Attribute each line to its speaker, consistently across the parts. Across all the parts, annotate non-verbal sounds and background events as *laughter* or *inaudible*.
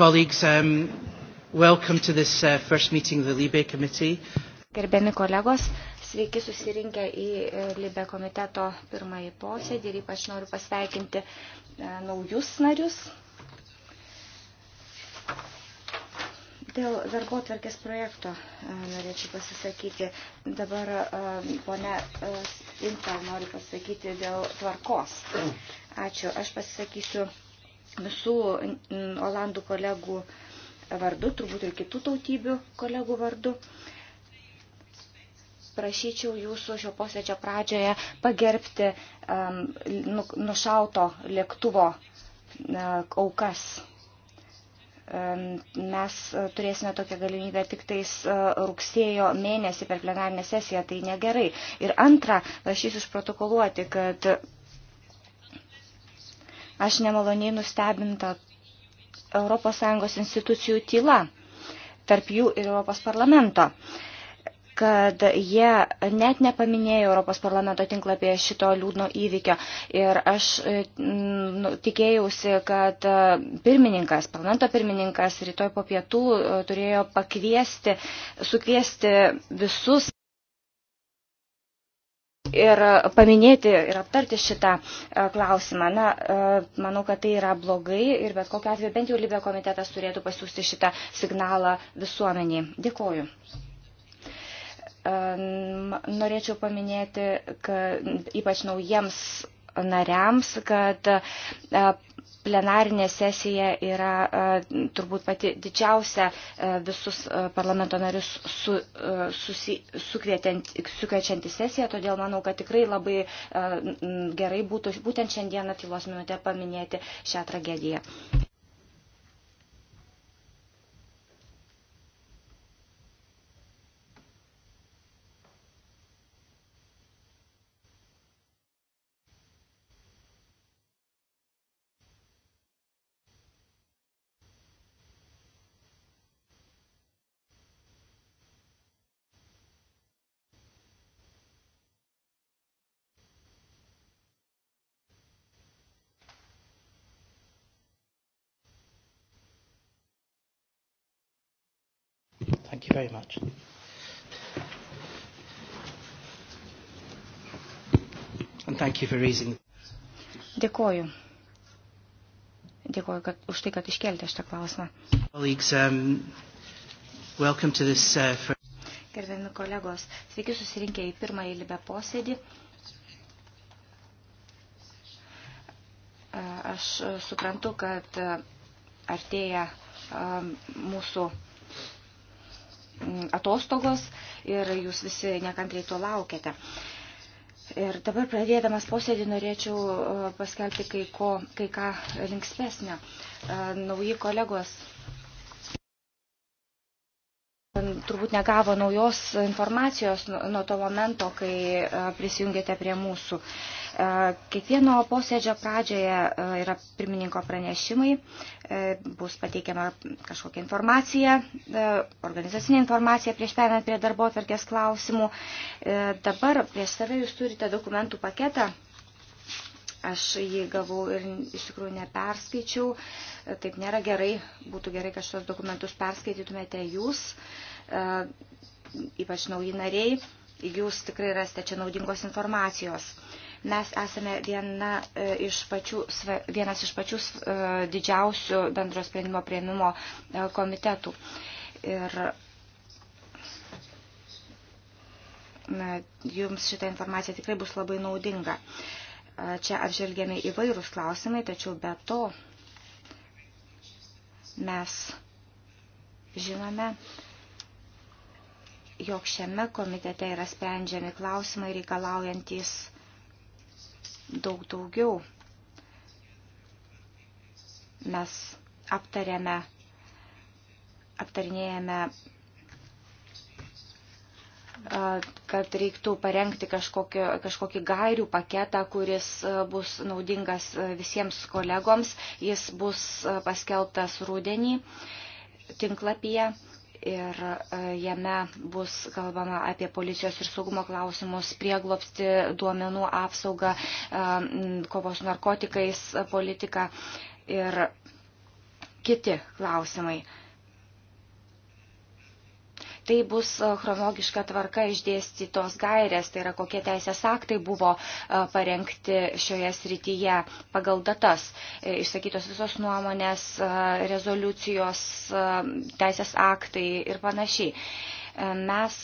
Speaker 1: colleagues, um, welcome to this uh, first meeting of the Libe Committee.
Speaker 2: Gerbiami kolegos, sveiki susirinkę į e, Libe komiteto pirmąjį posėdį ir ypač noriu pasveikinti e, naujus narius. Dėl darbo tvarkės projekto e, norėčiau pasisakyti. Dabar ponia Inta noriu pasakyti dėl tvarkos. Ačiū. Aš pasisakysiu visų Olandų kolegų vardu, turbūt ir kitų tautybių kolegų vardu. Prašyčiau jūsų šio posėdžio pradžioje pagerbti um, nu, nušauto lėktuvo uh, aukas. Um, mes turėsime tokią galimybę tik tais uh, rugsėjo mėnesį per plenarinę sesiją, tai negerai. Ir antra, prašysiu išprotokoluoti, kad uh, Aš nemaloniai nustebinta ES institucijų tyla, tarp jų ir Europos parlamento kad jie net nepaminėjo Europos parlamento tinklapyje šito liūdno įvykio. Ir aš e, nu, tikėjausi, kad e, pirmininkas, parlamento pirmininkas rytoj po pietų e, turėjo pakviesti, sukviesti visus ir e, paminėti ir aptarti šitą e, klausimą. Na, e, manau, kad tai yra blogai ir bet kokiu atveju bent jau Libė komitetas turėtų pasiūsti šitą signalą visuomeniai. Dėkoju. Norėčiau paminėti, kad ypač naujiems nariams, kad e, plenarinė sesija yra e, turbūt pati didžiausia e, visus parlamento narius su, susi, sukviečianti sesija, todėl manau, kad tikrai labai gerai būtų būtent šiandieną tylos minutę paminėti šią tragediją.
Speaker 1: very much. And thank you for raising.
Speaker 2: Dėkoju. Dėkoju kad, už tai, kad iškeltė šitą klausimą.
Speaker 1: Colleagues, um, welcome to this uh, first
Speaker 2: gerbiami kolegos. Sveiki susirinkę į pirmąjį libę posėdį. Aš uh, suprantu, kad uh, artėja um, mūsų Mm, atostogos ir jūs visi nekantriai to laukiate. Ir dabar pradėdamas posėdį norėčiau e, paskelbti kai, ko, kai ką linksmesnio. E, nauji kolegos turbūt negavo naujos informacijos nu, nuo to momento, kai e, prisijungėte prie mūsų. E, kiekvieno posėdžio pradžioje e, yra pirmininko pranešimai, bus pateikiama kažkokia informacija, organizacinė informacija prieš perinant prie darbo atverkės klausimų. Dabar prieš save jūs turite dokumentų paketą. Aš jį gavau ir iš tikrųjų neperskaičiau. Taip nėra gerai. Būtų gerai, kad šios dokumentus perskaitytumėte jūs. Uh, E, ypač nauji nariai, jūs tikrai rasite čia naudingos informacijos. Mes esame viena e, iš pačių, vienas iš pačių e, didžiausių bendro sprendimo prieimimo komitetų. Ir na, jums šitą informaciją tikrai bus labai naudinga. Čia apžvelgėme įvairūs klausimai, tačiau be to mes žinome, jog šiame komitete yra sprendžiami klausimai reikalaujantis daug daugiau. Mes aptarėme, aptarinėjame, kad reiktų parengti kažkokį, kažkokį gairių paketą, kuris bus naudingas visiems kolegoms. Jis bus paskelbtas rūdienį tinklapyje ir e, jame bus kalbama apie policijos ir saugumo klausimus, prieglopsti, duomenų apsaugą, e, kovos narkotikais politiką ir kiti klausimai tai bus chronologiška tvarka išdėstytos gairės, tai yra kokie teisės aktai buvo parengti šioje srityje pagal datas. E, išsakytos visos nuomonės, rezoliucijos, teisės aktai ir panašiai. E, mes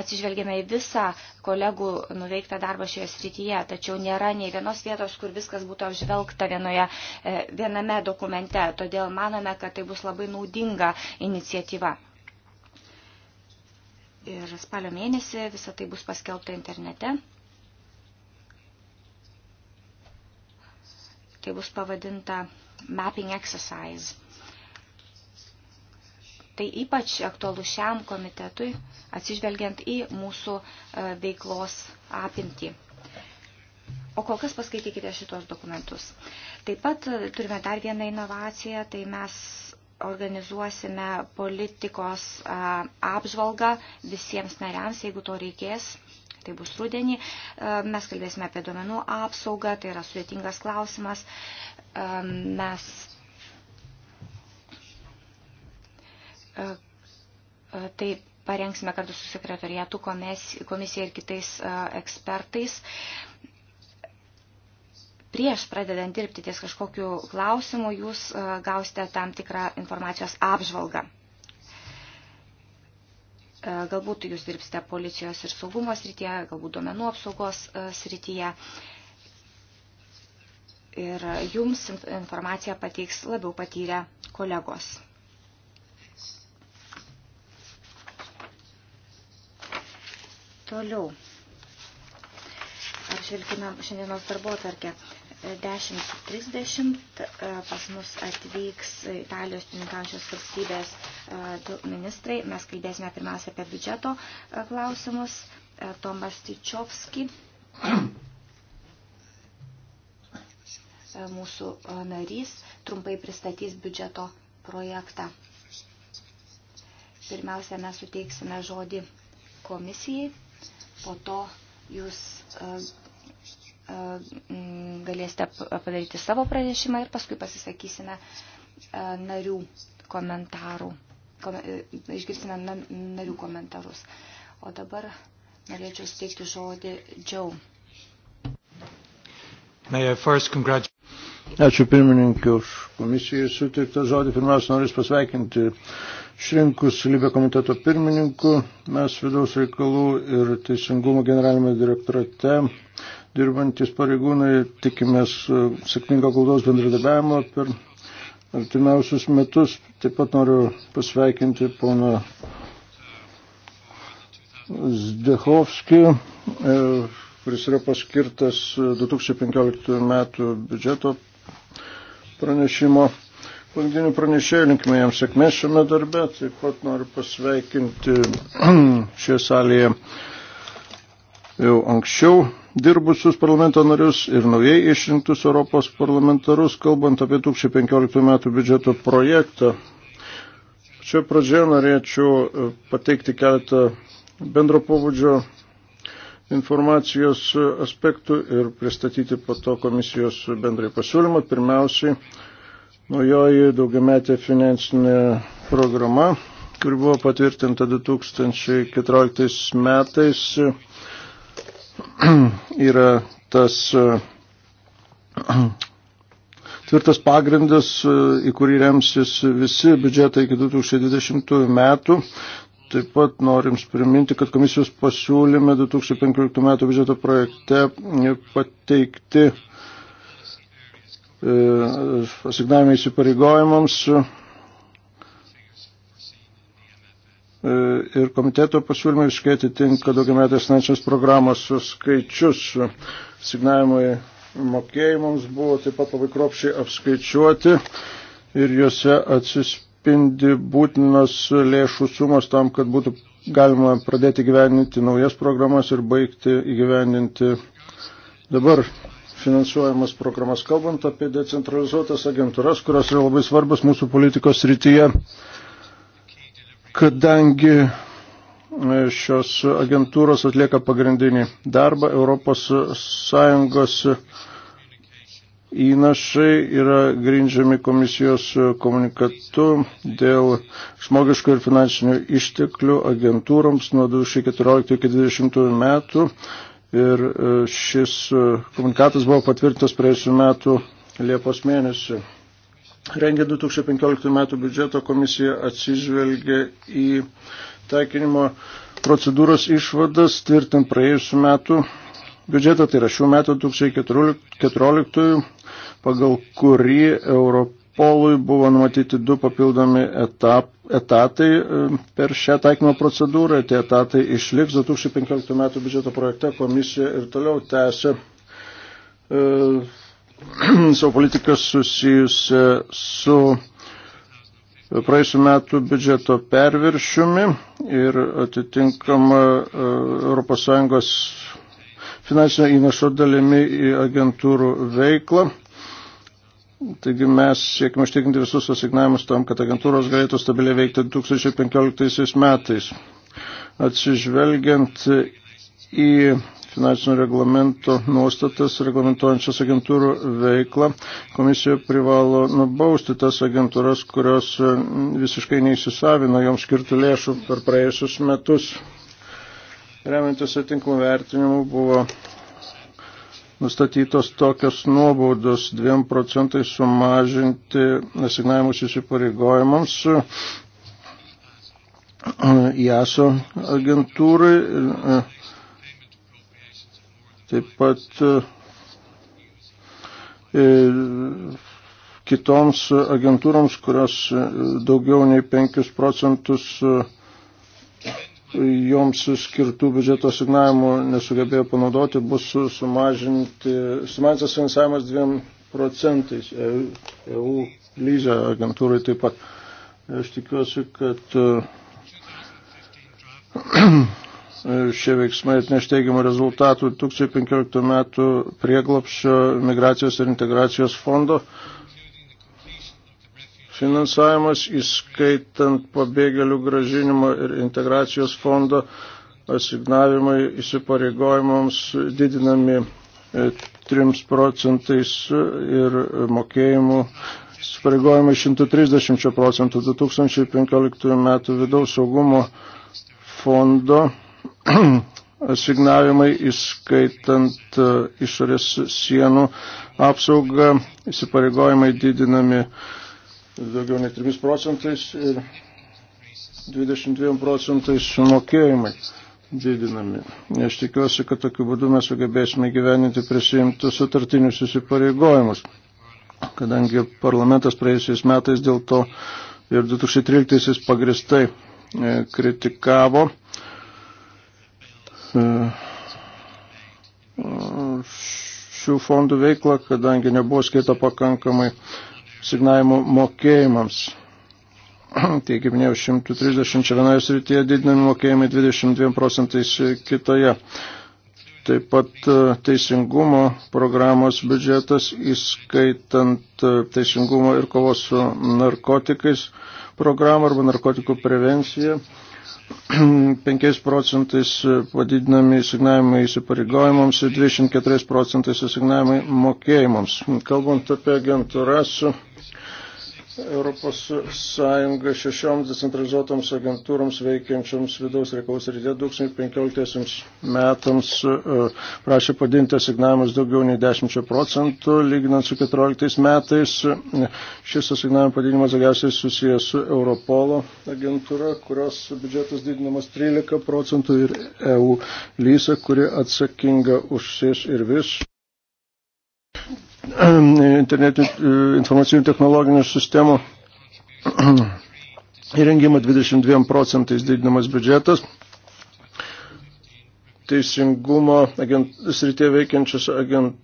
Speaker 2: atsižvelgėme į visą kolegų nuveiktą darbą šioje srityje, tačiau nėra nei vienos vietos, kur viskas būtų apžvelgta vienoje, e, viename dokumente. Todėl manome, kad tai bus labai naudinga iniciatyva. Ir spalio mėnesį visą tai bus paskelbta internete. Tai bus pavadinta Mapping Exercise. Tai ypač aktualu šiam komitetui, atsižvelgiant į mūsų e, veiklos apimtį. O kol kas paskaitykite šitos dokumentus. Taip pat e, turime dar vieną inovaciją, tai mes organizuosime politikos e, apžvalgą visiems nariams, jeigu to reikės. Tai bus rudenį. Mes kalbėsime apie duomenų apsaugą, tai yra sudėtingas klausimas. Mes E, e, tai parengsime kartu su sekretoriatu komisija ir kitais e, ekspertais. Prieš pradedant dirbti ties kažkokiu klausimu, jūs gausite tam tikrą informacijos apžvalgą. Galbūt jūs dirbsite policijos ir saugumo srityje, galbūt duomenų apsaugos srityje ir jums informaciją pateiks labiau patyrę kolegos. Toliau. Apžvelgime šiandienos darbo tarkę. 10.30 e, pas mus atvyks Italijos tuninkančios valstybės e, du ministrai. Mes kalbėsime pirmiausia apie biudžeto e, klausimus. Tomas Tyčiovski, mūsų narys, trumpai pristatys biudžeto projektą. Pirmiausia, mes suteiksime žodį komisijai po to jūs e, e, galėsite padaryti savo pranešimą ir paskui pasisakysime e, narių komentarų, išgirsime narių komentarus. O dabar norėčiau steikti žodį Džiau.
Speaker 3: Ačiū pirmininkiu už komisijai suteiktą žodį. Pirmiausia, noriu pasveikinti Išrinkus Libė komiteto pirmininku, mes vidaus reikalų ir teisingumo generalinėme direktorate dirbantis pareigūnai tikimės e, sėkmingo glaudos bendradarbiavimo per artimiausius metus. Taip pat noriu pasveikinti poną Zdechovskį, e, kuris yra paskirtas 2015 e, metų biudžeto pranešimo pagrindinių pranešėjų linkime jam sėkmės šiame darbe. Taip pat noriu pasveikinti *clears throat* šioje salėje jau anksčiau dirbusius parlamento narius ir naujai išrinktus Europos parlamentarus, kalbant apie 2015 metų biudžeto projektą. Čia pradžioje norėčiau e, pateikti keletą bendro pobūdžio informacijos e, aspektų ir pristatyti po to komisijos bendrai pasiūlymą. Pirmiausiai, Naujoji daugiametė finansinė programa, kuri buvo patvirtinta 2014 metais, *clears throat* yra tas
Speaker 1: *clears throat*
Speaker 3: tvirtas pagrindas, į kurį remsis visi biudžetai iki 2020 metų. Taip pat norim priminti, kad komisijos pasiūlyme 2015 metų biudžeto projekte pateikti E, asignavimai įsipareigojimams e, ir komiteto pasiūlymai visiškai atitinka daugiametės finansinės programos skaičius. Signavimai mokėjimams buvo taip pat labai kropšiai apskaičiuoti ir juose atsispindi būtinos lėšų sumos tam, kad būtų galima pradėti gyveninti naujas programas ir baigti įgyveninti dabar finansuojamas programas. Kalbant apie decentralizuotas agentūras, kurios yra labai svarbus mūsų politikos rytyje, kadangi e, šios agentūros atlieka pagrindinį darbą Europos Sąjungos įnašai yra grindžiami komisijos komunikatu dėl žmogiškų ir finansinių išteklių agentūroms nuo 2014 iki 2020 metų. Ir e, šis e, komunikatas buvo patvirtintas praėjusiu metu Liepos mėnesį. Rengiant 2015 metų biudžeto komisija atsižvelgia į taikinimo procedūros išvadas tvirtint praėjusiu metu biudžetą, tai yra šių metų 2014, pagal kurį Europos Europolui buvo numatyti du papildomi etap, etatai e, per šią taikymo procedūrą. Tie etatai išliks 2015 metų biudžeto projekte. Komisija ir toliau tęsia e, *clears throat* savo politiką susijusią su praėjusiu metu biudžeto perviršiumi ir atitinkama e, ES finansinio įnašo dalimi į agentūrų veiklą. Taigi mes siekime ištikinti visus asignavimus tam, kad agentūros galėtų stabiliai veikti 2015 metais. Atsižvelgiant į finansinio reglamento nuostatas reglamentuojančias agentūrų veiklą, komisija privalo nubausti tas agentūras, kurios visiškai neįsisavina joms skirtų lėšų per praėjusius metus. Remiantis atinklų vertinimu buvo nustatytos tokios nuobaudos 2 procentai sumažinti asignavimus įsipareigojimams JASO agentūrai. Taip pat e, kitoms agentūroms, kurios daugiau nei 5 procentus e, joms skirtų biudžeto signavimų nesugebėjo panaudoti, bus sumažinti, sumažintas finansavimas 2 procentais. EU e lyzė agentūrai taip pat. Aš tikiuosi, kad e, *clears throat* šie veiksmai atneš teigiamų rezultatų 2015 metų prieglapščio migracijos ir integracijos fondo finansavimas, įskaitant pabėgėlių gražinimo ir integracijos fondo asignavimai įsipareigojimams didinami 3 e, procentais ir mokėjimų įsipareigojimai 130 procentų 2015 metų vidaus saugumo fondo *clears throat* asignavimai, įskaitant e, išorės sienų apsaugą, įsipareigojimai didinami daugiau nei 3 procentais ir 22 procentais sumokėjimai didinami. Aš tikiuosi, kad tokiu būdu mes sugebėsime gyveninti prisijimtus sutartinius įsipareigojimus, kadangi parlamentas praėjusiais metais dėl to ir 2013 pagristai e, kritikavo e, šių fondų veiklą, kadangi nebuvo skirta pakankamai signavimų mokėjimams. *clears throat* Tai, kaip minėjau, 131 srityje didinami mokėjimai 22 procentais kitoje. Taip pat e, teisingumo programos biudžetas, įskaitant e, teisingumo ir kovos su narkotikais programą arba narkotikų prevenciją, 5 *clears throat* procentais e, padidinami įsignavimai įsipareigojimams ir 24 procentais įsignavimai mokėjimams. Kalbant apie agentūras, su ES šešioms decentralizuotoms agentūroms veikiančioms vidaus reikalus rytė 2015 metams e, prašė padinti asignavimus daugiau nei 10 procentų, lyginant su 14 metais. Šis asignavimo padinimas daugiausiai susijęs su Europolo agentūra, kurios biudžetas didinamas 13 procentų ir EU lysa, kuri atsakinga už SIS ir vis *clears throat* internetinių e, informacinių technologinių sistemų
Speaker 4: *clears throat*
Speaker 3: įrengimą 22 procentais didinamas biudžetas. Teisingumo agent, srityje veikiančios agent,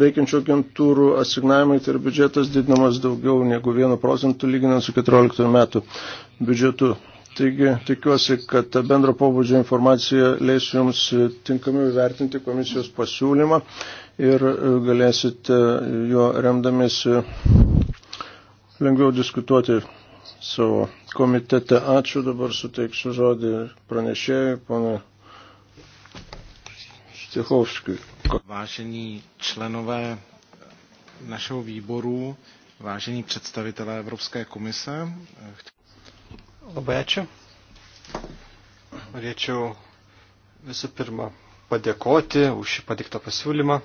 Speaker 3: veikiančių agentūrų asignavimai, tai yra biudžetas didinamas daugiau negu 1 procentų lyginant su 14 metų biudžetu. Taigi tikiuosi, kad ta bendro pobūdžio informacija leis jums tinkamiau įvertinti komisijos pasiūlymą ir e, galėsite juo remdamėsi lengviau diskutuoti savo komitete. Ačiū, dabar suteiksiu žodį pranešėjai, pana Štichovskiui. Vážení členové našeho výboru,
Speaker 5: vážení představitelé Evropské komise. Labai ačiū. Norėčiau visų pirma padėkoti už šį padiktą pasiūlymą.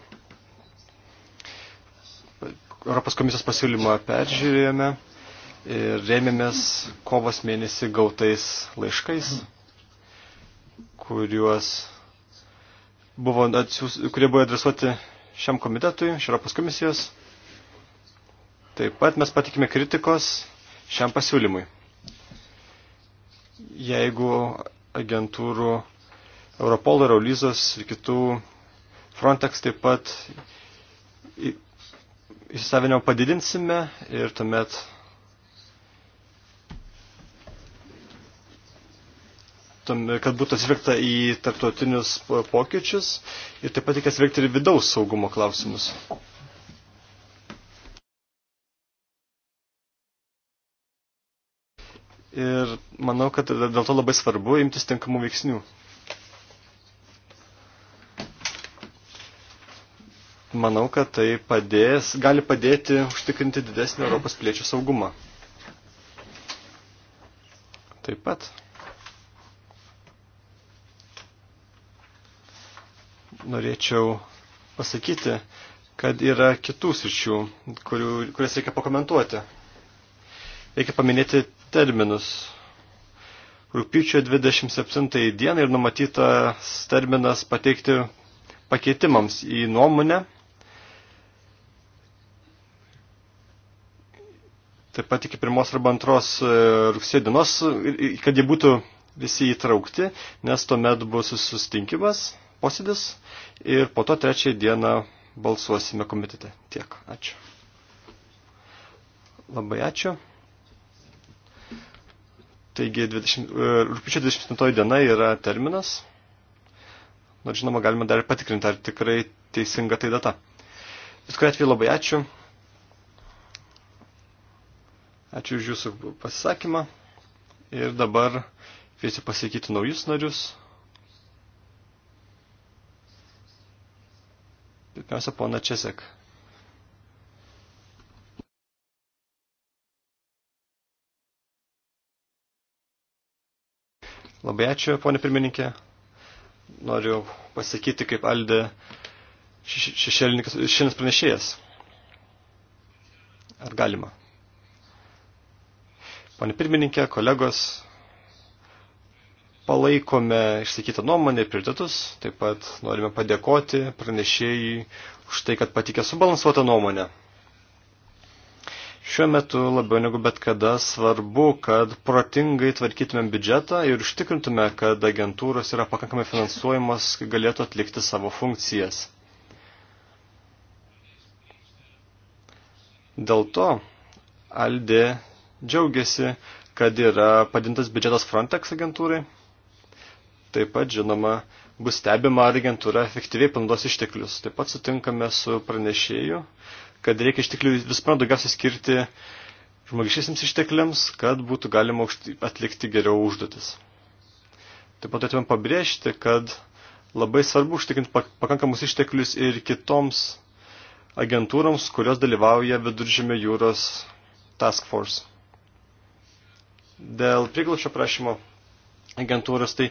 Speaker 5: Europos komisijos pasiūlymą peržiūrėjome ir rėmėmės kovos mėnesį gautais laiškais, kuriuos buvo atsiūs, kurie buvo adresuoti šiam komitetui, iš Europos komisijos. Taip pat mes patikime kritikos šiam pasiūlymui. Jeigu agentūrų Europol ir Aulizos ir kitų Frontex taip pat įsisavinimą padidinsime ir tuomet kad būtų atsvirta į tarptautinius pokyčius ir taip pat reikia atsvirti ir vidaus saugumo klausimus. Ir manau, kad dėl to labai svarbu imtis tinkamų veiksnių. manau, kad tai padės, gali padėti užtikrinti didesnį Europos piliečių saugumą. Taip pat. Norėčiau pasakyti, kad yra kitų sričių, kurias reikia pakomentuoti. Reikia paminėti terminus. Rūpiučio 27 dieną ir numatytas terminas pateikti pakeitimams į nuomonę taip pat iki pirmos arba antros e, rugsėjo dienos, kad jie būtų visi įtraukti, nes tuomet bus sustinkimas, posėdis ir po to trečią dieną balsuosime komitete. Tiek. Ačiū. Labai ačiū. Taigi, 20, e, rūpiučio 27 diena yra terminas. Nors žinoma, galime dar patikrinti, ar tikrai teisinga tai data. Bet kuriuo atveju labai ačiū. Ačiū už Jūsų pasisakymą. Ir dabar kviesiu pasakyti naujus narius. Pirmiausia, pona Česek. Labai ačiū, ponė pirmininkė. Noriu pasakyti, kaip Aldė šešėlinis pranešėjas. Ar galima? Pane pirmininkė, kolegos, palaikome išsakytą nuomonę ir prioritetus, taip pat norime padėkoti pranešėjai už tai, kad patikė subalansuotą nuomonę. Šiuo metu labiau negu bet kada svarbu, kad protingai tvarkytumėm biudžetą ir užtikrintume, kad agentūros yra pakankamai finansuojamos, kad galėtų atlikti savo funkcijas. Dėl to Aldė džiaugiasi, kad yra padintas biudžetas Frontex agentūrai. Taip pat, žinoma, bus stebima, ar agentūra efektyviai panaudos išteklius. Taip pat sutinkame su pranešėju, kad reikia išteklių vis man daugiausiai skirti žmogiškiesiams ištekliams, kad būtų galima atlikti geriau užduotis. Taip pat turėtume pabrėžti, kad labai svarbu užtikrinti pakankamus išteklius ir kitoms agentūroms, kurios dalyvauja viduržėmio jūros task force. Dėl priglašio prašymo agentūros, tai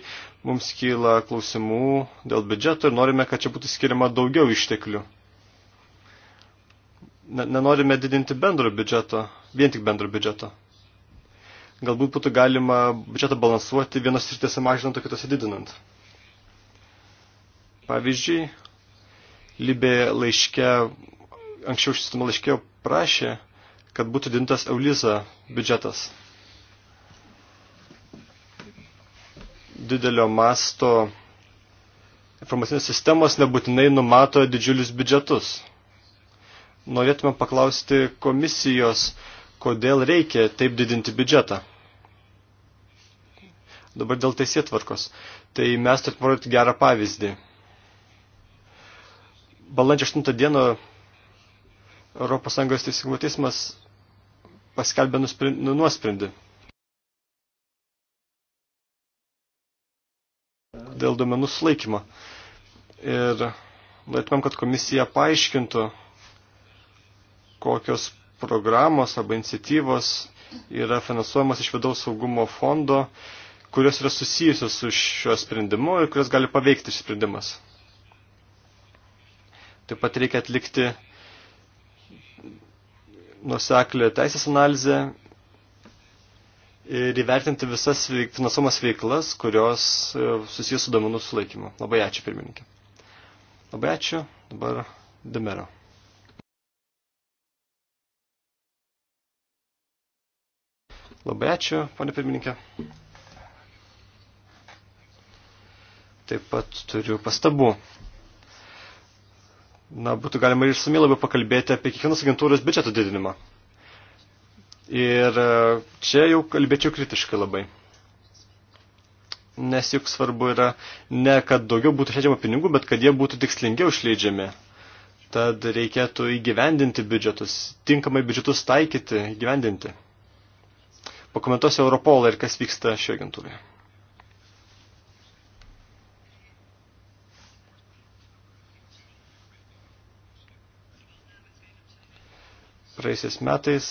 Speaker 5: mums kyla klausimų dėl biudžeto ir norime, kad čia būtų skiriama daugiau išteklių. Nenorime didinti bendro biudžeto, vien tik bendro biudžeto. Galbūt būtų galima biudžetą balansuoti vienos sritėse mažinant, o kitose didinant. Pavyzdžiui, Libė laiške, anksčiau šis laiškė prašė, kad būtų dintas Euliza biudžetas. didelio masto informacinės sistemos nebūtinai numato didžiulius biudžetus. Norėtume paklausti komisijos, kodėl reikia taip didinti biudžetą. Dabar dėl teisėtvarkos. Tai mes turime parodyti gerą pavyzdį. Balandžio 8 dieną ES teisingumo teismas paskelbė nu, nuosprendį. dėl duomenų sulaikymo. Ir norėtumėm, kad komisija paaiškintų, kokios programos arba iniciatyvos yra finansuojamas iš vidaus saugumo fondo, kurios yra susijusios su šiuo sprendimu ir kurios gali paveikti šis sprendimas. Taip pat reikia atlikti nuseklę teisės analizę ir įvertinti visas finansuomas veiklas, kurios e, susijęs su domenų sulaikymu. Labai ačiū, pirmininkė. Labai ačiū. Dabar Demero. Labai ačiū, ponė pirmininkė. Taip pat turiu pastabų. Na, būtų galima ir išsamiai labiau pakalbėti apie kiekvienos agentūros biudžeto didinimą. Ir e, čia jau kalbėčiau kritiškai labai. Nes juk svarbu yra ne, kad daugiau būtų išleidžiama pinigų, bet kad jie būtų tikslingiau išleidžiami. Tad reikėtų įgyvendinti biudžetus, tinkamai biudžetus taikyti, įgyvendinti. Pakomentuosiu Europolą ir kas vyksta šioje agentūroje. praeisiais metais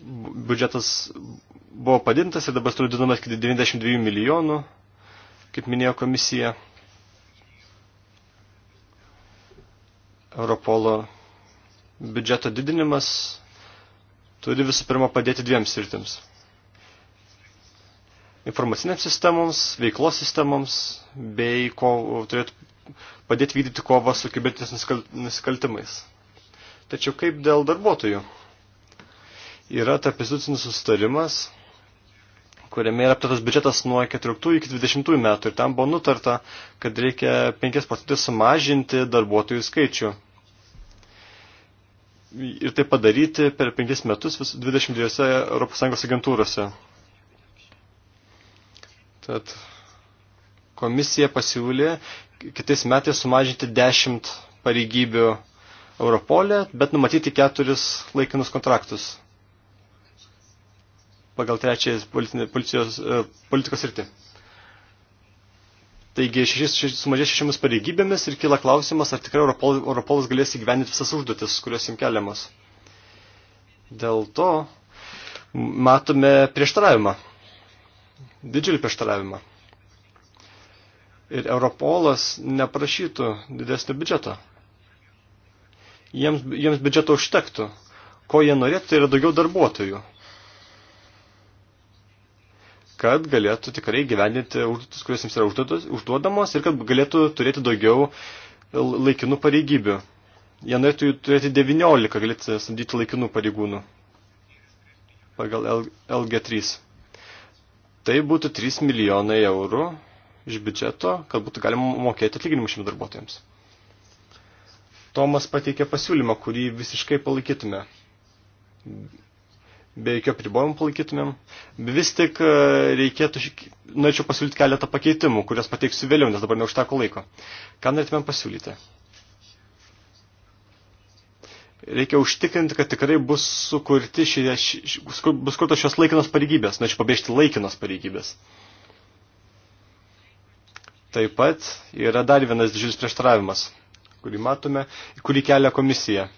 Speaker 5: biudžetas buvo padintas ir dabar studinamas iki 92 milijonų, kaip minėjo komisija. Europolo biudžeto didinimas turi visų pirma padėti dviems sritims. Informacinėms sistemoms, veiklos sistemoms bei ko, turėtų padėti vykdyti kovą su kibernetiniais nusikaltimais. Tačiau kaip dėl darbuotojų? yra tarp institucinis sustarimas, kuriame yra aptartas biudžetas nuo 14 iki 20 metų ir tam buvo nutarta, kad reikia 5 procentus sumažinti darbuotojų skaičių. Ir tai padaryti per 5 metus 22 ES agentūrose. Tad komisija pasiūlė kitais metais sumažinti 10 pareigybių Europolė, bet numatyti keturis laikinus kontraktus pagal trečiąją e, politikos sritį. Taigi šešis, šešis, sumažės šešiamis pareigybėmis ir kyla klausimas, ar tikrai Europol, Europolas galės įgyveninti visas užduotis, kurios jam keliamos. Dėl to matome prieštaravimą, didžiulį prieštaravimą. Ir Europolas neprašytų didesnio biudžeto. Jiems, jiems biudžeto užtektų. Ko jie norėtų, tai yra daugiau darbuotojų kad galėtų tikrai gyvendinti užduotis, kurios jums yra užduodamos ir kad galėtų turėti daugiau laikinų pareigybių. Jie norėtų turėti 19, galėtų samdyti laikinų pareigūnų pagal LG3. Tai būtų 3 milijonai eurų iš biudžeto, kad būtų galima mokėti atlyginimus šiems darbuotojams. Tomas pateikė pasiūlymą, kurį visiškai palaikytume be jokio pribojimų palaikytumėm. Vis tik e, reikėtų, norėčiau pasiūlyti keletą pakeitimų, kurias pateiksiu vėliau, nes dabar neužteko laiko. Ką norėtumėm pasiūlyti? Reikia užtikrinti, kad tikrai bus sukurti šie, ši, bus kurtos šios laikinos pareigybės. Norėčiau pabrėžti laikinos pareigybės. Taip pat yra dar vienas didžiulis prieštaravimas, kurį matome, kurį kelia komisija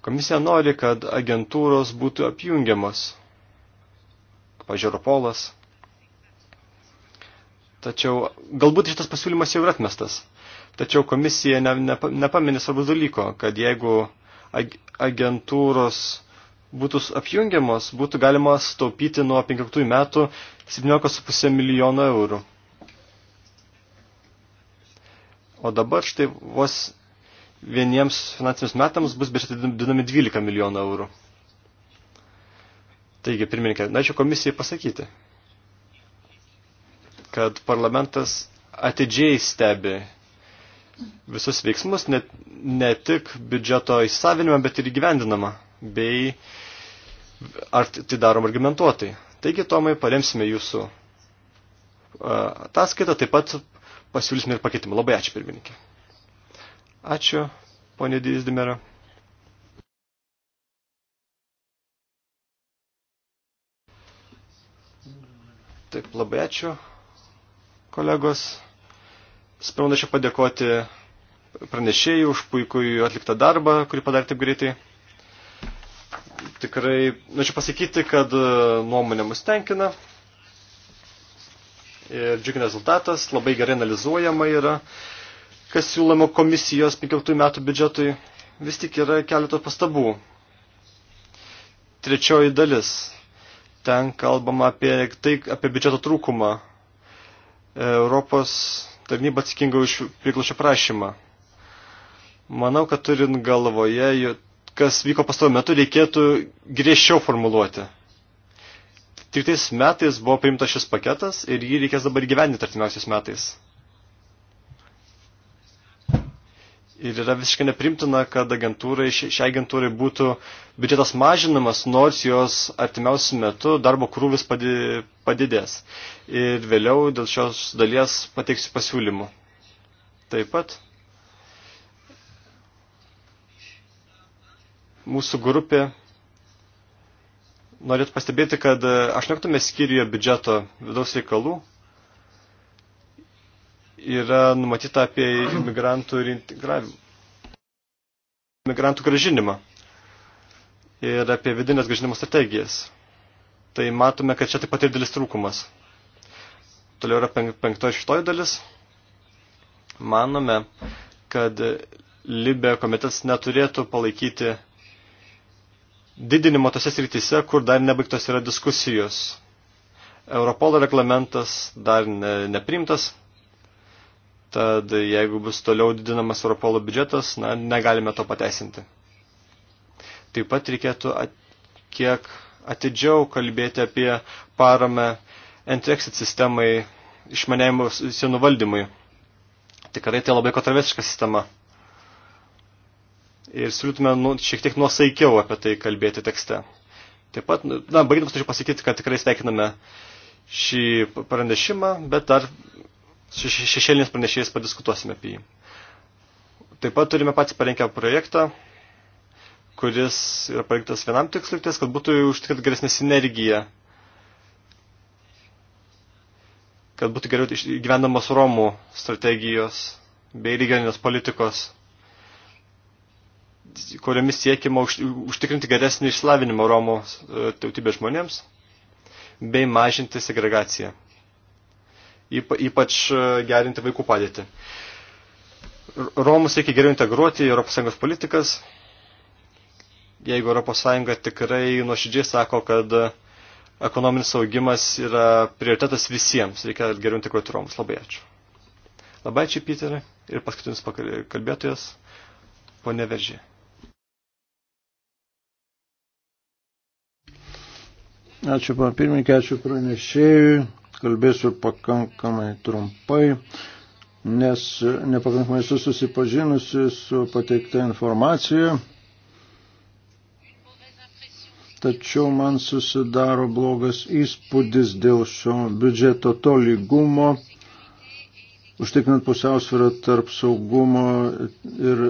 Speaker 5: Komisija nori, kad agentūros būtų apjungiamos, pažiūrėjau, Europolas. Tačiau galbūt šitas pasiūlymas jau yra atmestas. Tačiau komisija ne, ne, nepaminė svarbus dalyko, kad jeigu ag, agentūros būtų apjungiamos, būtų galima staupyti nuo 15 metų 17,5 milijono eurų. O dabar štai vos vieniems finansiniams metams bus biudžetai didinami 12 milijonų eurų. Taigi, pirmininkė, norėčiau komisijai pasakyti, kad parlamentas atidžiai stebi visus veiksmus, ne, ne tik biudžeto įsavinimą, bet ir įgyvendinamą, bei ar tai darom argumentuotai. Taigi, Tomai, paremsime jūsų ataskaitą, taip pat pasiūlysime ir pakeitimą. Labai ačiū, pirmininkė. Ačiū, ponė Dizdimera. Taip, labai ačiū, kolegos. Sprendu čia padėkoti pranešėjų už puikų atliktą darbą, kurį padarė taip greitai tikrai, norėčiau pasakyti, kad e, nuomonė mus tenkina. Ir džiugina rezultatas, labai gerai analizuojama yra kas siūloma komisijos 15 metų biudžetui, vis tik yra keletos pastabų. Trečioji dalis. Ten kalbama apie, tai, apie biudžeto trūkumą. Europos tarnyba atsakinga už priklašio prašymą. Manau, kad turint galvoje, kas vyko pastaruoju metu, reikėtų griežčiau formuluoti. Tik tais metais buvo priimtas šis paketas ir jį reikės dabar gyventi artimiausiais metais. Ir yra visiškai neprimtina, kad agentūrai, šiai agentūrai būtų biudžetas mažinamas, nors jos artimiausių metų darbo krūvis padidės. Ir vėliau dėl šios dalies pateiksiu pasiūlymų. Taip pat mūsų grupė norėtų pastebėti, kad aš nektume skyriuje biudžeto vidaus reikalų yra numatyta apie imigrantų ir integravimą, imigrantų gražinimą ir apie vidinės gražinimo strategijas. Tai matome, kad čia taip pat ir dėlis trūkumas. Toliau yra penktoji šitoji dalis. Manome, kad Libė komitetas neturėtų palaikyti didinimo tose srityse, kur dar nebaigtos yra diskusijos. Europolo reglamentas dar ne, neprimtas. Tad jeigu bus toliau didinamas Europolo biudžetas, na, negalime to pateisinti. Taip pat reikėtų at, kiek atidžiau kalbėti apie paramą anti-exit sistemai išmanėjimo sienų valdymui. Tikrai tai labai kontroversiška sistema. Ir siūlytume nu, šiek tiek nuosaikiau apie tai kalbėti tekste. Taip pat, na, baigdamas turiu pasakyti, kad tikrai sveikiname šį pranešimą, bet dar šešėlinis pranešėjas padiskutuosime apie jį. Taip pat turime patys parinkę projektą, kuris yra parinktas vienam tiksliktis, kad būtų užtikrinta geresnė sinergija, kad būtų geriau gyvendamas Romų strategijos bei regioninės politikos, kuriomis siekima užtikrinti geresnį išslavinimą Romų e, tautybės žmonėms bei mažinti segregaciją ypač e, gerinti vaikų padėtį. Romus reikia geriau integruoti į ES politikas. Jeigu ES tikrai nuoširdžiai sako, kad ekonominis augimas yra prioritetas visiems, reikia geriau integruoti Romus. Labai ačiū. Labai ačiū, Piterį. Ir paskutinis kalbėtojas, ponė Veržė.
Speaker 3: Ačiū, pana pirmininkė, ačiū pranešėjui kalbėsiu pakankamai trumpai, nes nepakankamai esu susipažinusi su pateikta informacija. Tačiau man susidaro blogas įspūdis dėl šio biudžeto tolygumo, užtikrinant pusiausvyrą tarp saugumo ir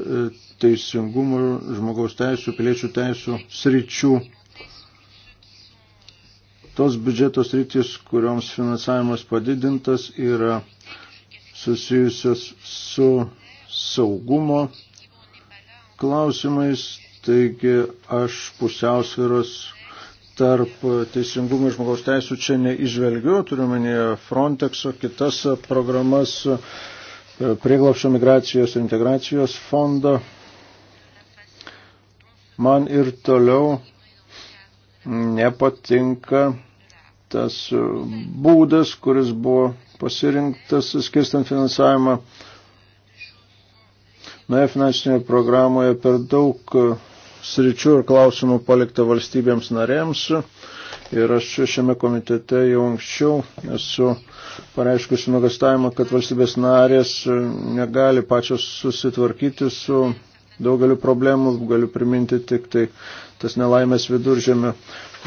Speaker 3: teisingumo, žmogaus teisų, piliečių teisų sričių Tos biudžetos rytis, kurioms finansavimas padidintas, yra susijusios su saugumo klausimais, taigi aš pusiausviros tarp teisingumo ir žmogaus teisų čia neižvelgiu, turiu minėję Frontexo, kitas programas, prieglapšio migracijos ir integracijos fondo. Man ir toliau nepatinka tas e, būdas, kuris buvo pasirinktas skirstant finansavimą. Na, finansinėje programoje per daug e, sričių ir klausimų palikta valstybėms narėms. Ir aš šiame komitete jau anksčiau esu pareiškusi nugastavimą, kad valstybės narės e, negali pačios susitvarkyti su daugeliu problemų. Galiu priminti tik tai tas nelaimės viduržėme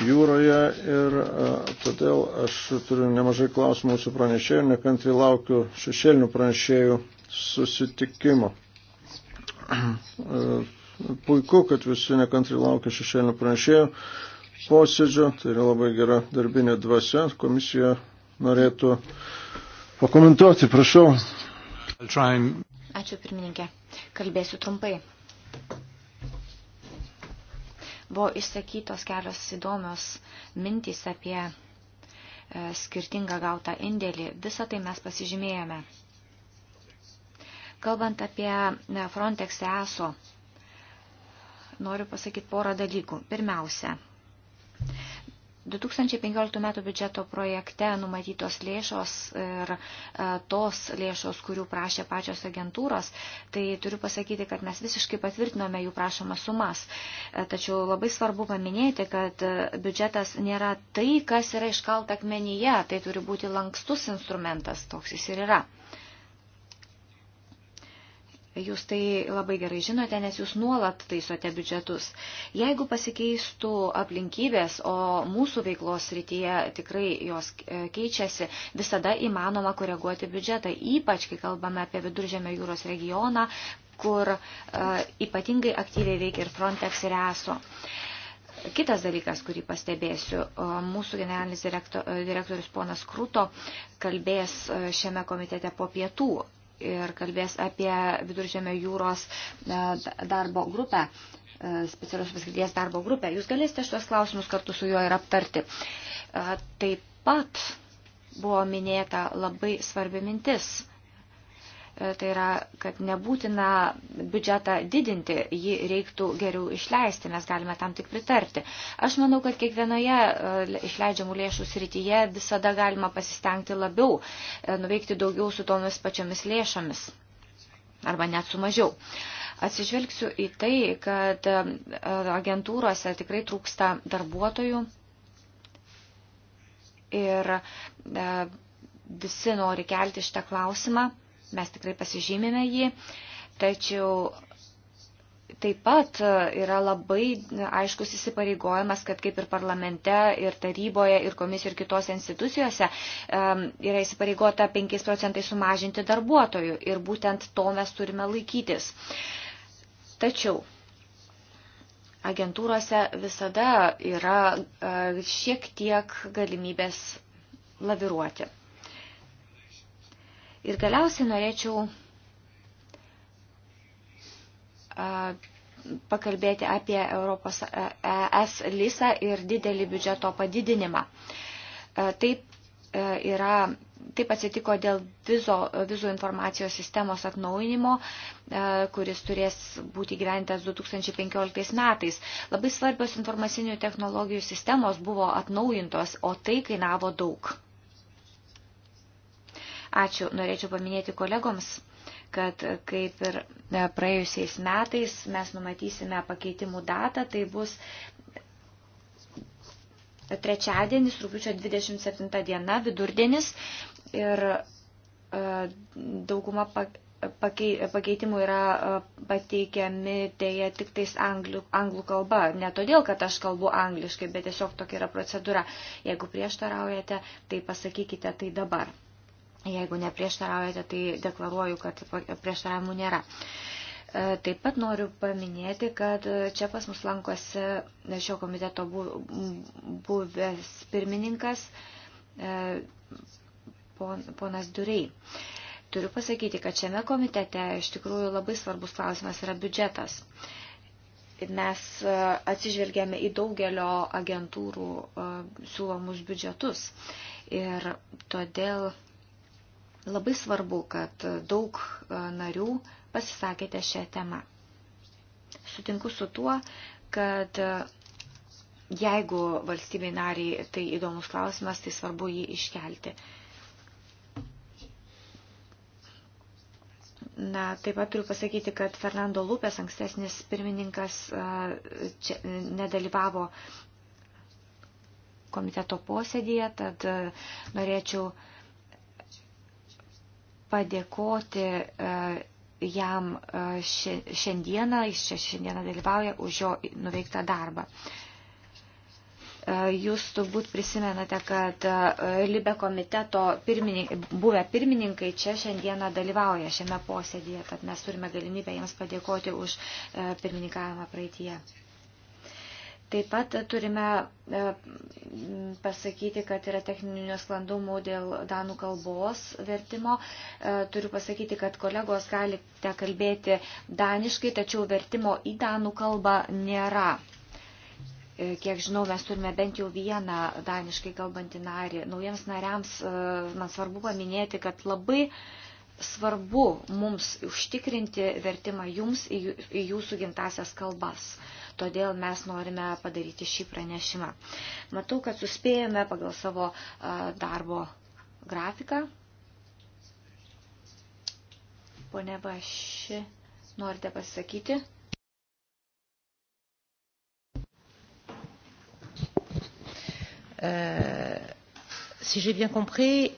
Speaker 3: jūroje ir todėl aš turiu nemažai klausimų su pranešėjų, nekantri laukiu šešėlinių pranešėjų susitikimo. Puiku, kad visi nekantri laukia šešėlinių pranešėjų posėdžio, tai yra labai gera darbinė dvasia, komisija norėtų pakomentuoti, prašau. Ačiū
Speaker 2: pirmininkė, kalbėsiu trumpai. Buvo išsakytos kelios įdomios mintys apie e, skirtingą gautą indėlį. Visą tai mes pasižymėjome. Kalbant apie e, Frontex ESO, noriu pasakyti porą dalykų. Pirmiausia, 2015 metų biudžeto projekte numatytos lėšos ir e, tos lėšos, kurių prašė pačios agentūros, tai turiu pasakyti, kad mes visiškai patvirtinome jų prašomas sumas. E, tačiau labai svarbu paminėti, kad e, biudžetas nėra tai, kas yra iškalta akmenyje, tai turi būti lankstus instrumentas, toks jis ir yra. Jūs tai labai gerai žinote, nes jūs nuolat taisote biudžetus. Jeigu pasikeistų aplinkybės, o mūsų veiklos rytyje tikrai jos e, keičiasi, visada įmanoma koreguoti biudžetą, ypač kai kalbame apie Viduržėmio jūros regioną, kur e, ypatingai aktyviai veikia ir Frontex ir ESO. Kitas dalykas, kurį pastebėsiu, e, mūsų generalinis direktorius ponas Kruto kalbės šiame komitete po pietų ir kalbės apie viduržėmio jūros e, darbo grupę e, specialios paskirties darbo grupę. Jūs galėsite šios klausimus kartu su juo ir aptarti. E, taip pat buvo minėta labai svarbi mintis E, tai yra, kad nebūtina biudžetą didinti, jį reiktų geriau išleisti, mes galime tam tik pritarti. Aš manau, kad kiekvienoje e, išleidžiamų lėšų srityje visada galima pasistengti labiau, e, nuveikti daugiau su tomis pačiomis lėšomis arba net su mažiau. Atsižvelgsiu į tai, kad agentūrose tikrai trūksta darbuotojų ir visi nori kelti šitą klausimą mes tikrai pasižymime jį, tačiau taip pat yra labai aiškus įsipareigojimas, kad kaip ir parlamente, ir taryboje, ir komisijoje, ir kitose institucijose yra įsipareigota 5 procentai sumažinti darbuotojų ir būtent to mes turime laikytis. Tačiau agentūrose visada yra e, šiek tiek galimybės laviruoti. Ir galiausiai norėčiau pakalbėti apie Europos ES lysą ir didelį biudžeto padidinimą. Taip e, yra Taip atsitiko dėl vizo, vizų informacijos sistemos atnaujinimo, kuris turės būti gyventas 2015 metais. Labai svarbios informacinių technologijų sistemos buvo atnaujintos, o tai kainavo daug. Ačiū. Norėčiau paminėti kolegoms, kad kaip ir e, praėjusiais metais mes numatysime pakeitimų datą, tai bus trečiadienis, rūpiučio 27 diena, vidurdienis ir e, dauguma pakeitimų yra e, pateikiami dėja tik tais anglių, anglų kalba. Ne todėl, kad aš kalbu angliškai, bet tiesiog tokia yra procedūra. Jeigu prieštaraujate, tai pasakykite tai dabar. Jeigu neprieštaraujate, tai deklaruoju, kad prieštaravimų nėra. E, taip pat noriu paminėti, kad čia pas mus lankosi šio komiteto buvęs pirmininkas e, ponas Durei. Turiu pasakyti, kad šiame komitete iš tikrųjų labai svarbus klausimas yra biudžetas. Mes e, atsižvelgėme į daugelio agentūrų siūlomus biudžetus ir todėl Labai svarbu, kad daug e, narių pasisakėte šią temą. Sutinku su tuo, kad e, jeigu valstybei nariai tai įdomus klausimas, tai svarbu jį iškelti. Na, taip pat turiu pasakyti, kad Fernando Lupės, ankstesnis pirmininkas, e, čia, nedalyvavo komiteto posėdėje, tad norėčiau uh, padėkoti e, jam e, šiandieną, jis čia šiandieną dalyvauja už jo nuveiktą darbą. E, jūs turbūt prisimenate, kad Libe komiteto pirmininkai, buvę pirmininkai čia šiandieną dalyvauja šiame posėdėje, tad mes turime galimybę jiems padėkoti už pirmininkavimą praeitie. Taip pat turime e, pasakyti, kad yra techninių nesklandumų dėl danų kalbos vertimo. E, turiu pasakyti, kad kolegos galite kalbėti daniškai, tačiau vertimo į danų kalbą nėra. E, kiek žinau, mes turime bent jau vieną daniškai kalbantį narį. Naujiems nariams man svarbu paminėti, kad labai svarbu mums užtikrinti vertimą jums į jūsų gimtasias kalbas todėl mes norime padaryti šį pranešimą. Matau, kad suspėjome pagal savo darbo grafiką. Pone Baši, norite pasakyti?
Speaker 1: Uh, e, si j'ai bien compris.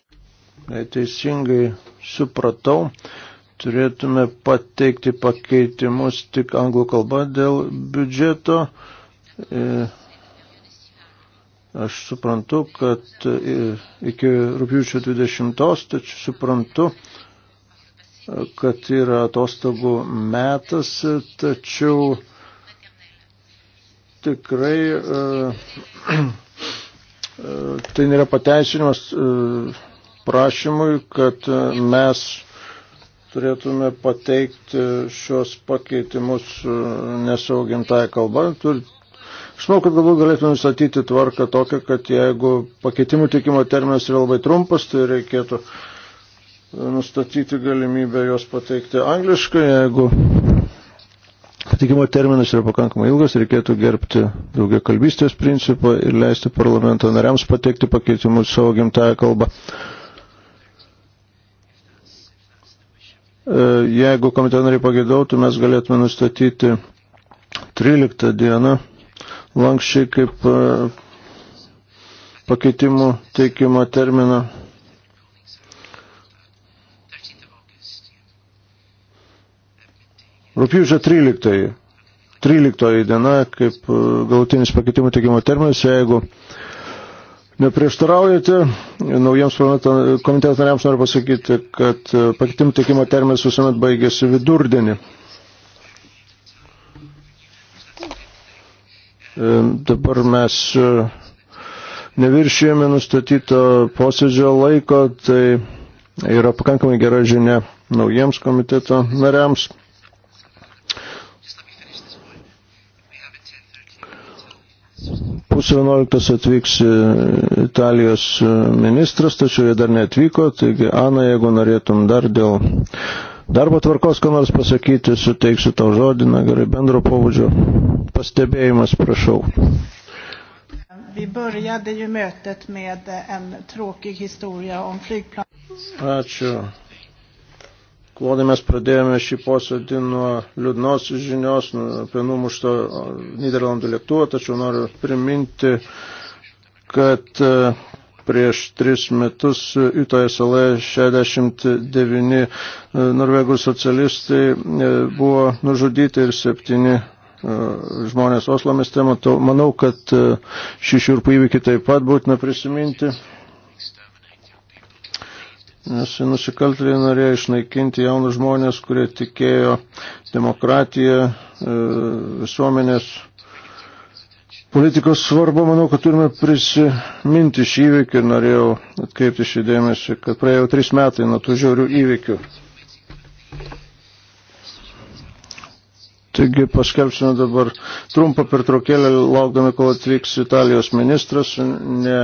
Speaker 3: Teisingai supratau, uh, turėtume pateikti pakeitimus tik anglų kalba dėl biudžeto. E, aš suprantu, kad e, iki rūpjūčio 20, tačiau suprantu, e, kad yra atostogų metas, tačiau tikrai *clears throat* tai nėra pateisinimas prašymui, kad mes turėtume pateikti šios pakeitimus e, nesaugintai kalba. Aš manau, kad galbūt galėtume nustatyti tvarką tokią, kad jeigu pakeitimų teikimo terminas yra labai trumpas, tai reikėtų e, nustatyti galimybę juos pateikti angliškai. Jeigu pateikimo terminas yra pakankamai ilgas, reikėtų gerbti daugia kalbystės principą ir leisti parlamento nariams pateikti pakeitimus savo gimtają kalbą. E, jeigu komiteto nariai pagėdautų, mes galėtume nustatyti 13 dieną lankščiai kaip e, pakeitimų teikimo terminą. Rūpjūčio 13. 13 diena kaip e, galutinis pakeitimų teikimo terminas, jeigu uh, Neprieštaraujate, naujiems komiteto nariams noriu pasakyti, kad e, pakitimų tikimo terminas visuomet baigėsi vidurdienį. E, dabar mes e, neviršėjome nustatyto posėdžio laiko, tai yra pakankamai gera žinia naujiems komiteto nariams. pusė 11 atvyks e, Italijos e, ministras, tačiau jie dar neatvyko. Taigi, Ana, jeigu norėtum dar dėl darbo tvarkos, ką nors pasakyti, suteiksiu tau žodį, na gerai, bendro pobūdžio pastebėjimas, prašau.
Speaker 4: Vi började ju mötet med en tråkig historia om flygplan.
Speaker 3: Ačiū. Klodai mes pradėjome šį posėdį nuo liūdnos žinios apie numušto Niderlandų lėktuvą, tačiau noriu priminti, kad e, prieš tris metus Utoje salė 69 norvegų socialistai e, buvo nužudyti ir septyni e, žmonės Oslo mieste. Manau, kad šį šiurpų įvykį taip pat būtina prisiminti. Nes nusikaltėliai norėjo išnaikinti jaunus žmonės, kurie tikėjo demokratiją, e, visuomenės politikos svarbą, manau, kad turime prisiminti šį įvykį ir norėjau atkreipti šį dėmesį, kad praėjo trys metai nuo tų žiaurių įvykių. Taigi paskelbsime dabar trumpą pertraukėlę, laukdami, kol atvyks Italijos ministras. Ne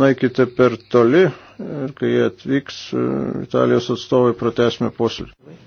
Speaker 3: nueikite per toli ir kai jie atvyks, e, Italijos atstovai pratesime posėdį.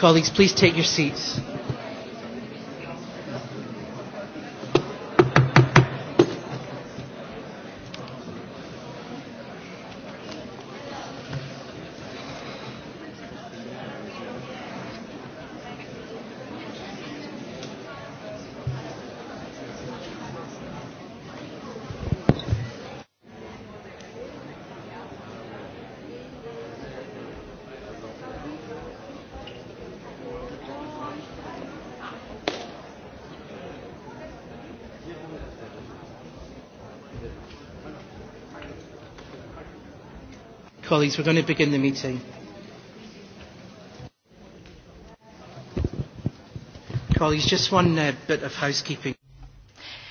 Speaker 1: Colleagues, please take your seats. Colleagues, we're going to begin the meeting. Colleagues, just one uh, bit of housekeeping.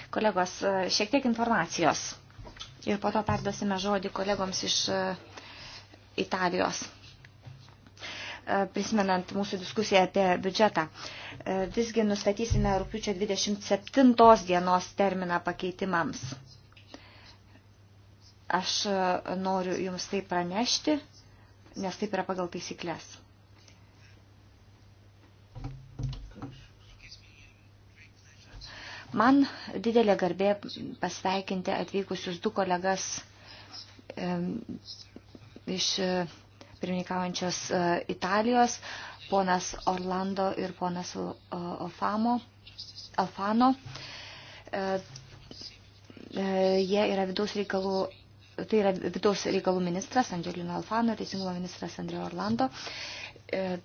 Speaker 2: Kolegos, uh, šiek tiek informacijos. Ir po to perduosime žodį kolegoms iš uh, Italijos. Uh, prisimenant mūsų diskusiją apie biudžetą. Visgi nustatysime rūpiučio 27 dienos terminą pakeitimams Aš e, noriu jums tai pranešti, nes taip yra pagal taisyklės. Man didelė garbė pasveikinti atvykusius du kolegas e, iš e, pirmininkaujančios Italijos, ponas Orlando ir ponas Alfamo. Alfano. Jie yra vidaus reikalų tai yra vidaus reikalų ministras Andžiolino Alfano, teisingumo ministras Andrėjo Orlando. E,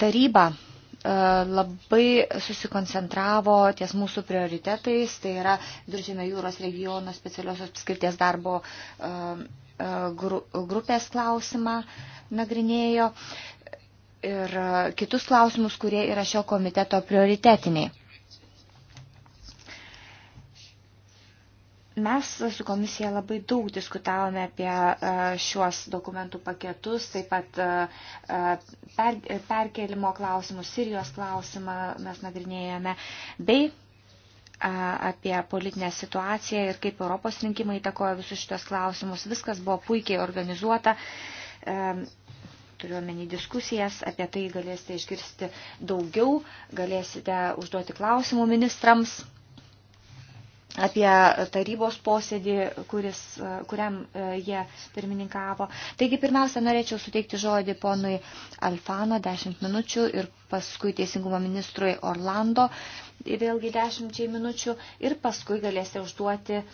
Speaker 2: taryba e, labai susikoncentravo ties mūsų prioritetais, tai yra Viržėmio jūros regiono specialiosios apskirties darbo e, grupės klausimą nagrinėjo ir kitus klausimus, kurie yra šio komiteto prioritetiniai. Mes su komisija labai daug diskutavome apie e, šiuos dokumentų paketus, taip pat e, e, per, perkelimo klausimus, Sirijos klausimą mes nagrinėjome, bei apie politinę situaciją ir kaip Europos rinkimai įtakojo visus šitos klausimus. Viskas buvo puikiai organizuota. Turiuomenį diskusijas, apie tai galėsite išgirsti daugiau, galėsite užduoti klausimų ministrams apie tarybos posėdį, kuris, kuriam e, jie pirmininkavo. Taigi, pirmiausia, norėčiau suteikti žodį ponui Alfano 10 minučių ir paskui teisingumo ministrui Orlando vėlgi 10 minučių ir paskui galėsite užduoti e,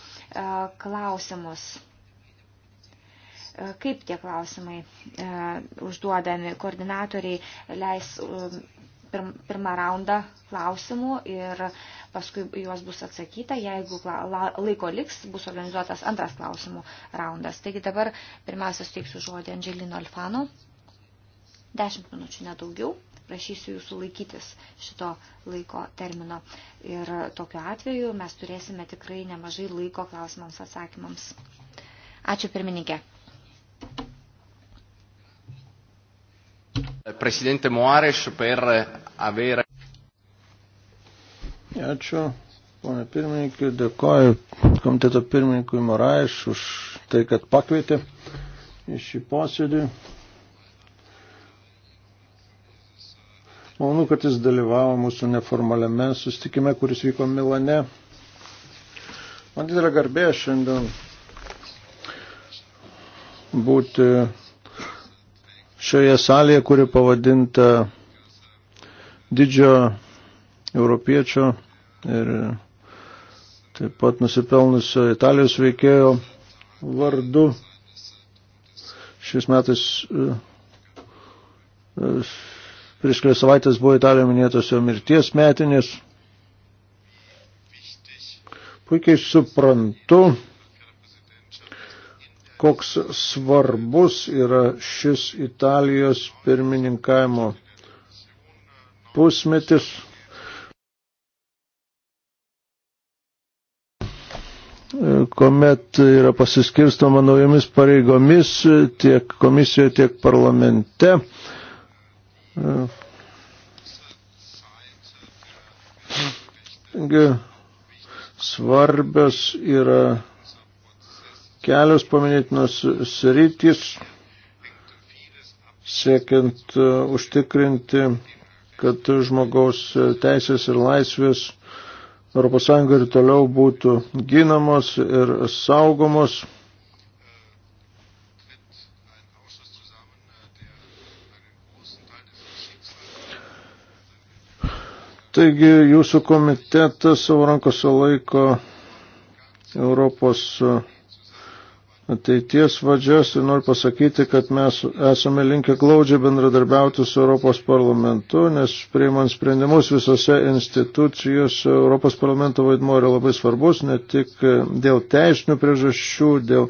Speaker 2: klausimus. E, kaip tie klausimai užduodami koordinatoriai leis um, pirmą raundą klausimų ir paskui juos bus atsakyta. Jeigu laiko liks, bus organizuotas antras klausimų raundas. Taigi dabar pirmiausia suteiksiu žodį Angelino Alfano. Dešimt minučių nedaugiau. Prašysiu jūsų laikytis šito laiko termino. Ir tokiu atveju mes turėsime tikrai nemažai laiko klausimams atsakymams. Ačiū pirmininkė.
Speaker 4: Prezidentė Moareš per averą.
Speaker 3: Ačiū, ponė pirmininkė, dėkoju komiteto pirmininkui Moareš už tai, kad pakvietė į šį posėdį. Manau, kad jis dalyvavo mūsų neformaliame sustikime, kuris vyko Milane. Man didelė garbė šiandien būti šioje salėje, kuri pavadinta didžio europiečio ir taip pat nusipelnusio Italijos veikėjo vardu. Šiais metais e, e, prieš kelias savaitės buvo Italijoje minėtos jo mirties metinės. Puikiai suprantu, koks svarbus yra šis Italijos pirmininkavimo pusmetis. kuomet yra pasiskirstoma naujomis pareigomis tiek komisijoje, tiek parlamente. Svarbios yra kelios paminėtinos sritys, siekiant e, užtikrinti, kad žmogaus teisės ir laisvės ES ir toliau būtų ginamos ir saugomos. Taigi jūsų komitetas savo rankose laiko Europos ateities vadžias ir noriu pasakyti, kad mes esame linkę glaudžiai bendradarbiauti su Europos parlamentu, nes priimant sprendimus visose institucijose Europos parlamento vaidmo yra labai svarbus, ne tik dėl teisinių priežasčių, dėl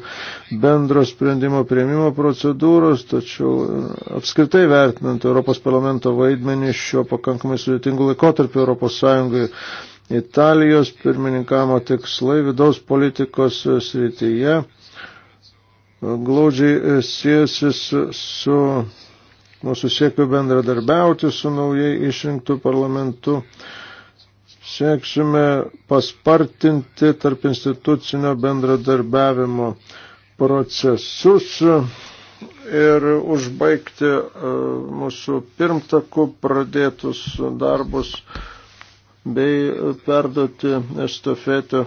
Speaker 3: bendro sprendimo prieimimo procedūros, tačiau apskritai vertinant Europos parlamento vaidmenį šiuo pakankamai sudėtingu laikotarpiu Europos Sąjungai. Italijos pirmininkamo tikslai vidaus politikos srityje glaudžiai e, siejasi su mūsų siekiu bendradarbiauti su naujai išrinktų parlamentu. Sieksime paspartinti tarp institucinio bendradarbiavimo procesus ir užbaigti e, mūsų pirmtakų pradėtus darbus bei perduoti estafetę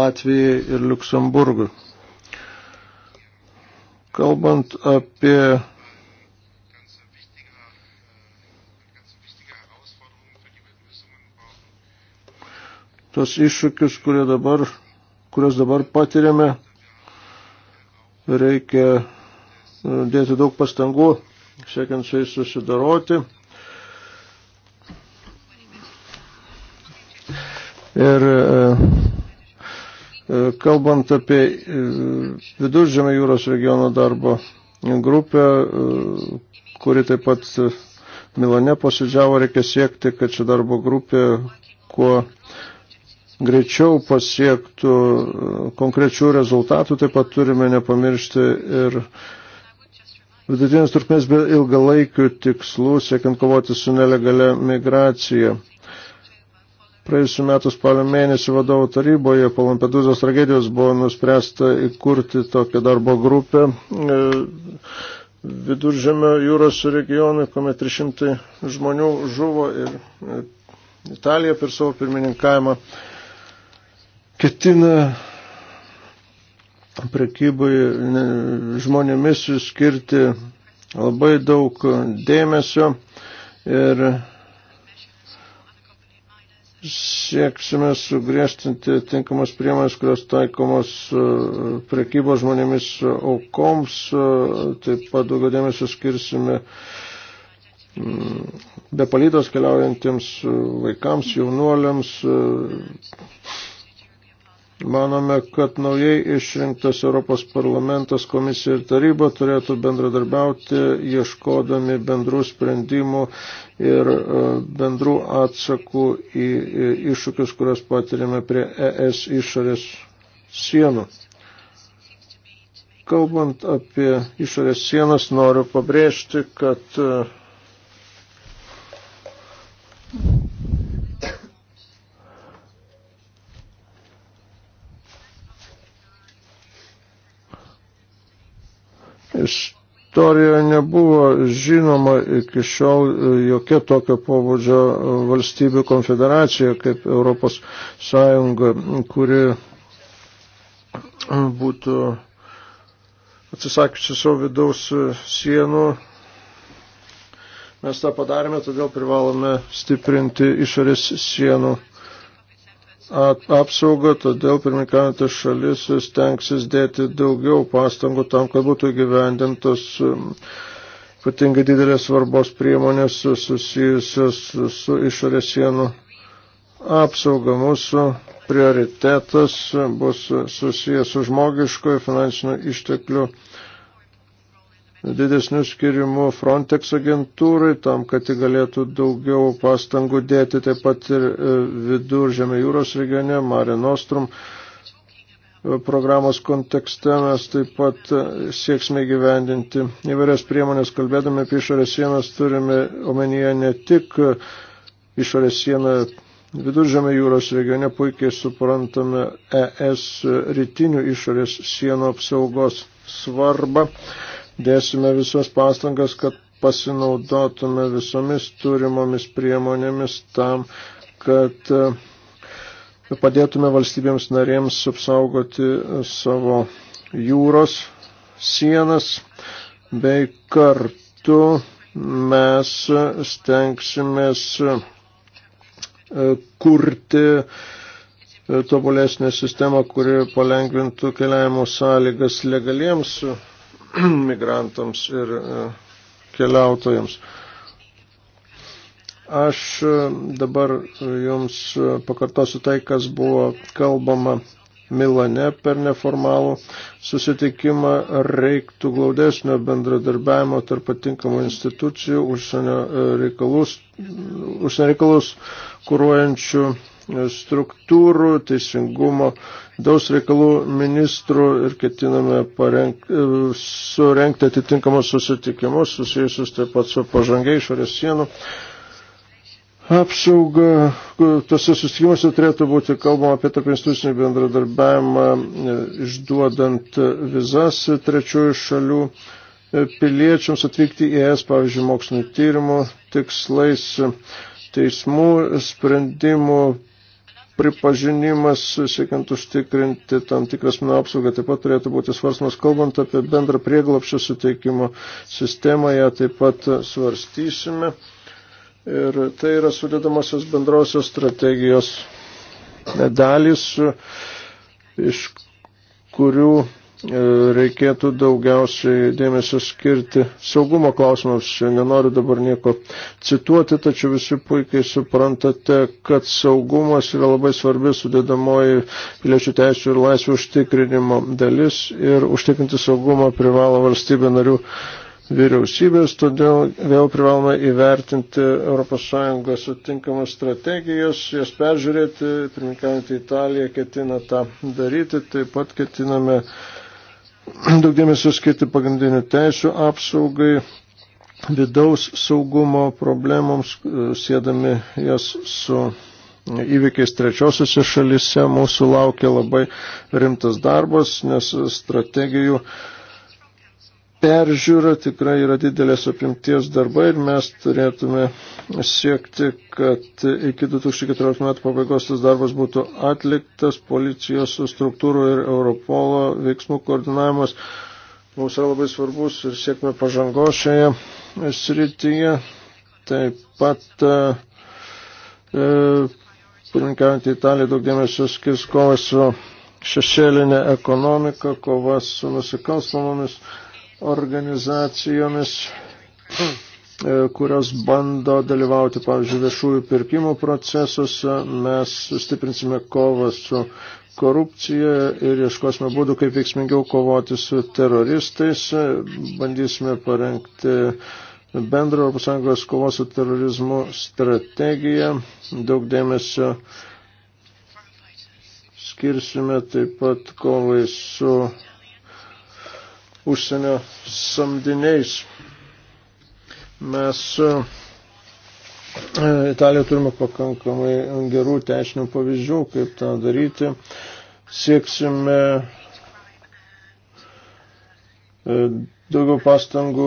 Speaker 3: Latvijai ir Luksemburgui. Kalbant apie tos iššūkius, kurie dabar, kurios dabar patiriame, reikia e, dėti daug pastangų, siekiant su jais susidaroti. Ir e, E, kalbant apie e, viduržėmio jūros regiono darbo grupę, e, kuri taip pat Milane posėdžiavo, reikia siekti, kad ši darbo grupė kuo greičiau pasiektų konkrečių rezultatų, taip pat turime nepamiršti ir vidutinės trukmės bei ilgalaikių tikslų, siekiant kovoti su nelegale migracija. Praėjusiu metu spalio mėnesį vadovo taryboje po Lampedūzos tragedijos buvo nuspręsta įkurti tokią darbo grupę e, viduržėmio jūros regionui, kuomet 300 žmonių žuvo ir e, Italija per savo pirmininkavimą ketina prekybai žmonėmis skirti labai daug dėmesio ir sieksime sugriežtinti tinkamas priemonės, kurios taikomos e, prekybos žmonėmis aukoms, e, taip pat daugiau dėmesio skirsime mm, be palydos keliaujantiems e, vaikams, jaunuoliams, Manome, kad naujai išrinktas Europos parlamentas, komisija ir taryba turėtų bendradarbiauti, ieškodami bendrų sprendimų ir e, bendrų atsakų į iššūkius, kurios patiriame prie ES išorės sienų. Kalbant apie išorės sienas, noriu pabrėžti, kad e, istorijoje nebuvo žinoma iki šiol jokia tokio pobūdžio valstybių konfederacija kaip Europos Sąjunga, kuri būtų atsisakiusi savo vidaus sienų. Mes tą padarėme, todėl privalome stiprinti išorės sienų apsaugą, todėl pirmininkavintis šalis stengsis dėti daugiau pastangų tam, kad būtų gyvendintos um, ypatingai didelės svarbos priemonės susijusios su, su išorės sienų apsauga. Mūsų prioritetas bus susijęs su žmogiškoju finansiniu ištekliu didesnių skirimų Frontex agentūrai, tam, kad ji galėtų daugiau pastangų dėti taip pat ir e, viduržėmė jūros regione, Mare Nostrum e, programos kontekste mes taip pat e, sieksime gyvendinti įvairias priemonės, kalbėdami apie išorės sienas, turime omenyje ne tik išorės sieną Viduržėme jūros regione puikiai suprantame ES rytinių išorės sienų apsaugos svarbą dėsime visas pastangas, kad pasinaudotume visomis turimomis priemonėmis tam, kad e, padėtume valstybėms narėms apsaugoti savo jūros sienas, bei kartu mes stengsimės e, kurti e, tobulesnę sistemą, kuri palengvintų keliavimo sąlygas legaliems *clears throat* migrantams ir e, keliautojams. Aš e, dabar jums pakartosiu tai, kas buvo kalbama Milane per neformalų susitikimą. Reiktų glaudesnio bendradarbiavimo tarp patinkamų institucijų, užsienio e, reikalus, užsienio reikalus kūruojančių struktūrų, teisingumo daus reikalų ministrų ir ketiname parenk, e, surenkti atitinkamus susitikimus susijusius taip pat su pažangiai išorės sienų. Apsauga, tose susitikimuose turėtų būti kalbama apie tarp institucinį bendradarbiavimą, e, išduodant vizas trečiųjų šalių e, piliečiams atvykti į ES, pavyzdžiui, mokslinio tyrimo tikslais, teismų sprendimų pripažinimas, siekiant užtikrinti tam tikras minų apsaugą, taip pat turėtų būti svarstamas, kalbant apie bendrą prieglapščio suteikimo sistemą, ją taip pat svarstysime. Ir tai yra sudėdamosios bendrosios strategijos dalys, iš kurių reikėtų daugiausiai dėmesio skirti saugumo klausimams. Nenoriu dabar nieko cituoti, tačiau visi puikiai suprantate, kad saugumas yra labai svarbi sudėdamoji piliečių teisų ir laisvų užtikrinimo dalis ir užtikrinti saugumą privalo valstybė narių vyriausybės, todėl vėl privalome įvertinti ES sutinkamas strategijas, jas peržiūrėti, pirmininkaujant į Italiją ketina tą daryti, taip pat ketiname uh, daug dėmesio skirti pagrindinių teisų apsaugai, vidaus saugumo problemoms, e, sėdami jas su įvykiais trečiosiuose šalise. Mūsų laukia labai rimtas darbas, nes strategijų peržiūra tikrai yra didelės apimties darbai ir mes turėtume siekti, kad iki 2014 metų pabaigos tas darbas būtų atliktas, policijos struktūrų ir Europolo veiksmų koordinavimas mums yra labai svarbus ir siekime pažangos šioje srityje. Taip pat e, Pirinkiaujant į Italiją daug dėmesio skirs kova su šešėlinė ekonomika, kova su nusikalstamomis organizacijomis, e, kurios bando dalyvauti, pavyzdžiui, viešųjų pirkimų procesuose. Mes sustiprinsime kovą su korupcija ir ieškosime būdų, kaip veiksmingiau kovoti su teroristais. Bandysime parengti bendrą ES kovos su terorizmu strategiją. Daug dėmesio skirsime taip pat kovai su užsienio samdiniais. Mes e, e, Italijoje turime pakankamai gerų teisinių pavyzdžių, kaip tą daryti. Sieksime e, daugiau pastangų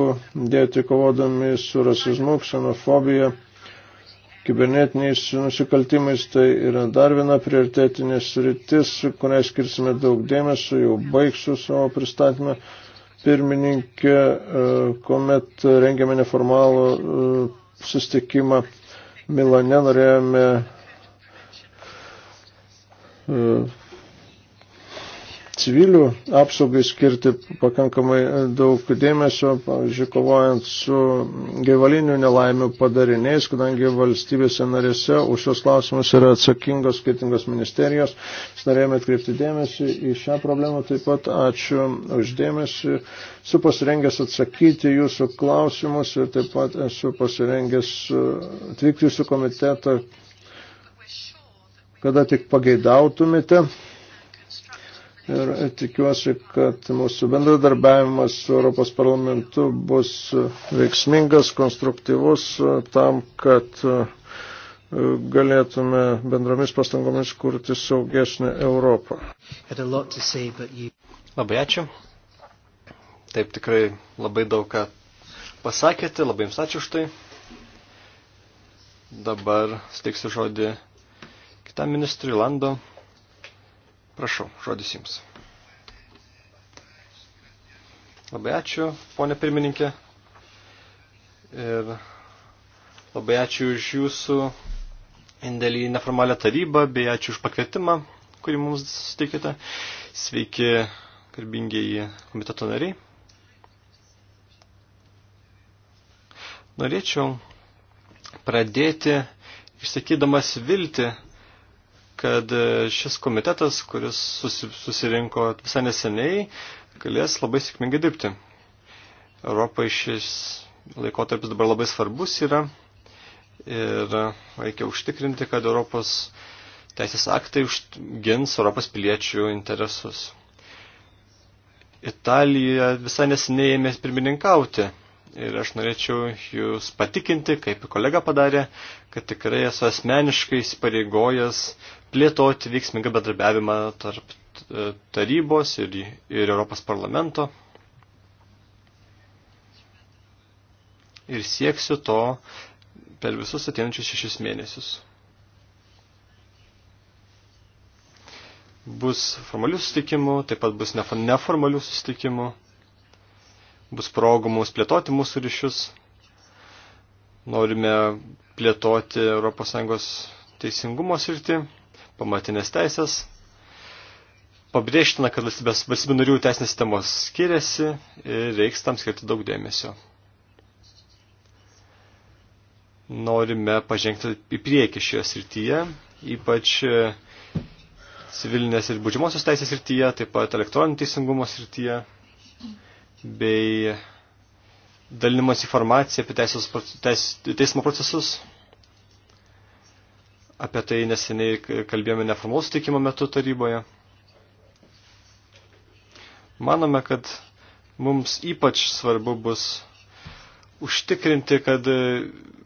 Speaker 3: dėti kovodami su rasizmu, ksenofobija, kibernetiniais nusikaltimais. Tai yra dar viena prioritetinė sritis, kuriai skirsime daug dėmesio, jau baigsiu savo pristatymą pirmininkė, e, kuomet rengėme neformalų e, sustikimą Milane, norėjome e, civilių apsaugai skirti pakankamai daug dėmesio, pavyzdžiui, kovojant su gyvalinių nelaimių padariniais, kadangi valstybėse narėse už šios klausimus yra atsakingos skirtingos ministerijos. Mes norėjome atkreipti dėmesį į šią problemą. Taip pat ačiū už dėmesį. Esu pasirengęs atsakyti jūsų klausimus ir taip pat esu pasirengęs atvykti jūsų komitetą, kada tik pageidautumėte. Ir tikiuosi, kad mūsų bendradarbiavimas su Europos parlamentu bus veiksmingas, konstruktyvus tam, kad e, galėtume bendromis pastangomis kurti saugesnę Europą.
Speaker 5: Say, you... Labai ačiū. Taip tikrai labai daug ką pasakėte, labai jums ačiū už tai. Dabar steiksiu žodį kitam ministrui Lando. Prašau, žodis jums. Labai ačiū, ponė pirmininkė. Ir labai ačiū už jūsų indėlį į neformalią tarybą, bei ačiū už pakvietimą, kurį mums suteikėte. Sveiki, garbingieji komiteto nariai. Norėčiau pradėti išsakydamas viltį, kad e, šis komitetas, kuris susirinko visai neseniai, galės labai sėkmingai dirbti. Europai šis laikotarpis dabar labai svarbus yra ir reikia užtikrinti, kad Europos teisės aktai gins Europos piliečių interesus. Italija visai neseniai ėmės pirmininkauti ir aš norėčiau jūs patikinti, kaip kolega padarė, kad tikrai esu asmeniškai įsipareigojęs plėtoti veiksmingą bedarbiavimą tarp e, tarybos ir, ir Europos parlamento. Ir sieksiu to per visus ateinančius šešis mėnesius. Bus formalių susitikimų, taip pat bus neformalių susitikimų bus progų mums plėtoti mūsų ryšius. Norime plėtoti ES teisingumo sritį, pamatinės teisės. Pabrėžtina, kad valstybės, valstybės narių teisinės sistemos skiriasi ir reiks tam skirti daug dėmesio. Norime pažengti į priekį šioje srityje, ypač civilinės ir būdžiamosios teisės srityje, taip pat elektroninio teisingumo srityje bei dalinimas informacija apie teisės, teis, teismo procesus. Apie tai neseniai kalbėjome neformalų sutikimo metu taryboje. Manome, kad mums ypač svarbu bus užtikrinti, kad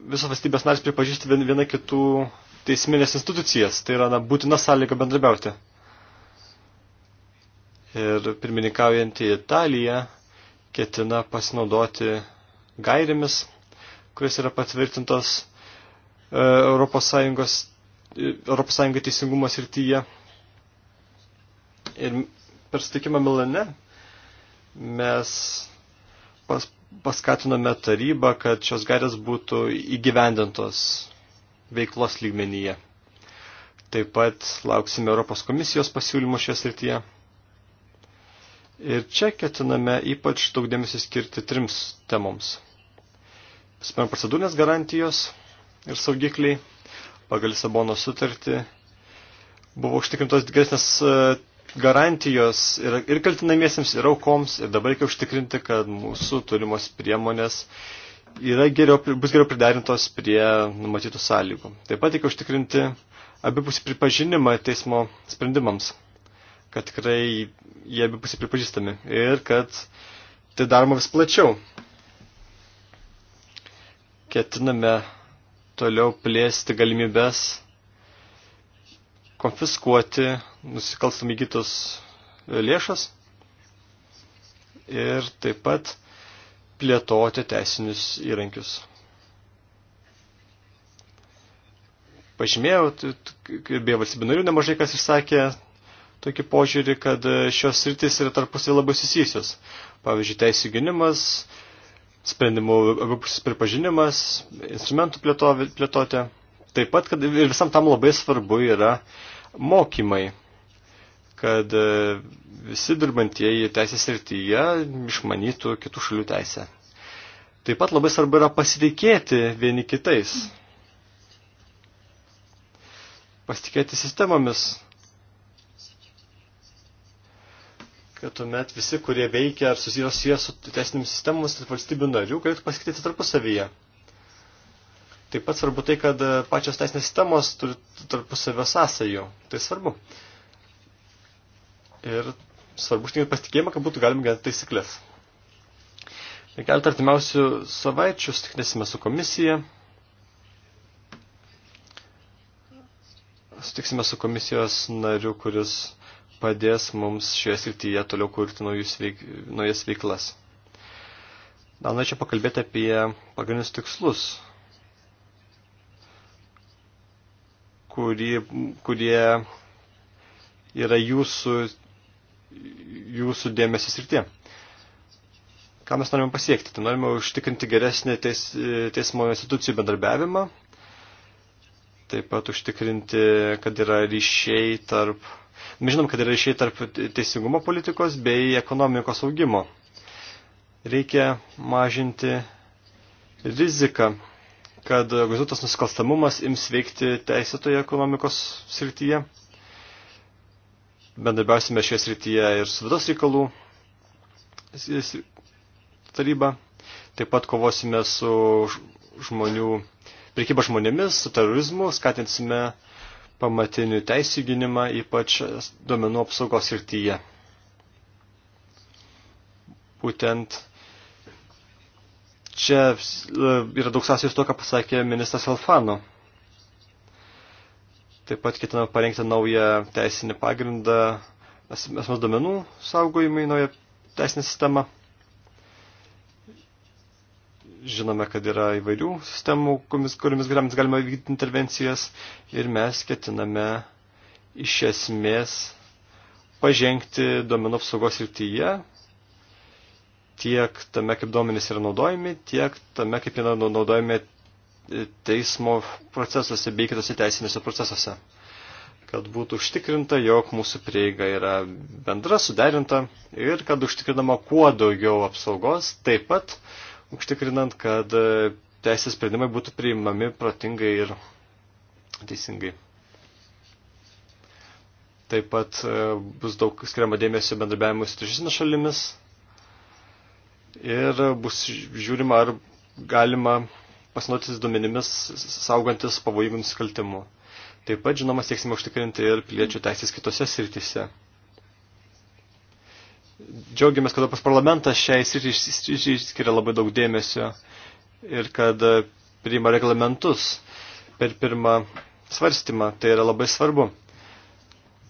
Speaker 5: visos valstybės narės pripažįsti viena kitų teisminės institucijas. Tai yra na, būtina sąlyga bendrabiauti. Ir pirmininkaujantį Italiją ketina pasinaudoti gairėmis, kuris yra patvirtintos e, Europos Sąjungos, e, Europos Sąjunga teisingumo srityje. Ir per sutikimą Milane mes pas, paskatinome tarybą, kad šios gairės būtų įgyvendintos veiklos lygmenyje. Taip pat lauksime Europos komisijos pasiūlymų šioje srityje. Ir čia ketiname ypač daug dėmesį skirti trims temoms. Spėm procedūrinės garantijos ir saugikliai pagal Lisabono sutartį buvo užtikrintos geresnės e, garantijos ir, ir kaltinamiesiems, ir aukoms, ir dabar reikia užtikrinti, kad mūsų turimos priemonės yra geriau, bus geriau priderintos prie numatytų sąlygų. Taip pat reikia užtikrinti abipusį pripažinimą teismo sprendimams kad tikrai jie abipusiai pripažįstami ir kad tai daroma vis plačiau. Ketiname toliau plėsti galimybės konfiskuoti nusikalstam įgytus lėšas ir taip pat plėtoti teisinius įrankius. Pažymėjau, beje, valstybių narių nemažai kas išsakė tokį požiūrį, kad e, šios sritis yra tarpusai labai susijusios. Pavyzdžiui, teisų gynimas, sprendimų abipusis pripažinimas, instrumentų plėto, plėtotė. Taip pat, kad ir visam tam labai svarbu yra mokymai, kad e, visi dirbantieji teisės srityje išmanytų kitų šalių teisę. Taip pat labai svarbu yra pasitikėti vieni kitais. Pasitikėti sistemomis, kad tuomet visi, kurie veikia ar susijęs su teisinėmis sistemomis ir valstybių narių, galėtų pasikeisti tarpusavyje. Taip pat svarbu tai, kad pačios teisinės sistemos turi tarpusavio sąsajų. Tai svarbu. Ir svarbu užtikrinti pasitikėjimą, kad būtų galima gerinti taisyklės. Ir keletą artimiausių savaičių sutiknėsime su komisija. Sutiksime su komisijos nariu, kuris padės mums šioje srityje toliau kurti naujus veik, naujas veiklas. Dar norėčiau pakalbėti apie pagrindinius tikslus, kurie, kurie yra jūsų, jūsų dėmesio srityje. Ką mes norime pasiekti? Tai norime užtikrinti geresnį teis, teismo institucijų bendarbiavimą, taip pat užtikrinti, kad yra ryšiai tarp Mes žinom, kad yra ryšiai tarp teisingumo politikos bei ekonomikos augimo. Reikia mažinti riziką, kad organizuotas nusikalstamumas ims veikti teisėtoje ekonomikos srityje. Bendarbiausime šioje srityje ir su vidaus reikalų taryba. Taip pat kovosime su žmonių prekyba žmonėmis, su terorizmu, skatinsime pamatinių teisų gynimą, ypač duomenų apsaugos srityje. Būtent čia e, yra daug sąsijos to, ką pasakė ministras Alfano. Taip pat ketiname parengti naują teisinį pagrindą asmens duomenų saugojimai, naują teisinę sistemą. Žinome, kad yra įvairių sistemų, kuriomis galima vykdyti intervencijas ir mes ketiname iš esmės pažengti duomenų apsaugos rytyje, tiek tame, kaip duomenys yra naudojami, tiek tame, kaip yra naudojami teismo procesuose bei kitose teisinėse procesuose. Kad būtų užtikrinta, jog mūsų prieiga yra bendra, suderinta ir kad užtikrinama kuo daugiau apsaugos, taip pat užtikrinant, kad e, teisės sprendimai būtų priimami protingai ir teisingai. Taip pat e, bus daug skiriama dėmesio bendrabiavimui su trečiosiamis šalimis ir bus žiūrima, ar galima pasinaudotis duomenimis saugantis pavojingų nusikaltimų. Taip pat, žinoma, sieksime užtikrinti ir piliečių teisės kitose srityse. Džiaugiamės, kad Europos parlamentas šiai sričiai skiria labai daug dėmesio ir kad e, priima reglamentus per pirmą svarstymą. Tai yra labai svarbu.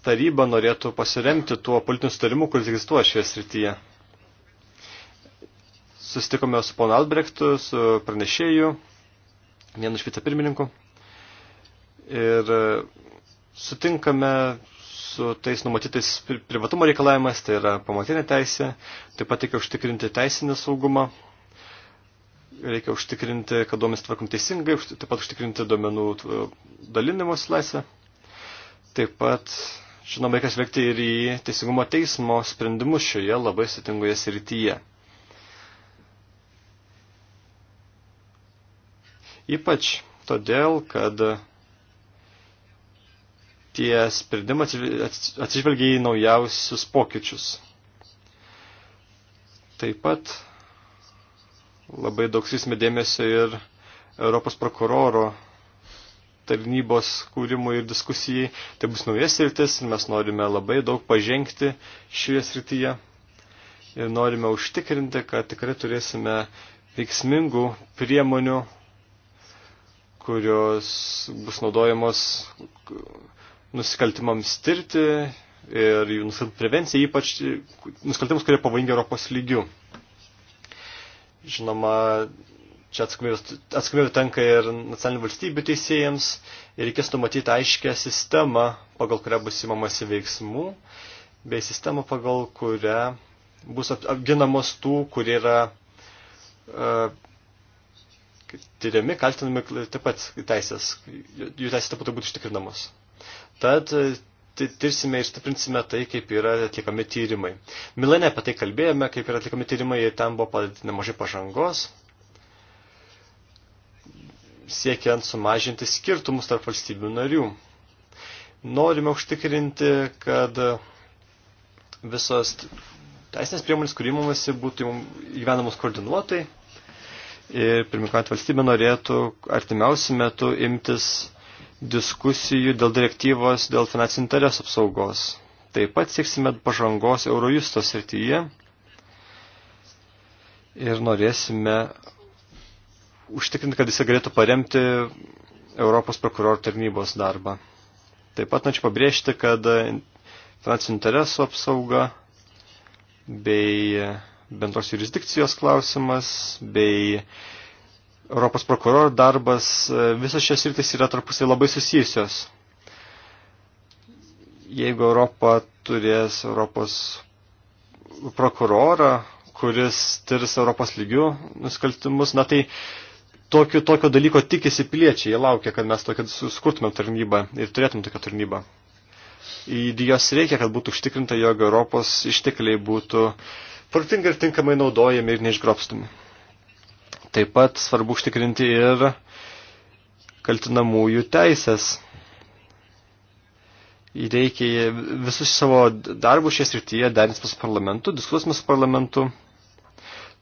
Speaker 5: Taryba norėtų pasiremti tuo politiniu sutarimu, kuris egzistuoja šioje srityje. Sustikome su ponu Albrechtu, su pranešėju, vienu iš vicepirmininku. Ir e, sutinkame su tais numatytais privatumo reikalavimas, tai yra pamatinė teisė, taip pat reikia užtikrinti teisinį saugumą, reikia užtikrinti, kad duomenys tvarkom teisingai, taip pat užtikrinti duomenų dalinimos laisvę. Taip pat, žinoma, reikia sveikti ir į teisingumo teismo sprendimus šioje labai sitingoje srityje. Ypač todėl, kad tie sprendimai atsižvelgia į naujausius pokyčius. Taip pat labai daug svisme dėmesio ir Europos prokuroro tarnybos kūrimui ir diskusijai. Tai bus naujas sritis ir mes norime labai daug pažengti šioje srityje ir norime užtikrinti, kad tikrai turėsime veiksmingų priemonių, kurios bus naudojamos nusikaltimams tirti ir jų nusikaltimų prevencija, ypač nusikaltimus, kurie pavojingi Europos lygių. Žinoma, čia atsakomybė tenka ir nacionalinių valstybių teisėjams ir reikės numatyti aiškę sistemą, pagal kurią bus įmamasi veiksmų, bei sistemą, pagal kurią bus apginamos tų, kurie yra uh, tyriami, kaltinami taip pat teisės, jų teisės taip pat būtų užtikrinamos. Tad e, tirsime ir stiprinsime tai, kaip yra atliekami tyrimai. Milane apie tai kalbėjome, kaip yra atliekami tyrimai, ten buvo padaryti nemažai pažangos, siekiant sumažinti skirtumus tarp valstybių narių. Norime užtikrinti, kad visos teisinės priemonės, kur įmamasi, būtų įgyvenamos koordinuotai ir pirmikant valstybė norėtų artimiausių metų imtis diskusijų dėl direktyvos dėl finansinių interesų apsaugos. Taip pat sieksime pažangos Eurojusto srityje ir norėsime užtikrinti, kad jis galėtų paremti Europos prokurorų tarnybos darbą. Taip pat norėčiau pabrėžti, kad finansinių interesų apsauga bei bendros jurisdikcijos klausimas bei Europos prokuroro darbas, e, visos šios sritis yra tarpusai labai susijusios. Jeigu Europa turės Europos prokurorą, kuris tirs Europos lygių nusikaltimus, na tai tokio, tokio dalyko tikisi piliečiai, jie laukia, kad mes tokią sukurtumėm tarnybą ir turėtum tokią tarnybą. Ir jos reikia, kad būtų užtikrinta, jog Europos ištekliai būtų protingai ir tinkamai naudojami ir neišgrobstumi. Taip pat svarbu užtikrinti ir kaltinamųjų teisės. Reikia visus savo darbus šią srityje derinsime su parlamentu, diskutuosime su parlamentu.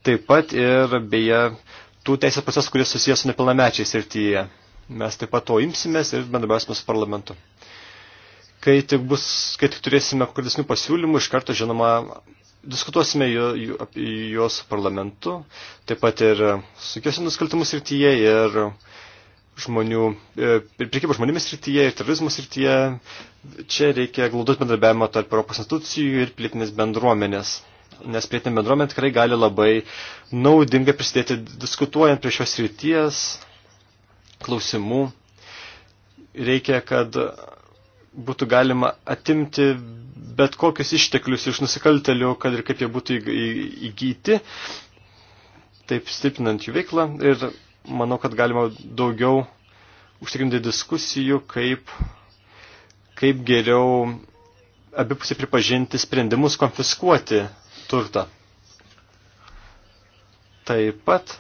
Speaker 5: Taip pat ir beje tų teisės procesų, kurie susijęs su nepilnamečiais srityje. Mes taip pat to imsimės ir bendrabiausime su parlamentu. Kai tik, bus, kai tik turėsime konkretesnių pasiūlymų, iš karto, žinoma, Diskutuosime apie juos su parlamentu, taip pat ir sunkiausių nusikaltimų srityje ir žmonių, e, prikybos žmonėmis srityje ir terorizmo srityje. Čia reikia glaudus bendradarbiavimo tarp Europos institucijų ir pilietinės bendruomenės, nes pilietinė bendruomenė tikrai gali labai naudingai prisidėti diskutuojant prie šios srities klausimų. Reikia, kad būtų galima atimti bet kokius išteklius iš nusikaltelių, kad ir kaip jie būtų įgyti, taip stiprinant jų veiklą. Ir manau, kad galima daugiau užtikrinti diskusijų, kaip, kaip geriau abipusiai pripažinti sprendimus konfiskuoti turtą. Taip pat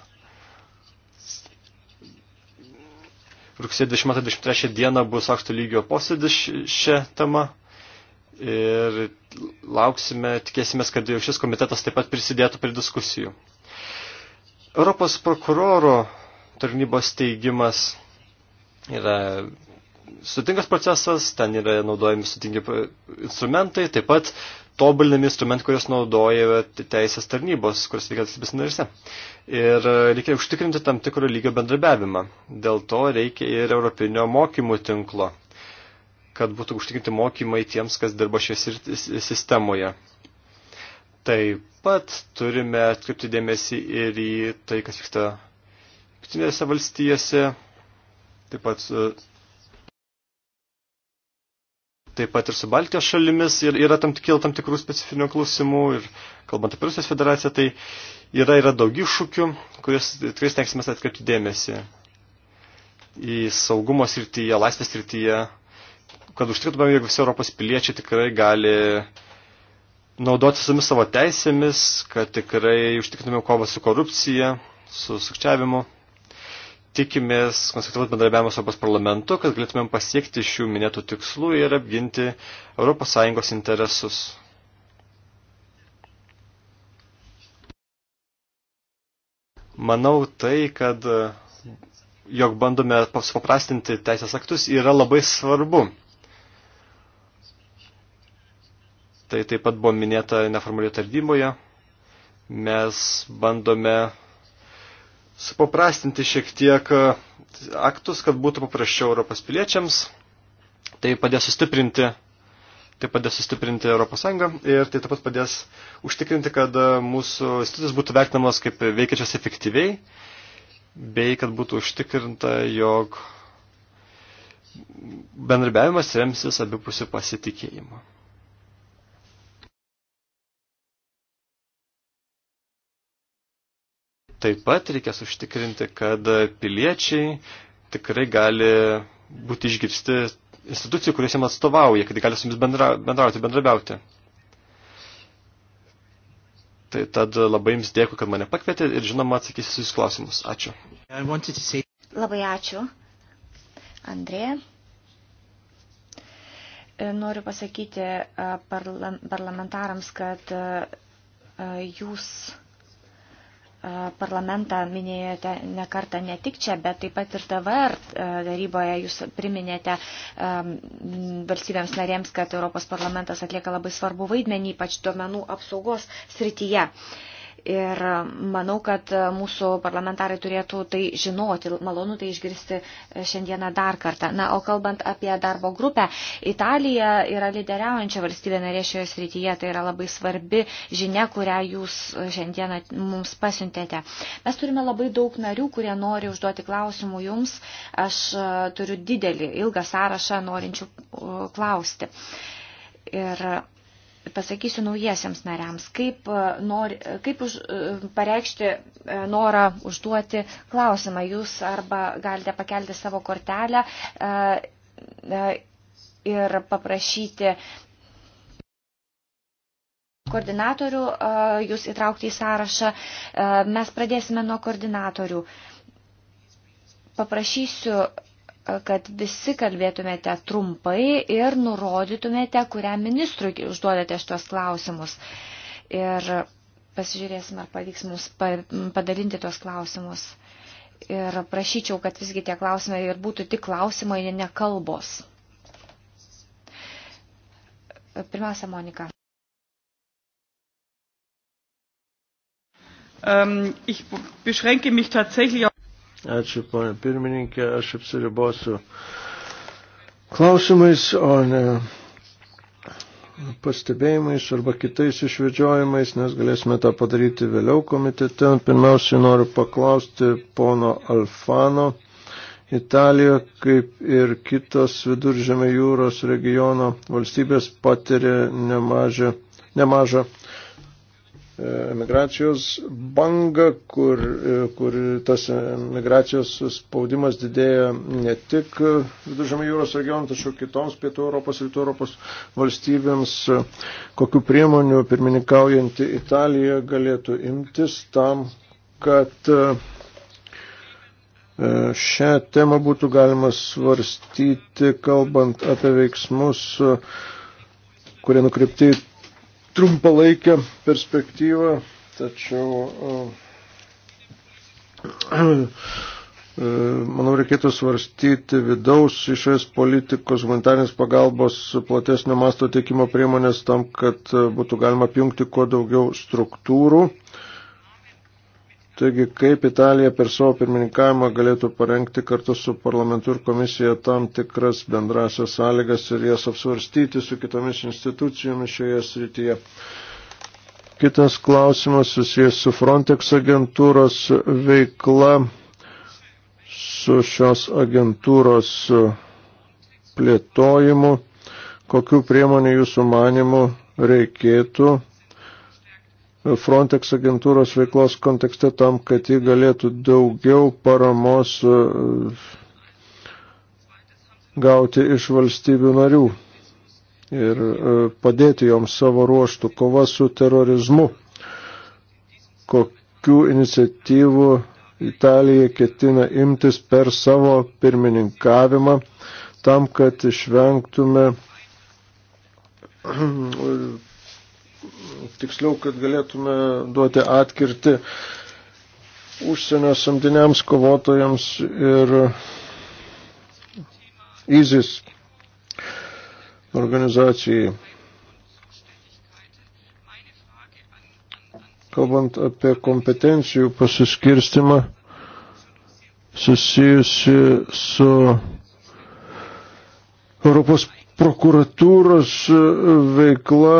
Speaker 5: Rugsėjo 23 dieną bus aukšto lygio posėdis šią temą ir lauksime, tikėsimės, kad jau šis komitetas taip pat prisidėtų prie diskusijų. Europos prokuroro tarnybos teigimas yra sutingas procesas, ten yra naudojami sutingi instrumentai, taip pat tobulinami instrumentai, kurios naudoja teisės tarnybos, kurios veikia valstybės narėse. Ir e, reikia užtikrinti tam tikro lygio bendrabiavimą. Dėl to reikia ir europinio mokymų tinklo, kad būtų užtikrinti mokymai tiems, kas dirba šioje sistemoje. Taip pat turime atkreipti dėmesį ir į tai, kas vyksta jungtinėse valstijose, taip pat e, taip pat ir su Baltijos šalimis ir yra tam, kil, tam tikrų specifinių klausimų ir kalbant apie Rusijos federaciją, tai yra, yra daug iššūkių, kuriuos tikrai stengsime atkreipti dėmesį į saugumo srityje, laisvės srityje, kad užtikrintumėm, jog visi Europos piliečiai tikrai gali naudoti visomis savo teisėmis, kad tikrai užtikrintumėm kovą su korupcija, su sukčiavimu tikimės konstruktyvus bendradarbiavimas su Europos parlamentu, kad galėtumėm pasiekti šių minėtų tikslų ir apginti ES interesus. Manau tai, kad jog bandome supaprastinti teisės aktus yra labai svarbu. Tai taip pat buvo minėta neformaliai tardyboje. Mes bandome supaprastinti šiek tiek e, aktus, kad būtų paprasčiau Europos piliečiams. Tai padės sustiprinti, tai padės sustiprinti Europos Sąjungą ir tai taip pat padės užtikrinti, kad e, mūsų institucijos būtų vertinamos kaip veikiačios efektyviai, bei kad būtų užtikrinta, jog bendrabiavimas remsis abipusių pasitikėjimo. Taip pat reikės užtikrinti, kad piliečiai tikrai gali būti išgirsti institucijų, kuriuos jiems atstovauja, kad gali su jomis bendra, bendrauti, bendrabiauti. Tai tad labai jums dėkui, kad mane pakvietė ir žinoma atsakysiu jūsų klausimus. Ačiū. Say...
Speaker 2: Labai ačiū. Andrėja e, noriu pasakyti e, parlamentarams, kad e, jūs parlamentą minėjote ne kartą ne tik čia, bet taip pat ir TVR daryboje jūs priminėte valstybėms narėms, kad Europos parlamentas atlieka labai svarbu vaidmenį, ypač duomenų apsaugos srityje. Uh, Ir manau, kad mūsų parlamentarai turėtų tai žinoti. Malonu tai išgirsti šiandieną dar kartą. Na, o kalbant apie darbo grupę, Italija yra lyderiaujančia valstybė narė šioje srityje. Tai yra labai svarbi žinia, kurią jūs šiandieną mums pasiuntėte. Mes turime labai daug narių, kurie nori užduoti klausimų jums. Aš e, turiu didelį, ilgą sąrašą norinčių e, klausti. Ir pasakysiu naujiesiams nariams, kaip, e, nori, e, kaip už, e, pareikšti norą užduoti klausimą. Jūs arba galite pakelti savo kortelę ir paprašyti koordinatorių jūs įtraukti į sąrašą. Mes pradėsime nuo koordinatorių. Paprašysiu kad visi kalbėtumėte trumpai ir nurodytumėte, kuriam ministrui užduodate šitos klausimus. Ir pasižiūrėsim, ar pavyks mums padalinti tos klausimus. Ir prašyčiau, kad visgi tie klausimai ir būtų tik klausimai, ne kalbos. Pirmiausia, Monika.
Speaker 4: Um, ich beschränke mich tatsächlich auf
Speaker 3: Ačiū, ponė pirmininkė, aš apsiribosiu klausimais, o ne pastebėjimais arba kitais išvedžiojimais, nes galėsime tą padaryti vėliau komitete. Pirmiausiai noriu paklausti pono Alfano. Italija, kaip ir kitos viduržėme jūros regiono valstybės patiria nemažą, nemažą emigracijos bangą, kur, e, kur tas emigracijos spaudimas didėja ne tik Viduržamio jūros regionui, tačiau kitoms Pietų Europos ir Rytų Europos valstybėms, kokiu priemonių pirmininkaujanti Italija galėtų imtis tam, kad e, šią temą būtų galima svarstyti, kalbant apie veiksmus, kurie nukreipti trumpalaikę perspektyvą, tačiau e, e, Manau, reikėtų svarstyti vidaus išorės politikos humanitarnės pagalbos platesnio masto teikimo priemonės tam, kad e, būtų galima apjungti kuo daugiau struktūrų Taigi, kaip Italija per savo pirmininkavimą galėtų parengti kartu su parlamentu ir komisija tam tikras bendrasias sąlygas ir jas apsvarstyti su kitomis institucijomis šioje srityje. Kitas klausimas susijęs su Frontex agentūros veikla, su šios agentūros plėtojimu, kokiu priemonė jūsų manimu reikėtų Frontex agentūros veiklos kontekste tam, kad ji galėtų daugiau paramos e, gauti iš valstybių narių ir e, padėti joms savo ruoštų kova su terorizmu. Kokių iniciatyvų Italija ketina imtis per savo pirmininkavimą tam, kad išvengtume tiksliau, kad galėtume duoti atkirti užsienio samdiniams kovotojams ir ISIS organizacijai. Kalbant apie kompetencijų pasiskirstimą susijusi su Europos prokuratūros veikla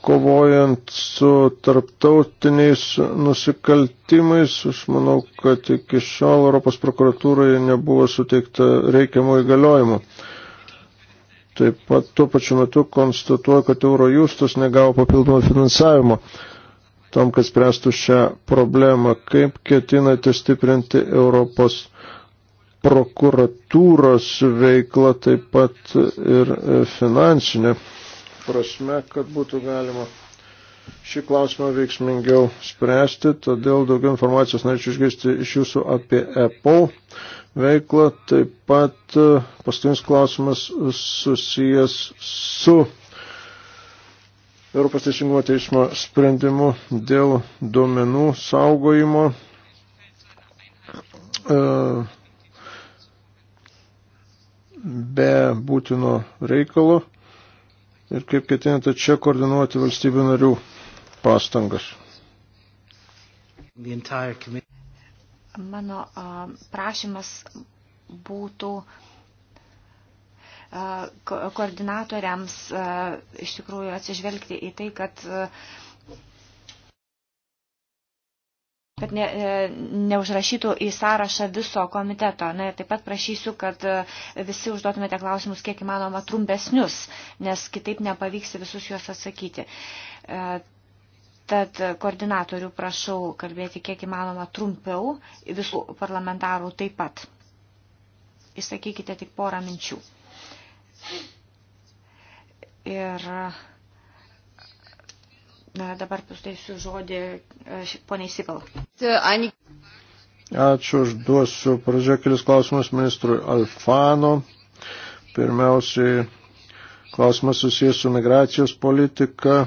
Speaker 3: kovojant su tarptautiniais nusikaltimais. Aš manau, kad iki šiol Europos prokuratūrai nebuvo suteikta reikiamų įgaliojimų. Taip pat tuo pačiu metu konstatuoju, kad Eurojustas negavo papildomą finansavimo tam, kad spręstų šią problemą. Kaip ketinate stiprinti Europos prokuratūros veiklą taip pat ir finansinę? prasme, kad būtų galima šį klausimą veiksmingiau spręsti, todėl daugiau informacijos norėčiau išgirsti iš jūsų apie Apple veiklą. Taip pat e, paskutinis klausimas susijęs su Europos teisingumo teismo sprendimu dėl duomenų saugojimo. E, be būtino reikalo ir kaip ketinate čia koordinuoti valstybių narių pastangas?
Speaker 2: Mano prašymas būtų koordinatoriams iš tikrųjų atsižvelgti į tai, kad kad ne, e, neužrašytų į sąrašą viso komiteto. Na ir taip pat prašysiu, kad e, visi užduotumėte klausimus kiek įmanoma trumpesnius, nes kitaip nepavyks visus juos atsakyti. E, tad koordinatorių prašau kalbėti kiek įmanoma trumpiau, visų parlamentarų taip pat. Išsakykite tik porą minčių. Ir uh Dabar pasteisiu žodį e, poniai Sipal.
Speaker 3: Ačiū, aš duosiu pradžia kelis klausimus ministrui Alfano. Pirmiausiai klausimas susijęs su migracijos politika.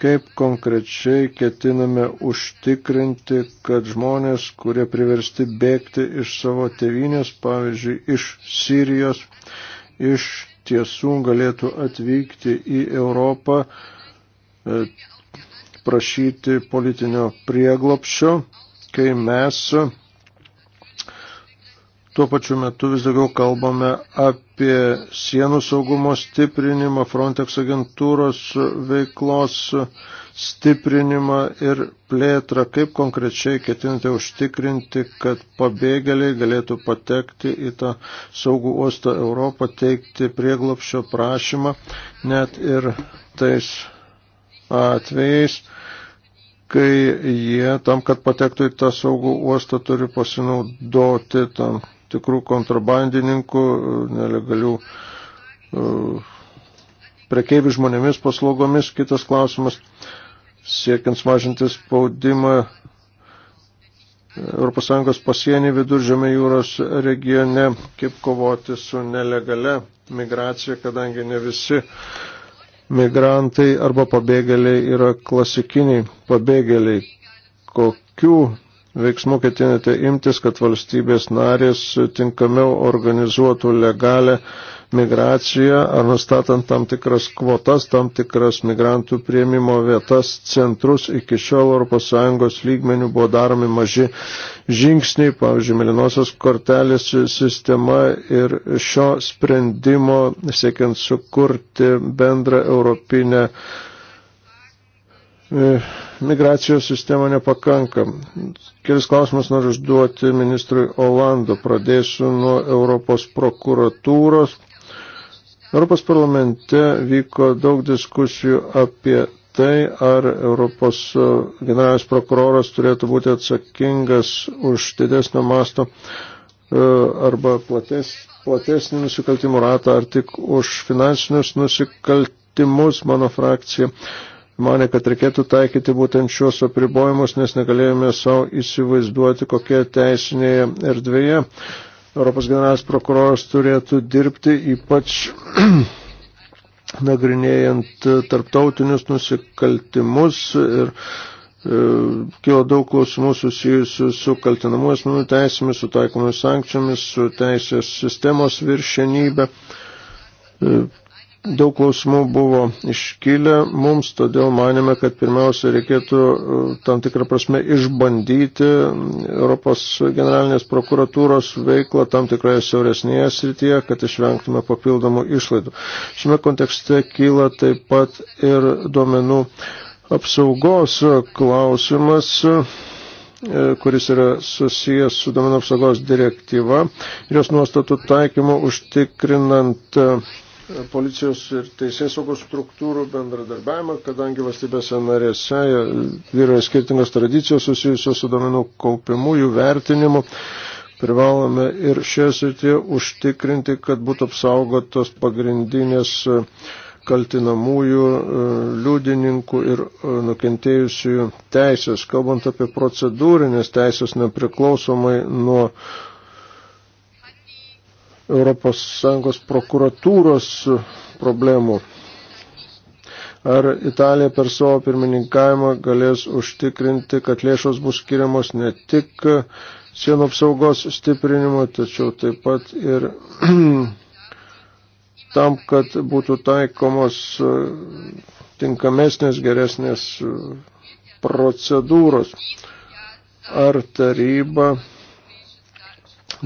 Speaker 3: Kaip konkrečiai ketiname užtikrinti, kad žmonės, kurie priversti bėgti iš savo tevinės, pavyzdžiui, iš Sirijos, iš tiesų galėtų atvykti į Europą E, prašyti politinio prieglopščio, kai mes tuo pačiu metu vis daugiau kalbame apie sienų saugumo stiprinimą, Frontex agentūros veiklos stiprinimą ir plėtrą, kaip konkrečiai ketinate užtikrinti, kad pabėgėliai galėtų patekti į tą saugų uostą Europą, teikti prieglopščio prašymą, net ir tais atvejais, kai jie tam, kad patektų į tą saugų uostą, turi pasinaudoti tam tikrų kontrabandininkų, nelegalių e, prekeivių žmonėmis paslaugomis. Kitas klausimas, siekiant mažinti spaudimą ES pasienį viduržėme jūros regione, kaip kovoti su nelegale migracija, kadangi ne visi migrantai arba pabėgėliai yra klasikiniai pabėgėliai. Kokių veiksmų ketinate imtis, kad valstybės narės tinkamiau organizuotų legalę migraciją ar nustatant tam tikras kvotas, tam tikras migrantų prieimimo vietas, centrus. Iki šiol ES lygmenių buvo daromi maži žingsniai, pavyzdžiui, melinosios kortelės sistema ir šio sprendimo siekiant sukurti bendrą europinę e, migracijos sistema nepakanka. Kelis klausimus noriu užduoti ministrui Olandu. Pradėsiu nuo Europos prokuratūros. Europos parlamente vyko daug diskusijų apie tai, ar Europos e, generalinis prokuroras turėtų būti atsakingas už didesnio masto e, arba plates, platesnį nusikaltimų ratą, ar tik už finansinius nusikaltimus mano frakcija. Mane, kad reikėtų taikyti būtent šios apribojimus, nes negalėjome savo įsivaizduoti, kokie teisinėje erdvėje Europos generalinis prokuroras turėtų dirbti, ypač *clears throat* nagrinėjant e, tarptautinius nusikaltimus ir e, kilo daug klausimų susijusių su kaltinamu asmenų teisėmis, su taikomis sankcijomis, su teisės sistemos viršenybė. E, Daug klausimų buvo iškilę mums, todėl manėme, kad pirmiausia reikėtų e, tam tikrą prasme išbandyti Europos generalinės prokuratūros veiklą tam tikroje siauresnėje srityje, kad išvengtume papildomų išlaidų. Šiame kontekste kyla taip pat ir duomenų apsaugos klausimas e, kuris yra susijęs su domenų apsaugos direktyva ir jos nuostatų taikymu užtikrinant e, policijos ir teisės saugos struktūrų bendradarbiavimą, kadangi valstybėse narėse e, vyroja skirtingos tradicijos susijusios su domenų kaupimu, jų vertinimu. Privalome ir šioje srityje užtikrinti, kad būtų apsaugotos pagrindinės e, kaltinamųjų, e, liudininkų ir nukentėjusiųjų teisės, kalbant apie procedūrinės teisės nepriklausomai nuo ES prokuratūros problemų. Ar Italija per savo pirmininkavimą galės užtikrinti, kad lėšos bus skiriamos ne tik sienų apsaugos stiprinimui, tačiau taip pat ir *clears throat* tam, kad būtų taikomos tinkamesnės, geresnės procedūros. Ar taryba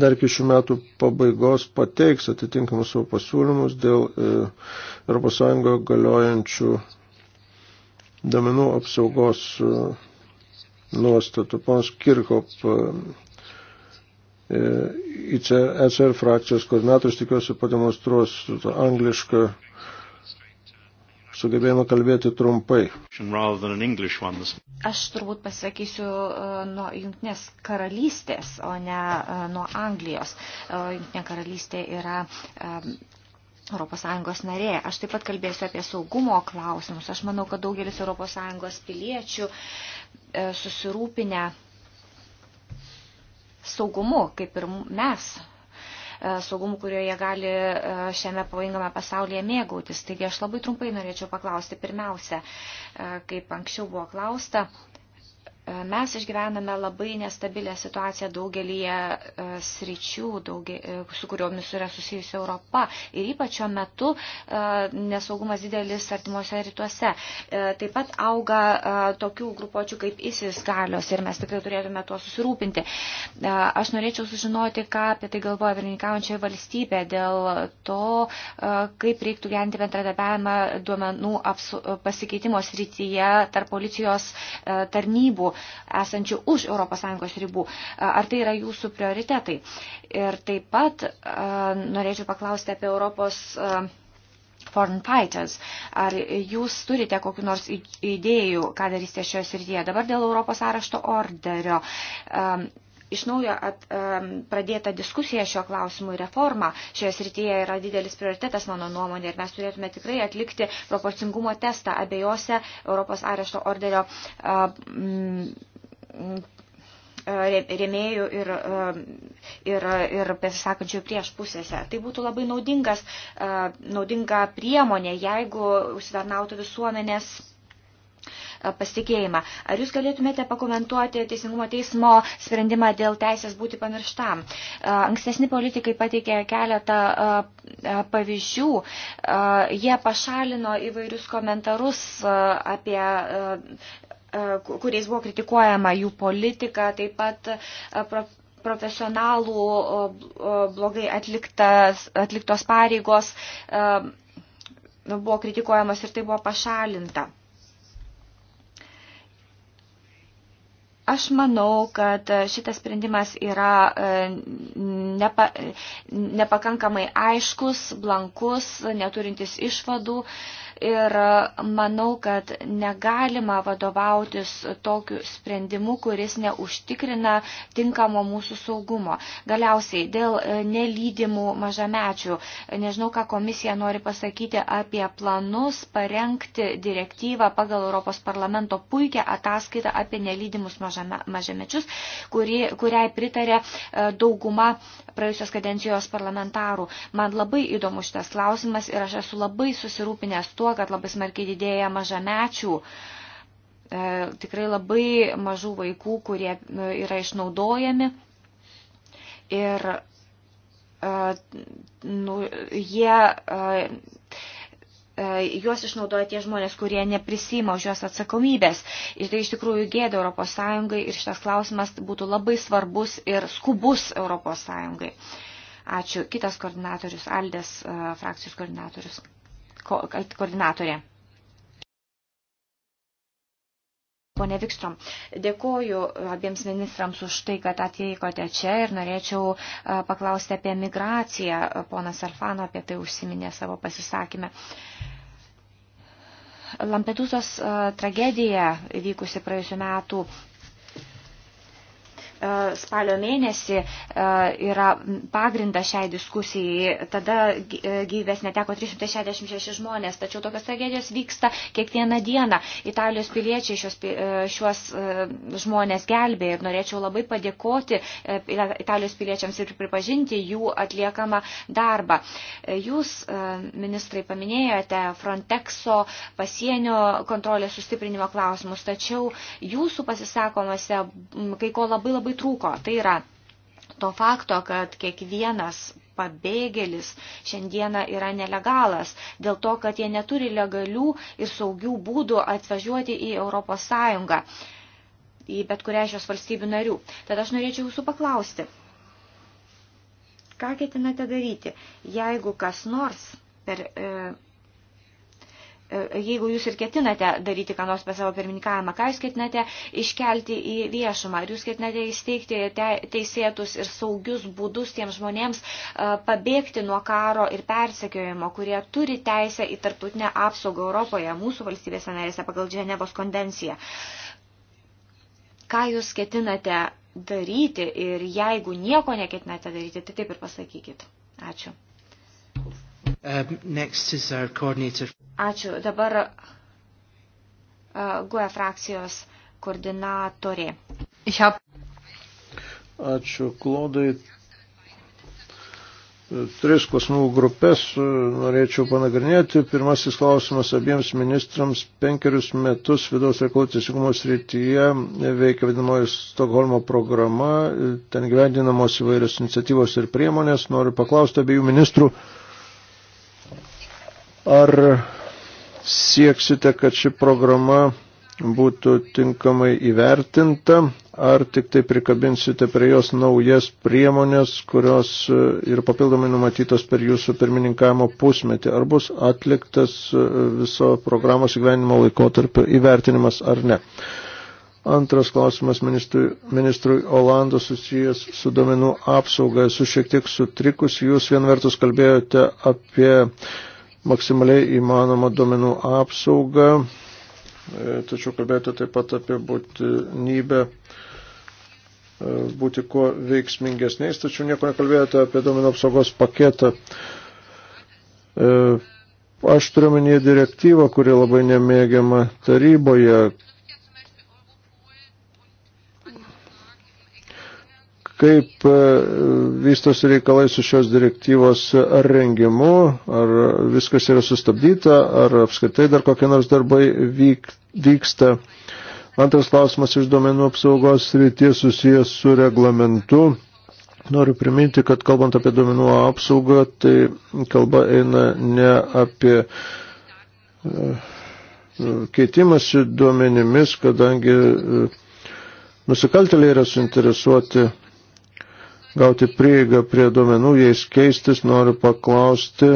Speaker 3: dar iki šių metų pabaigos pateiks atitinkamus savo pasiūlymus dėl ES galiojančių domenų apsaugos e, nuostatų. Pons Kirkop, e, e, ECR frakcijos koordinatorius, tikiuosi pademonstruos anglišką sugebėjome kalbėti trumpai.
Speaker 2: Aš turbūt pasakysiu e, nuo Junktinės karalystės, o ne e, nuo Anglijos. E, Junktinė karalystė yra ES narė. Aš taip pat kalbėsiu apie saugumo klausimus. Aš manau, kad daugelis ES piliečių susirūpinę saugumu, kaip ir mes E, saugumu, kurio jie gali e, šiame pavojingame pasaulyje mėgautis. Taigi aš labai trumpai norėčiau paklausti pirmiausia, e, kaip anksčiau buvo klausta, Mes išgyvename labai nestabilę situaciją daugelįje e, sričių, daugie, e, su kuriomis yra susijusi Europa. Ir ypač šiuo metu e, nesaugumas didelis artimuose rytuose. Taip pat auga tokių grupuočių kaip ISIS galios ir mes tikrai turėtume tuo susirūpinti. Aš norėčiau sužinoti, ką apie tai galvoja virinkaujančioje valstybė dėl to, kaip reiktų gerinti bendradarbiavimą duomenų apsu, pasikeitimo srityje tarp policijos tarnybų esančių už ES ribų. Ar tai yra jūsų prioritetai? Ir taip pat norėčiau paklausti apie Europos foreign fighters. Ar jūs turite kokiu nors idėjų, ką darysite šioje srityje? Dabar dėl Europos arešto orderio iš naujo at, um, pradėta diskusija šio klausimu ir reforma. Šioje srityje yra didelis prioritetas mano nuomonė ir mes turėtume tikrai atlikti proporcingumo testą abiejose Europos arešto orderio um, rėmėjų ir, ir, ir pasisakančių prieš pusėse. Tai būtų labai naudingas, naudinga priemonė, jeigu užsitarnautų visuomenės pasitikėjimą. Ar jūs galėtumėte pakomentuoti Teisingumo teismo sprendimą dėl teisės būti pamirštam? Ankstesni politikai pateikė keletą pavyzdžių. Jie pašalino įvairius komentarus apie kuriais buvo kritikuojama jų politika, taip pat profesionalų blogai atliktas, atliktos pareigos buvo kritikuojamas ir tai buvo pašalinta. Aš manau, kad e, šitas sprendimas yra e, nepa, e, nepakankamai aiškus, blankus, neturintis išvadų. E, ir manau, kad negalima vadovautis tokiu sprendimu, kuris neužtikrina tinkamo mūsų saugumo. Galiausiai dėl e, nelydimų mažamečių. Nežinau, ką komisija nori pasakyti apie planus parengti direktyvą pagal Europos parlamento puikią ataskaitą apie nelydimus mažame, mažamečius, kuri, kuriai pritarė e, dauguma praėjusios kadencijos parlamentarų. Man labai įdomu šitas klausimas ir aš esu labai susirūpinęs tuo, tuo, kad labai smarkiai didėja mažamečių e, tikrai labai mažų vaikų, kurie e, yra išnaudojami. Ir e, nu, jie, juos išnaudoja tie žmonės, kurie neprisima už juos atsakomybės. Ir tai iš tikrųjų gėda Europos Sąjungai ir šitas klausimas būtų labai svarbus ir skubus Europos Sąjungai. Ačiū. Kitas koordinatorius, Aldės frakcijos koordinatorius ko, koordinatorė. Pone Vikstrom, dėkoju abiems ministrams už tai, kad atvykote čia ir norėčiau paklausti apie migraciją. Ponas Alfano apie tai užsiminė savo pasisakymę. Lampedusos tragedija vykusi praėjusiu metu E, spalio mėnesį e, yra pagrindas šiai diskusijai. Tada e, gyvės neteko 366 žmonės, tačiau tokios tragedijos vyksta kiekvieną dieną. Italijos piliečiai šios, šios žmonės gelbė ir norėčiau labai padėkoti Italijos piliečiams ir pripažinti jų atliekamą darbą. Jūs, ministrai, paminėjote Frontexo pasienio kontrolės sustiprinimo klausimus, tačiau jūsų pasisakomuose kai ko labai labai labai trūko. Tai yra to fakto, kad kiekvienas pabėgėlis šiandieną yra nelegalas, dėl to, kad jie neturi legalių ir saugių būdų atvažiuoti į Europos Sąjungą, į bet kurią šios valstybių narių. Tad aš norėčiau jūsų paklausti, ką ketinate daryti, jeigu kas nors per e, E, jeigu jūs ir ketinate daryti ką nors per savo pirmininkavimą, ką jūs ketinate iškelti į viešumą, ar jūs ketinate įsteigti teisėtus ir saugius būdus tiems žmonėms e, pabėgti nuo karo ir persekiojimo, kurie turi teisę į tarptautinę apsaugą Europoje, mūsų valstybėse narėse pagal Dženevos konvenciją. Ką jūs ketinate daryti ir jeigu nieko neketinate daryti, tai taip ir pasakykit. Ačiū.
Speaker 1: Um, next is our coordinator.
Speaker 2: Ačiū. Dabar uh, GUE frakcijos koordinatorė.
Speaker 3: Hab... Ačiū, Klodai. Tris klausimų grupės e, norėčiau panagrinėti. Pirmasis klausimas abiems ministrams. Penkerius metus vidaus reikalų teisingumo srityje veikia vadinamoji Stokholmo programa. Ten gyvendinamos įvairios iniciatyvos ir priemonės. Noriu paklausti abiejų ministrų, ar sieksite, kad ši programa būtų tinkamai įvertinta, ar tik tai prikabinsite prie jos naujas priemonės, kurios e, yra papildomai numatytos per jūsų pirmininkavimo pusmetį, ar bus atliktas e, viso programos įgyvenimo laikotarpio įvertinimas ar ne. Antras klausimas ministrui, ministrui Olando susijęs su domenų apsauga. Esu šiek tiek sutrikus. Jūs vien vertus kalbėjote apie uh, maksimaliai įmanomą domenų apsaugą, e, tačiau kalbėti taip pat apie būtinybę e, būti kuo veiksmingesniais, tačiau nieko nekalbėjote apie domenų apsaugos paketą. E, aš turiu minėti direktyvą, kuri labai nemėgiama taryboje, kaip e, vystosi reikalai su šios direktyvos ar rengimu, ar viskas yra sustabdyta, ar apskritai dar kokie nors darbai vyk, vyksta. Antras klausimas iš duomenų apsaugos srities susijęs su reglamentu. Noriu priminti, kad kalbant apie duomenų apsaugą, tai kalba eina ne apie e, keitimąsi duomenimis, kadangi e, nusikaltėliai yra suinteresuoti gauti prieigą prie duomenų, jais keistis, noriu paklausti,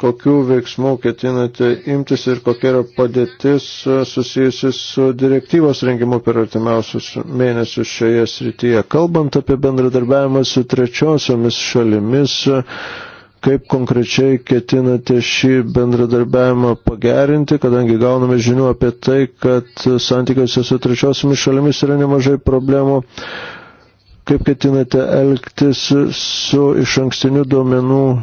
Speaker 3: kokių veiksmų ketinate imtis ir kokia yra padėtis e, susijusi su direktyvos rengimu per artimiausius mėnesius šioje srityje. Kalbant apie bendradarbiavimą su trečiosiomis šalimis, e, kaip konkrečiai ketinate šį bendradarbiavimą pagerinti, kadangi gauname žinių apie tai, kad santykiuose su trečiosiomis šalimis yra nemažai problemų kaip ketinate elgtis su iš ankstiniu duomenų e,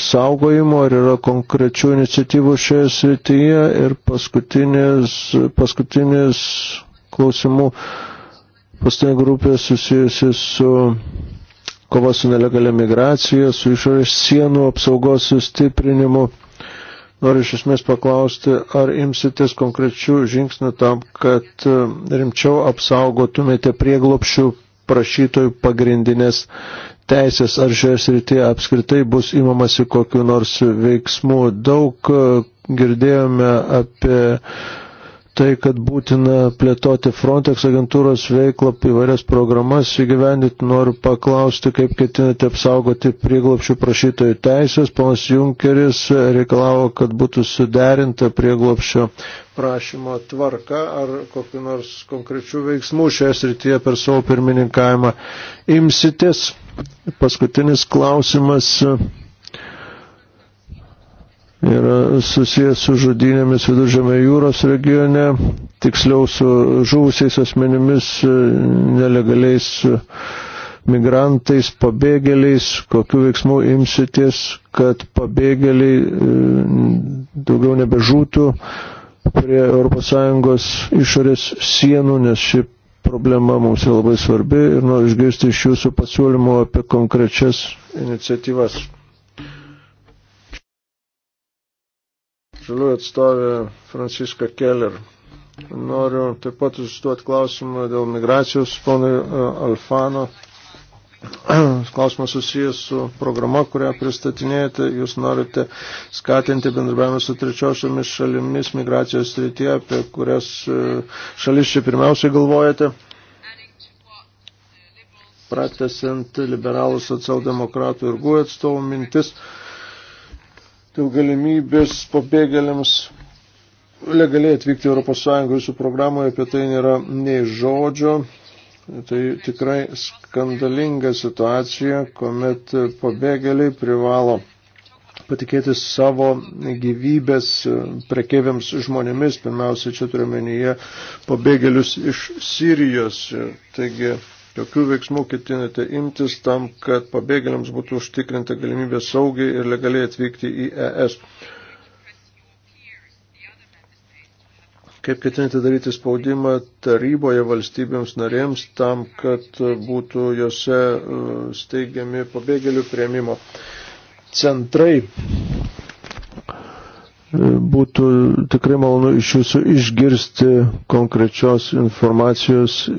Speaker 3: saugojimo, ar yra konkrečių iniciatyvų šioje srityje ir paskutinis, paskutinis klausimų pastangų grupė susijusi su kova su nelegalia migracija, su išorės sienų apsaugos sustiprinimu. Noriu iš esmės paklausti, ar imsitės konkrečių žingsnių tam, kad e, rimčiau apsaugotumėte prieglopšių prašytojų pagrindinės teisės, ar šioje srityje apskritai bus imamasi kokiu nors veiksmu. Daug e, girdėjome apie tai, kad būtina plėtoti Frontex agentūros veiklą, įvairias programas įgyvendyti, noriu paklausti, kaip ketinate apsaugoti prieglopšių prašytojų teisės. Ponas Junkeris reikalavo, kad būtų suderinta prieglopšio prašymo tvarka ar kokiu nors konkrečių veiksmų šioje srityje per savo pirmininkavimą imsitės. Paskutinis klausimas yra susijęs su žudynėmis viduržėme jūros regione, tiksliau su žuvusiais asmenimis, e, nelegaliais e, migrantais, pabėgėliais, kokiu veiksmu imsitės, kad pabėgėliai e, daugiau nebežūtų prie ES išorės sienų, nes ši problema mums yra labai svarbi ir noriu išgirsti iš jūsų pasiūlymų apie konkrečias iniciatyvas. žaliųjų atstovė Franciska Keller. Noriu taip pat užduoti klausimą dėl migracijos ponui e, Alfano. *clears throat* Klausimas susijęs su programa, kurią pristatinėjate. Jūs norite skatinti bendrabiavimą su trečiosiomis šalimis migracijos srityje, apie kurias e, šalis čia pirmiausiai galvojate. Pratesant liberalų socialdemokratų ir guo atstovų mintis. Uh, dėl galimybės pabėgėliams legaliai atvykti Europos Sąjungą. Jūsų programoje apie tai nėra nei žodžio. Tai tikrai skandalinga situacija, kuomet pabėgėliai privalo patikėti savo gyvybės prekeiviams žmonėmis, pirmiausia, čia turiuomenyje pabėgėlius iš Sirijos. Taigi Kokių veiksmų ketinate imtis tam, kad pabėgėliams būtų užtikrinta galimybė saugiai ir legaliai atvykti į ES? Kaip ketinate daryti spaudimą taryboje valstybėms narėms tam, kad būtų jose e, steigiami pabėgėlių prieimimo centrai? E, būtų tikrai malonu iš jūsų išgirsti konkrečios informacijos e,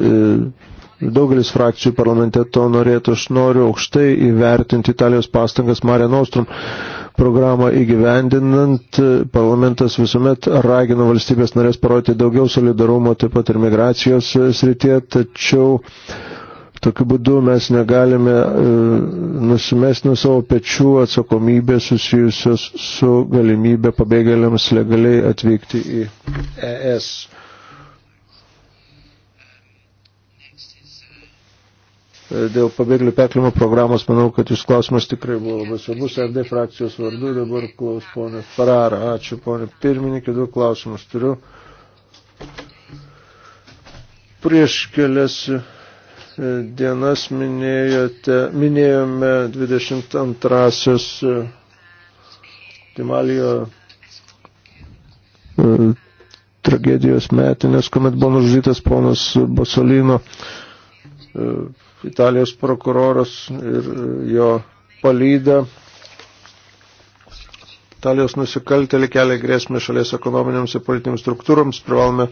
Speaker 3: Daugelis frakcijų parlamente to norėtų. Aš noriu aukštai įvertinti Italijos pastangas Mare Nostrum programą įgyvendinant. Parlamentas visuomet ragino valstybės narės parodyti daugiau solidarumo, taip pat ir migracijos srityje, tačiau Tokiu būdu mes negalime e, nusimesti nuo savo pečių atsakomybę susijusios su galimybė pabėgėliams legaliai atvykti į ES. E, dėl pabėgėlių perkelimo programos, manau, kad jūs klausimas tikrai buvo labai svarbus. RD frakcijos vardu dabar klaus ponė Farara. Ačiū ponė pirmininkė, du klausimus turiu. Prieš kelias e, dienas minėjote, minėjome 22-asios e, Timalijo tragedijos metinės, kuomet buvo nužudytas ponas Basolino Italijos prokuroras ir e, jo palyda. Italijos nusikaltėlį kelia grėsmę šalies ekonominiams ir politiniams struktūrams. Privalome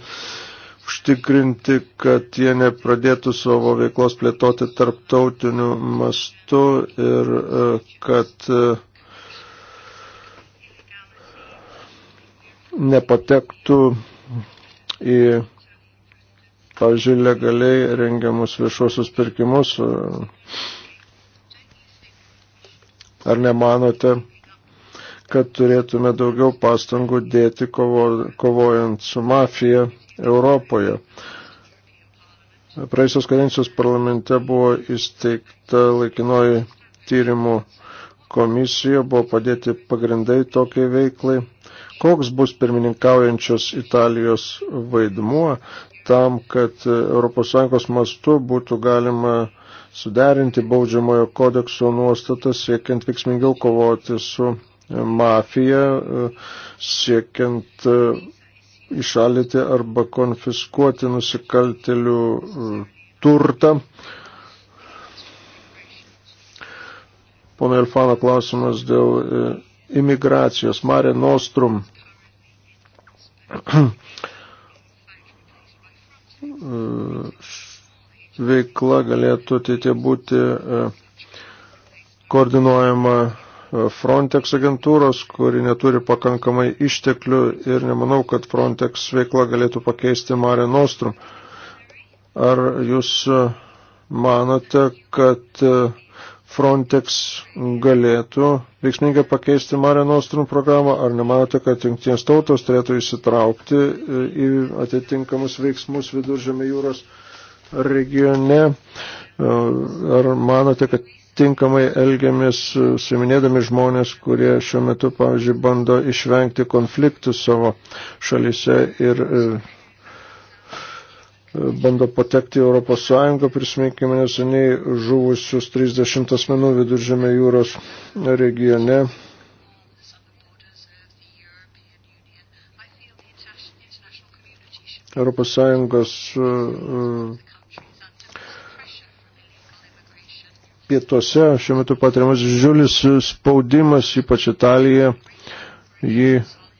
Speaker 3: užtikrinti, kad jie nepradėtų savo veiklos plėtoti tarptautiniu mastu ir e, kad e, nepatektų į pavyzdžiui, legaliai rengiamus viešuosius pirkimus. E, ar nemanote, kad turėtume daugiau pastangų dėti kovo, kovojant su mafija Europoje? Praėjusios kadencijos parlamente buvo įsteigta laikinoji tyrimų komisija, buvo padėti pagrindai tokiai veiklai koks bus pirmininkaujančios Italijos vaidmuo tam, kad ES mastu būtų galima suderinti baudžiamojo kodekso nuostatas, siekiant veiksmingiau kovoti su mafija, siekiant išalyti arba konfiskuoti nusikaltelių turtą. Pono Elfano klausimas dėl e, imigracijos. Mare Nostrum *clears throat* E, veikla galėtų ateitie būti e, koordinuojama e, Frontex agentūros, kuri neturi pakankamai išteklių ir nemanau, kad Frontex veikla galėtų pakeisti Mare Nostrum. Ar jūs manote, kad uh, Frontex galėtų veiksmingai pakeisti Mare Nostrum programą, ar nemanote, kad jungtinės tautos turėtų įsitraukti e, į atitinkamus veiksmus viduržėmė jūros regione? E, ar manote, kad tinkamai elgiamės, e, suiminėdami žmonės, kurie šiuo metu, pavyzdžiui, bando išvengti konfliktų savo šalyse ir bando patekti į Europos Sąjungą, prisiminkime neseniai žuvusius 30 asmenų viduržėme jūros regione. Europos Sąjungos e, e, pietuose šiuo metu patiriamas žiulis spaudimas, ypač Italija, jį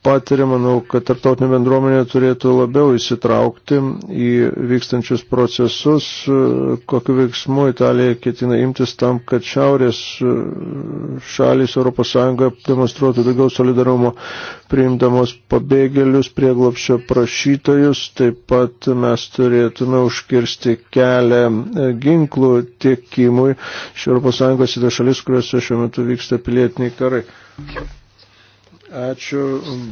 Speaker 3: patiria, manau, kad tarptautinė bendruomenė turėtų labiau įsitraukti į vykstančius procesus, kokiu veiksmu Italija ketina imtis tam, kad šiaurės šalis ES demonstruotų daugiau solidarumo priimdamos pabėgėlius, prieglopščio prašytojus, taip pat mes turėtume užkirsti kelią ginklų tiekimui iš ES į tas šalis, kuriuose šiuo metu vyksta pilietiniai karai. Thank you. Ačiū,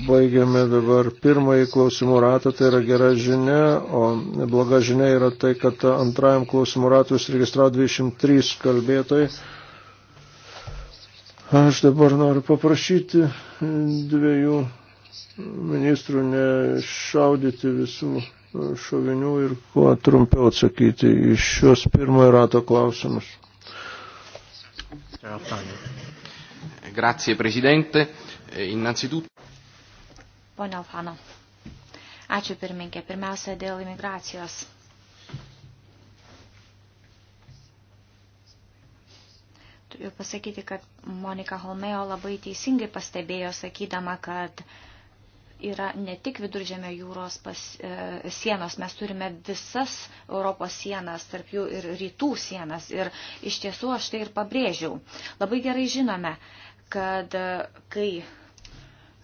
Speaker 3: baigiame dabar pirmąjį klausimų ratą, tai yra gera žinia, o bloga žinia yra tai, kad antrajam klausimų ratui užsiregistravo 203 kalbėtojai. Aš dabar noriu paprašyti dviejų ministrų nešaudyti visų šovinių ir kuo trumpiau atsakyti iš šios pirmojo rato klausimus.
Speaker 4: Grazie, Presidente.
Speaker 3: E, innanzitutto.
Speaker 2: Pone Alfano. Ačiū pirminkė. Pirmiausia, dėl imigracijos. Turiu pasakyti, kad Monika Holmeo labai teisingai pastebėjo, sakydama, kad yra ne tik viduržėmio jūros pas, e, sienos, mes turime visas Europos sienas, tarp jų ir rytų sienas. Ir iš tiesų aš tai ir pabrėžiau. Labai gerai žinome, kad e, kai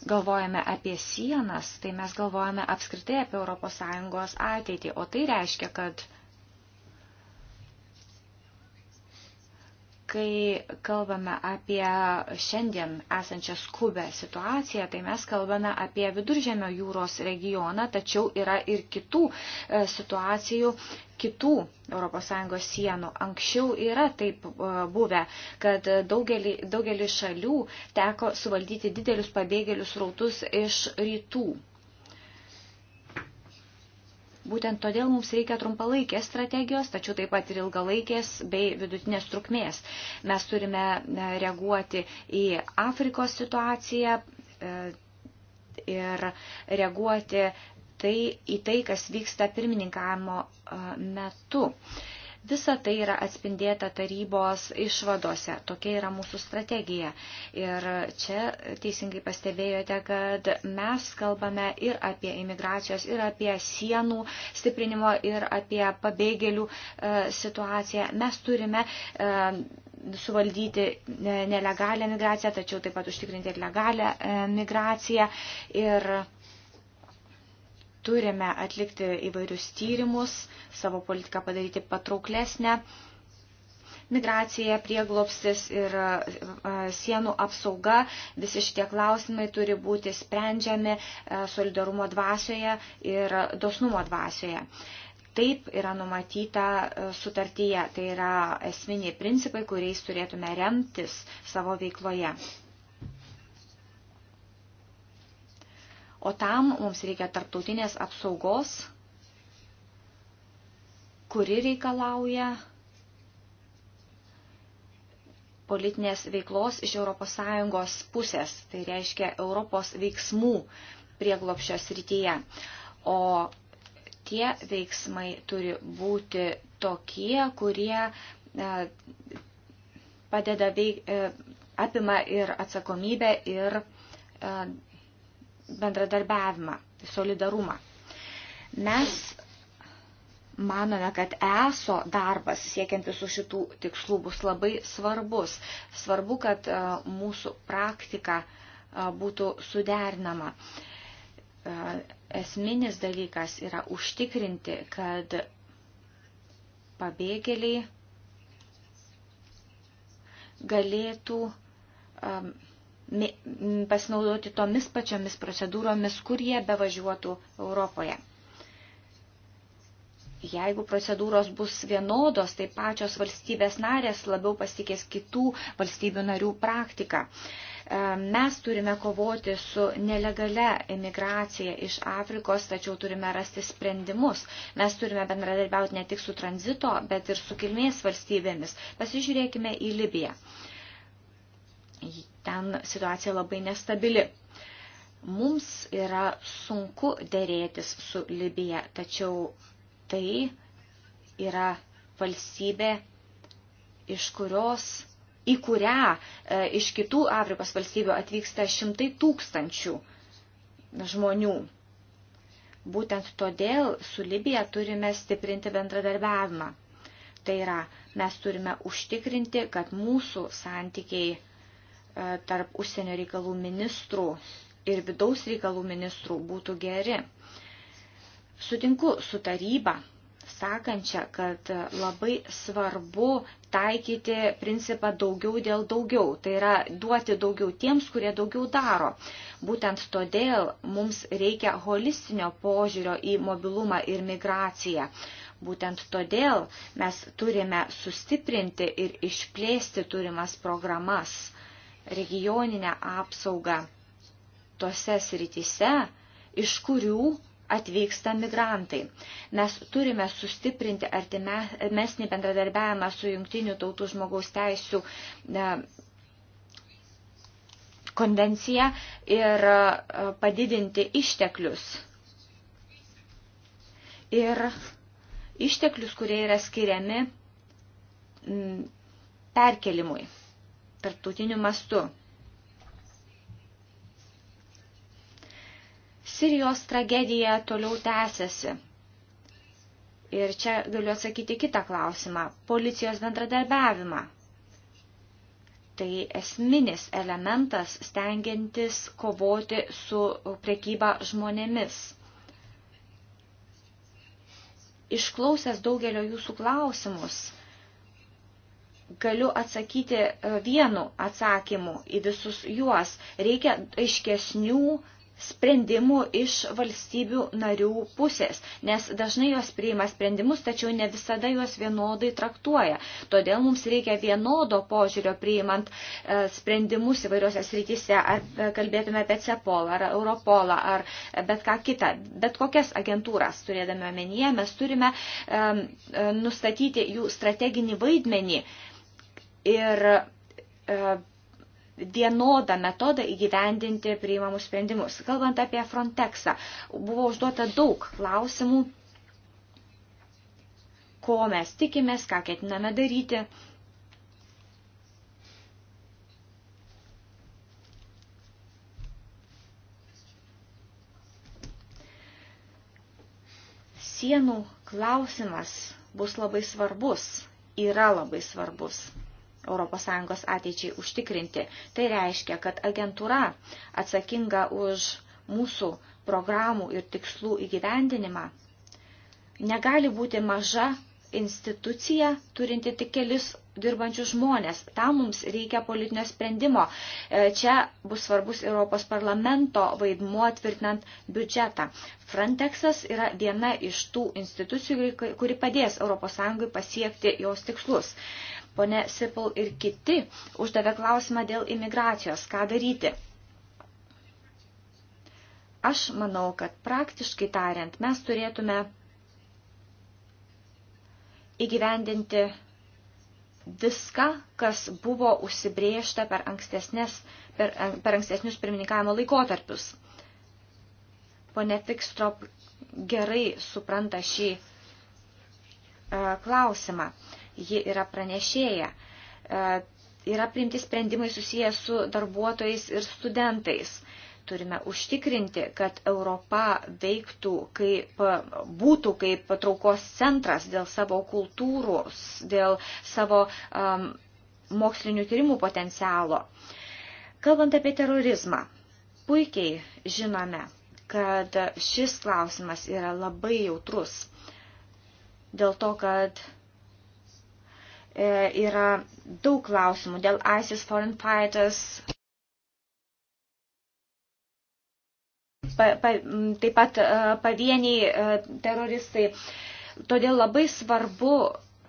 Speaker 2: galvojame apie sienas, tai mes galvojame apskritai apie ES ateitį, o tai reiškia, kad kai kalbame apie šiandien esančią skubę situaciją, tai mes kalbame apie viduržėmio jūros regioną, tačiau yra ir kitų e, situacijų, kitų ES sienų. Anksčiau yra taip e, buvę, kad daugelį, daugelį šalių teko suvaldyti didelius pabėgėlius rautus iš rytų. Būtent todėl mums reikia trumpalaikės strategijos, tačiau taip pat ir ilgalaikės bei vidutinės trukmės. Mes turime e, reaguoti į Afrikos situaciją e, ir reaguoti tai, į tai, kas vyksta pirmininkavimo e, metu. Visa tai yra atspindėta tarybos išvadose. Tokia yra mūsų strategija. Ir čia teisingai pastebėjote, kad mes kalbame ir apie imigracijos, ir apie sienų stiprinimo, ir apie pabėgėlių e, situaciją. Mes turime e, suvaldyti nelegalią migraciją, tačiau taip pat užtikrinti ir legalią e, migraciją. Ir Turime atlikti įvairius tyrimus, savo politiką padaryti patrauklesnę. Migracija, prieglopsis ir e, sienų apsauga, visi šitie klausimai turi būti sprendžiami e, solidarumo dvasioje ir dosnumo dvasioje taip yra numatyta e, sutartyje. Tai yra esminiai principai, kuriais turėtume remtis savo veikloje. o tam mums reikia tarptautinės apsaugos, kuri reikalauja politinės veiklos iš ES pusės, tai reiškia Europos veiksmų prieglopščio srityje. O tie veiksmai turi būti tokie, kurie e, padeda veik, e, apima ir atsakomybę, ir e, bendradarbiavimą, solidarumą. Mes manome, kad ESO darbas siekiant visų šitų tikslų bus labai svarbus. Svarbu, kad e, mūsų praktika e, būtų suderinama. E, esminis dalykas yra užtikrinti, kad pabėgėliai galėtų um, pasinaudoti tomis pačiomis procedūromis, kurie bevažiuotų Europoje. Jeigu procedūros bus vienodos, tai pačios valstybės narės labiau pasitikės kitų valstybių narių praktiką. E, mes turime kovoti su nelegale imigracija iš Afrikos, tačiau turime rasti sprendimus. Mes turime bendradarbiauti ne tik su tranzito, bet ir su kilmės valstybėmis. Pasižiūrėkime į Libiją ten situacija labai nestabili. Mums yra sunku dėrėtis su Libija, tačiau tai yra valstybė, iš kurios, į kurią e, iš kitų Afrikos valstybių atvyksta šimtai tūkstančių žmonių. Būtent todėl su Libija turime stiprinti bendradarbiavimą. Tai yra, mes turime užtikrinti, kad mūsų santykiai E, tarp užsienio reikalų ministrų ir vidaus reikalų ministrų būtų geri. Sutinku su taryba, sakančia, kad labai svarbu taikyti principą daugiau dėl daugiau, tai yra duoti daugiau tiems, kurie daugiau daro. Būtent todėl mums reikia holistinio požiūrio į mobilumą ir migraciją. Būtent todėl mes turime sustiprinti ir išplėsti turimas programas regioninę apsaugą tose sritise, iš kurių atvyksta migrantai. Mes turime sustiprinti artimesnį bendradarbiavimą su Junktinių tautų žmogaus teisų e, konvencija ir e, padidinti išteklius. Ir išteklius, kurie yra skiriami perkelimui tarptautiniu mastu. Sirijos tragedija toliau tęsiasi. Ir čia galiu atsakyti kitą klausimą – policijos bendradarbiavimą. Tai esminis elementas stengiantis kovoti su prekyba žmonėmis. Išklausęs daugelio jūsų klausimus – galiu atsakyti e, vienu atsakymu į visus juos. Reikia aiškesnių sprendimų iš valstybių narių pusės, nes dažnai jos priima sprendimus, tačiau ne visada juos vienodai traktuoja. Todėl mums reikia vienodo požiūrio priimant e, sprendimus įvairiose srityse, ar e, kalbėtume apie CEPOL, ar Europolą, ar bet ką kitą, bet kokias agentūras turėdami omenyje, mes turime e, e nustatyti jų strateginį vaidmenį. E, ir e, vienodą metodą įgyvendinti priimamus sprendimus. Kalbant apie Frontexą, buvo užduota daug klausimų, ko mes tikimės, ką ketiname daryti. Sienų klausimas bus labai svarbus, yra labai svarbus. ES ateičiai užtikrinti. Tai reiškia, kad agentūra atsakinga už mūsų programų ir tikslų įgyvendinimą negali būti maža institucija turinti tik kelis dirbančius žmonės. Tam mums reikia politinio sprendimo. E, čia bus svarbus Europos parlamento vaidmuo tvirtinant biudžetą. Frontexas yra viena iš tų institucijų, kuri padės ES pasiekti jos tikslus. Pone Sipul ir kiti uždavė klausimą dėl imigracijos, ką daryti. Aš manau, kad praktiškai tariant, mes turėtume įgyvendinti viską, kas buvo užsibriežta per, per, per ankstesnius pirmininkavimo laikotarpius. Pone Fikstrop gerai supranta šį e, klausimą ji yra pranešėja. E, yra priimti sprendimai susiję su darbuotojais ir studentais. Turime užtikrinti, kad Europa veiktų kaip, būtų kaip patraukos centras dėl savo kultūros, dėl savo um, mokslinių tyrimų potencialo. Kalbant apie terorizmą, puikiai žinome, kad šis klausimas yra labai jautrus. Dėl to, kad E, yra daug klausimų dėl ISIS Foreign Fighters. Pa, pa, taip pat e, pavieniai e, teroristai. Todėl labai svarbu,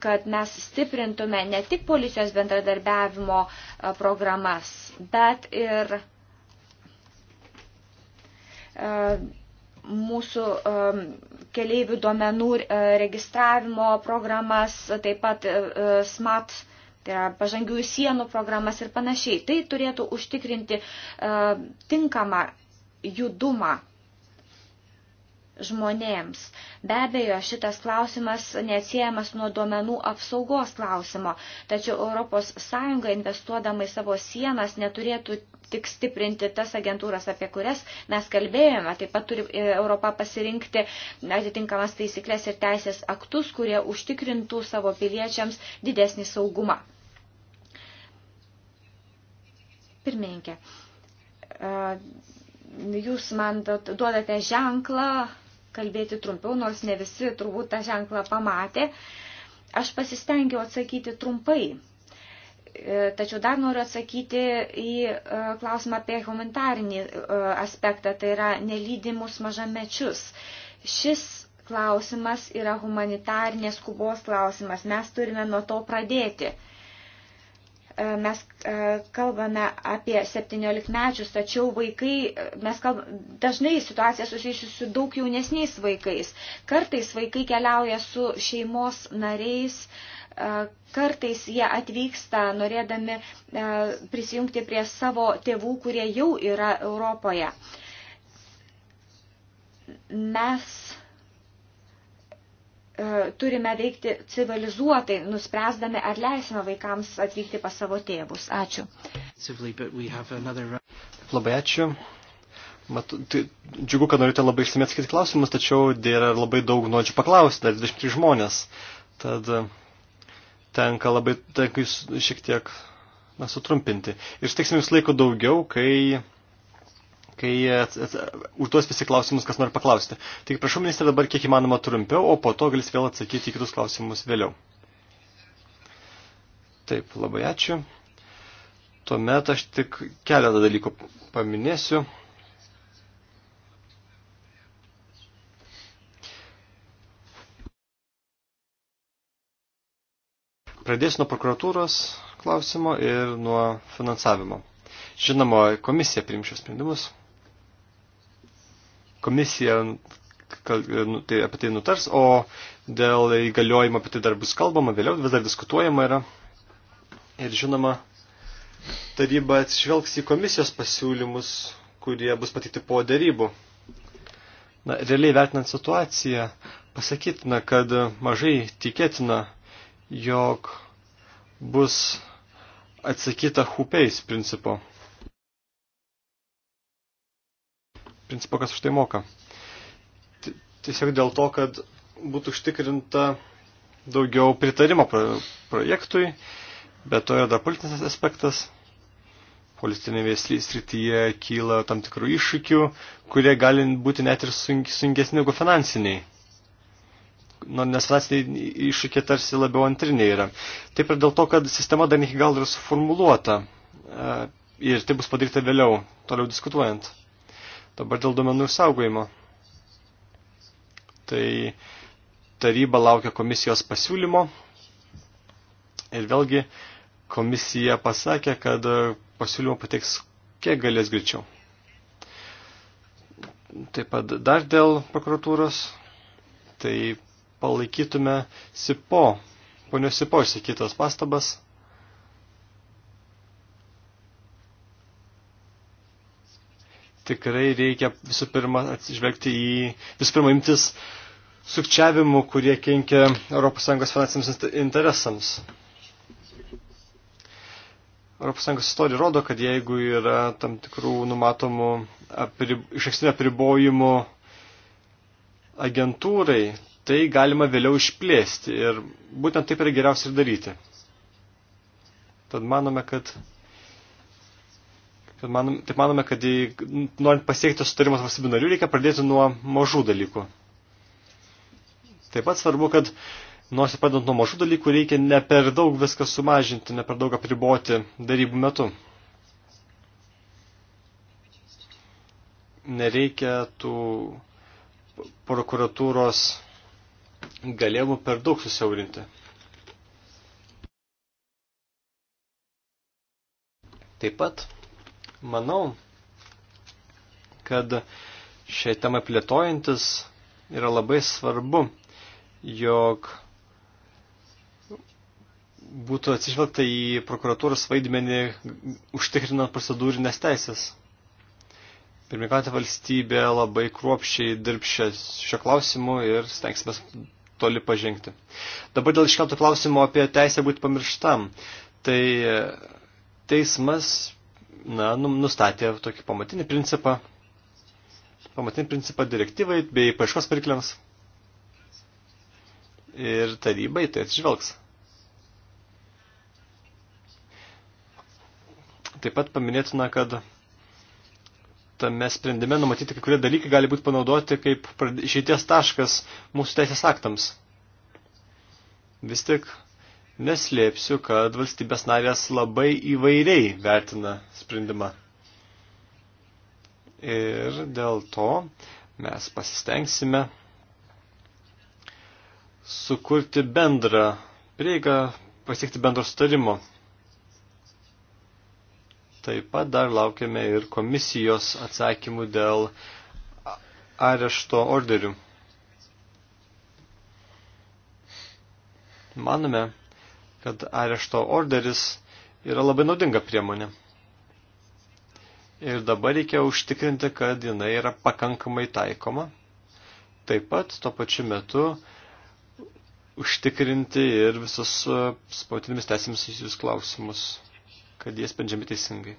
Speaker 2: kad mes stiprintume ne tik policijos bendradarbiavimo programas, bet ir mūsų um, keleivių duomenų e, registravimo programas, taip pat e, e, SMAT, tai yra pažangiųjų sienų programas ir panašiai. Tai turėtų užtikrinti tinkamą judumą žmonėms. Be abejo, šitas klausimas neatsiejamas nuo duomenų apsaugos klausimo, tačiau ES investuodama į savo sienas neturėtų tik stiprinti tas agentūras, apie kurias mes kalbėjome. Taip pat turi e, Europą pasirinkti atitinkamas taisyklės ir teisės aktus, kurie užtikrintų savo piliečiams didesnį saugumą. Pirmininkė, e, jūs man duodate ženklą kalbėti trumpiau, nors ne visi turbūt tą ženklą pamatė. Aš pasistengiau atsakyti trumpai. E, tačiau dar noriu atsakyti į e, klausimą apie humanitarinį e, aspektą, tai yra nelydimus mažamečius. Šis klausimas yra humanitarnės skubos klausimas, mes turime nuo to pradėti. E, mes e, kalbame apie 17 mečius, tačiau vaikai, e, mes kalbame, dažnai situacija susijusi su daug jaunesniais vaikais. Kartais vaikai keliauja su šeimos nariais, kartais jie atvyksta norėdami prisijungti prie savo tėvų, kurie jau yra Europoje. Mes E, turime veikti civilizuotai, nuspręsdami, ar leisime vaikams atvykti pas savo tėvus.
Speaker 1: Ačiū.
Speaker 5: Labai ačiū. Matau, tai, džiugu, kad norite labai išsimėt skirti klausimus, tačiau yra labai daug nuodžių paklausti, dar 23 žmonės. Tad e, tenka labai, tenka jūs šiek tiek na, sutrumpinti. Ir steiksime jums laiko daugiau, kai kai e, užduos visi klausimus, kas nori paklausti. Tik prašau ministrė dabar kiek įmanoma trumpiau, o po to galis vėl atsakyti į kitus klausimus vėliau. Taip, labai ačiū. Tuomet aš tik keletą dalykų paminėsiu. Pradėsiu nuo prokuratūros klausimo ir nuo finansavimo. Žinoma, komisija priimšė sprendimus komisija nu, tai apie tai nutars, o dėl įgaliojimo apie tai dar bus kalbama vėliau, vis dar diskutuojama yra. Ir žinoma, taryba atsižvelgs į komisijos pasiūlymus, kurie bus patikti po darybų. Na, realiai vertinant situaciją, pasakytina, kad mažai tikėtina, jog bus atsakyta hupeis principo. principo, kas už tai moka. Tiesiog dėl to, kad būtų užtikrinta daugiau pritarimo projektui, bet to yra dar politinis aspektas. Politinėje srityje kyla tam tikrų iššūkių, kurie gali būti net ir sunkesni negu finansiniai. Nu, nes finansiniai iššūkiai tarsi labiau antriniai yra. Taip ir dėl to, kad sistema dar iki gal yra suformuluota. E, ir tai bus padaryta vėliau, toliau diskutuojant. Dabar dėl duomenų saugojimo. Tai taryba laukia komisijos pasiūlymo ir vėlgi komisija pasakė, kad pasiūlymą pateiks kiek galės greičiau. Taip pat dar dėl prokuratūros, tai palaikytume SIPO, ponios SIPO išsakytas pastabas tikrai reikia visų pirma atsižvelgti į, visų pirma imtis sukčiavimų, kurie kenkia ES finansiniams interesams. ES istorija rodo, kad jeigu yra tam tikrų numatomų aprib, iš ekstinio apribojimų agentūrai, tai galima vėliau išplėsti ir būtent taip yra geriausia ir daryti. Tad manome, kad Kad manom, taip manome, kad į, norint pasiekti sutarimas valstybių narių, reikia pradėti nuo mažų dalykų. Taip pat svarbu, kad nors ir pradant nuo mažų dalykų, reikia ne per daug viską sumažinti, ne per daug apriboti darybų metu. Nereikia tų prokuratūros galėjimų per daug susiaurinti. Taip pat Manau, kad šiai temai plėtojantis yra labai svarbu, jog būtų atsižvelgta į prokuratūros vaidmenį užtikrinant procedūrinės teisės. Pirmininkantė valstybė labai kruopščiai dirb šio klausimu ir stengsime toli pažengti. Dabar dėl iškeltų klausimų apie teisę būti pamirštam. Tai e, teismas na, nu, nustatė tokį pamatinį principą, pamatinį principą direktyvai bei paieškos pirkliams. Ir tarybai tai atsižvelgs. Taip pat paminėtina, kad tame sprendime numatyti kai kurie dalykai gali būti panaudoti kaip išeities taškas mūsų teisės aktams. Vis tik Neslėpsiu, kad valstybės narės labai įvairiai vertina sprendimą. Ir dėl to mes pasistengsime sukurti bendrą prieigą, pasiekti bendro sutarimo. Taip pat dar laukiame ir komisijos atsakymų dėl arešto orderių. Manome, kad arešto orderis yra labai naudinga priemonė. Ir dabar reikia užtikrinti, kad jinai yra pakankamai taikoma. Taip pat tuo pačiu metu užtikrinti ir visus e, spautinėmis teisėmis susijusius klausimus, kad jie sprendžiami teisingai.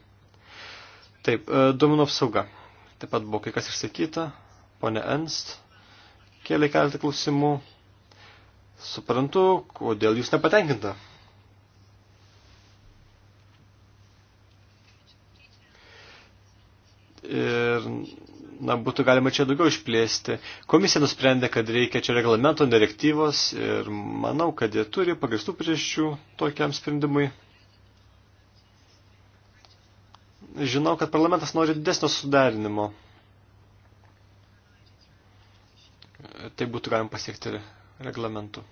Speaker 5: Taip, e, duomenų apsauga. Taip pat buvo kai kas išsakyta, ponė Enst, kėlė keletą klausimų. Suprantu, kodėl jūs nepatenkinta na, būtų galima čia daugiau išplėsti. Komisija nusprendė, kad reikia čia reglamento direktyvos ir manau, kad jie turi pagristų priešių tokiam sprendimui. Žinau, kad parlamentas nori didesnio sudarinimo. Tai būtų galima pasiekti reglamentu.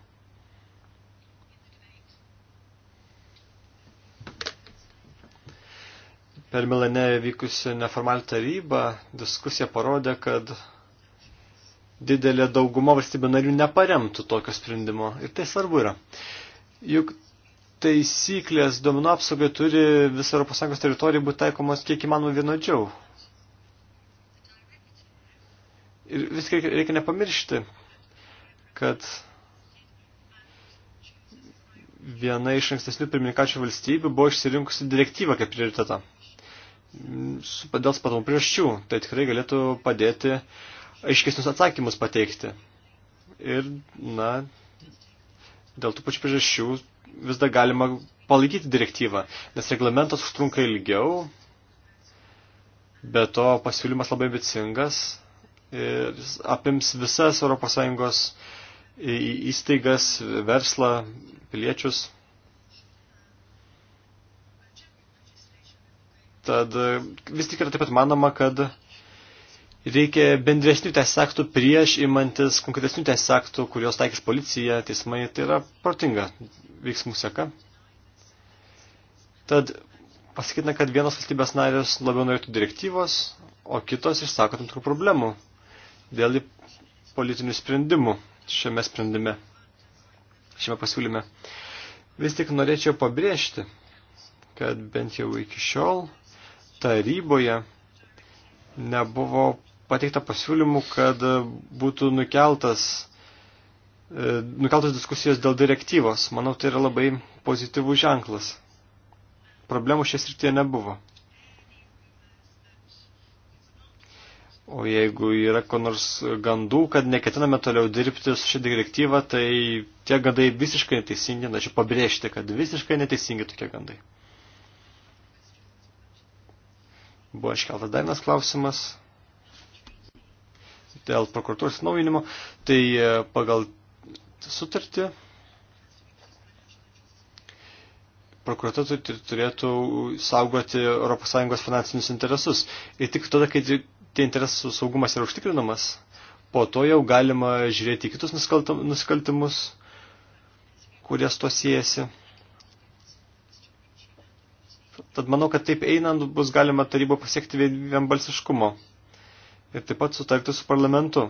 Speaker 5: per Milane vykusią neformalį tarybą diskusija parodė, kad didelė dauguma valstybių narių neparemtų tokio sprendimo. Ir tai svarbu yra. Juk taisyklės duomenų apsaugai turi visą ES teritoriją būti taikomos kiek įmanoma vienodžiau. Ir viską reikia nepamiršti, kad viena iš ankstesnių pirmininkačių valstybių buvo išsirinkusi direktyvą kaip prioritetą dėl spartumų priežasčių. Tai tikrai galėtų padėti aiškesnius atsakymus pateikti. Ir, na, dėl tų pačių priežasčių vis dar galima palaikyti direktyvą, nes reglamentas užtrunka ilgiau, be to pasiūlymas labai ambicingas ir apims visas ES įstaigas, verslą, piliečius. Tad e, vis tik yra taip pat manoma, kad reikia bendresnių teisės aktų prieš imantis konkretesnių teisės aktų, kurios taikys policija, teismai. Tai yra protinga veiksmų seka. Tad pasakytina, kad vienos valstybės narės labiau norėtų direktyvos, o kitos išsako tam tikrų problemų dėl politinių sprendimų šiame sprendime, šiame pasiūlyme. Vis tik norėčiau pabrėžti, kad bent jau iki šiol taryboje nebuvo pateikta pasiūlymų, kad būtų nukeltas, e, nukeltas diskusijos dėl direktyvos. Manau, tai yra labai pozityvų ženklas. Problemų šias rytie nebuvo. O jeigu yra ko nors gandų, kad neketiname toliau dirbti su šia direktyva, tai tie gandai visiškai neteisingi, na čia pabrėžti, kad visiškai neteisingi tokie gandai. Buvo iškeltas dar vienas klausimas dėl prokuratūros naujinimo. Tai e, pagal sutartį prokuratūra turėtų saugoti ES finansinius interesus. Ir tik tada, kai tie interesų saugumas yra užtikrinamas, po to jau galima žiūrėti į kitus nusikaltimus, kurie su to siejasi. Tad manau, kad taip einant bus galima tarybo pasiekti vienbalsiškumo ir taip pat sutarti su parlamentu.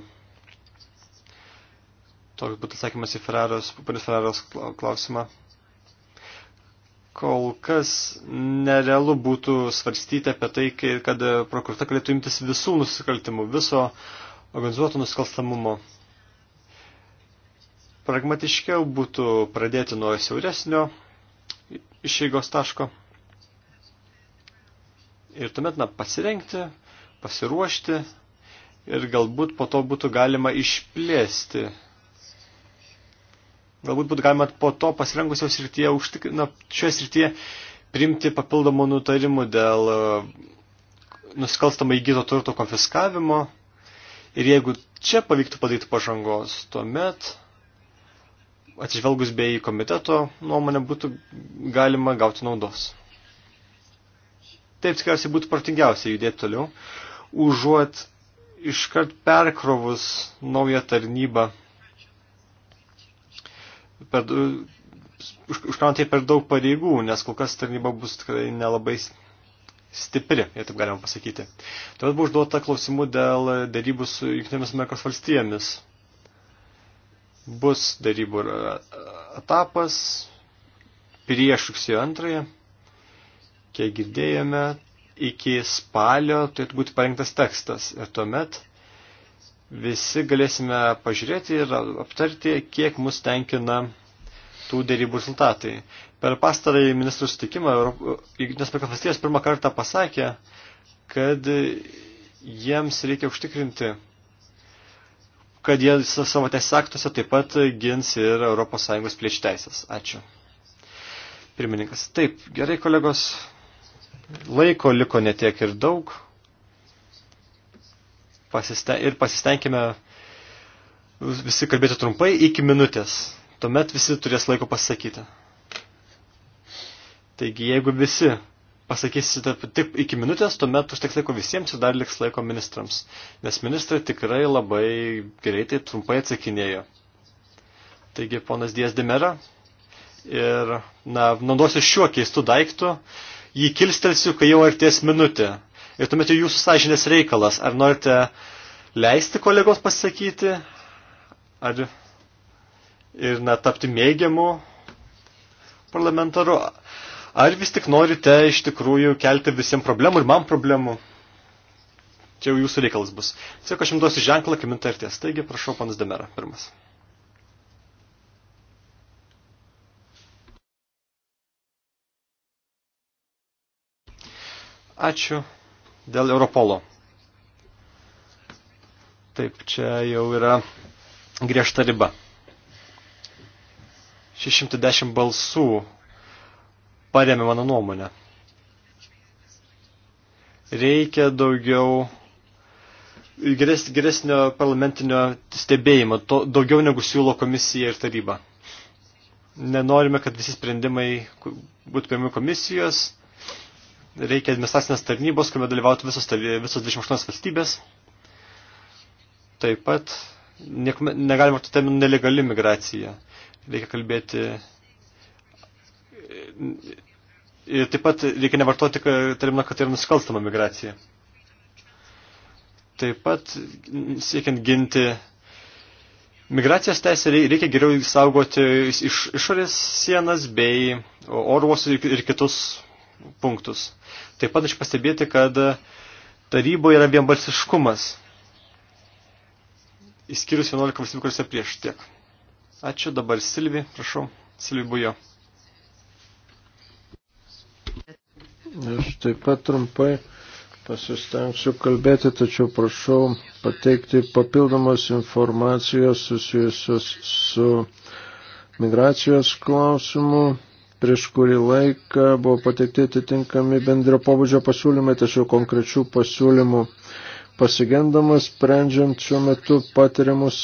Speaker 5: Toks būtų atsakymas į Ferraros, panis Ferraros klausimą. Kol kas nerealu būtų svarstyti apie tai, kad prokurta galėtų imtis visų nusikaltimų, viso organizuoto nusikalstamumo. Pragmatiškiau būtų pradėti nuo siauresnio išeigos taško ir tuomet na, pasirengti, pasiruošti ir galbūt po to būtų galima išplėsti. Galbūt būtų galima po to pasirengusios srityje, užtik, na, šioje srityje priimti papildomų nutarimų dėl e, nusikalstamai įgyto turto konfiskavimo. Ir jeigu čia pavyktų padaryti pažangos, tuomet atsižvelgus bei komiteto nuomonę būtų galima gauti naudos taip tikriausiai būtų protingiausia judėti toliau, užuot iškart perkrovus naują tarnybą, per, užkrantai per daug pareigų, nes kol kas tarnyba bus tikrai nelabai stipri, jei taip galima pasakyti. Tuomet buvo užduota klausimų dėl darybų su Junktinėmis Amerikos valstijomis. Bus darybų etapas prieš rugsėjo antrąją kiek girdėjome, iki spalio turėtų būti parengtas tekstas. Ir tuomet visi galėsime pažiūrėti ir aptarti, kiek mus tenkina tų dėrybų rezultatai. Per pastarąjį ministrų sutikimą Jungtinės valstijos pirmą kartą pasakė, kad jiems reikia užtikrinti, kad jie savo teisės aktuose taip pat gins ir ES piliečių teisės. Ačiū. Pirmininkas. Taip, gerai kolegos, Laiko liko netiek ir daug. Pasiste ir pasistengime visi kalbėti trumpai iki minutės. Tuomet visi turės laiko pasakyti. Taigi, jeigu visi pasakysite tik iki minutės, tuomet užteks laiko visiems ir dar liks laiko ministrams. Nes ministrai tikrai labai greitai, trumpai atsakinėjo. Taigi, ponas Dijas Dimera. Ir, na, naudosiu šiuo keistu daiktu jį kilstelsiu, kai jau arties minutė. Ir tuomet jau jūsų sąžinės reikalas. Ar norite leisti kolegos pasakyti, ar ir na, tapti mėgiamu parlamentaru, ar vis tik norite iš tikrųjų kelti visiems problemų ir man problemų. Čia jau jūsų reikalas bus. Tiesiog aš jums duosiu ženklą, kai mintarties. Taigi, prašau, panas Demera, pirmas. Ačiū dėl Europolo. Taip, čia jau yra griežta riba. 610 balsų paremė mano nuomonę. Reikia daugiau geres, geresnio parlamentinio stebėjimo, to, daugiau negu siūlo komisija ir taryba. Nenorime, kad visi sprendimai būtų pirmi komisijos, reikia administracinės tarnybos, kuriame dalyvautų visos, visos 28 valstybės. Taip pat negalima vartoti terminų nelegali migracija. Reikia kalbėti ir taip pat reikia nevartoti terminą, kad tai yra nusikalstama migracija. Taip pat siekiant ginti migracijos teisę, reikia geriau saugoti iš, išorės sienas bei oruosius ir kitus punktus. Taip pat aš pastebėti, kad taryboje yra vienbalsiškumas. Įskyrus 11 valstybių, kuriuose prieš tiek. Ačiū dabar Silvi, prašau, Silvi Bujo.
Speaker 3: Aš taip pat trumpai pasistengsiu kalbėti, tačiau prašau pateikti papildomos informacijos susijusios su migracijos klausimu Prieš kurį laiką buvo pateikti atitinkami bendro pobūdžio pasiūlymai, tačiau konkrečių pasiūlymų pasigendamas, sprendžiant šiuo metu patiriamus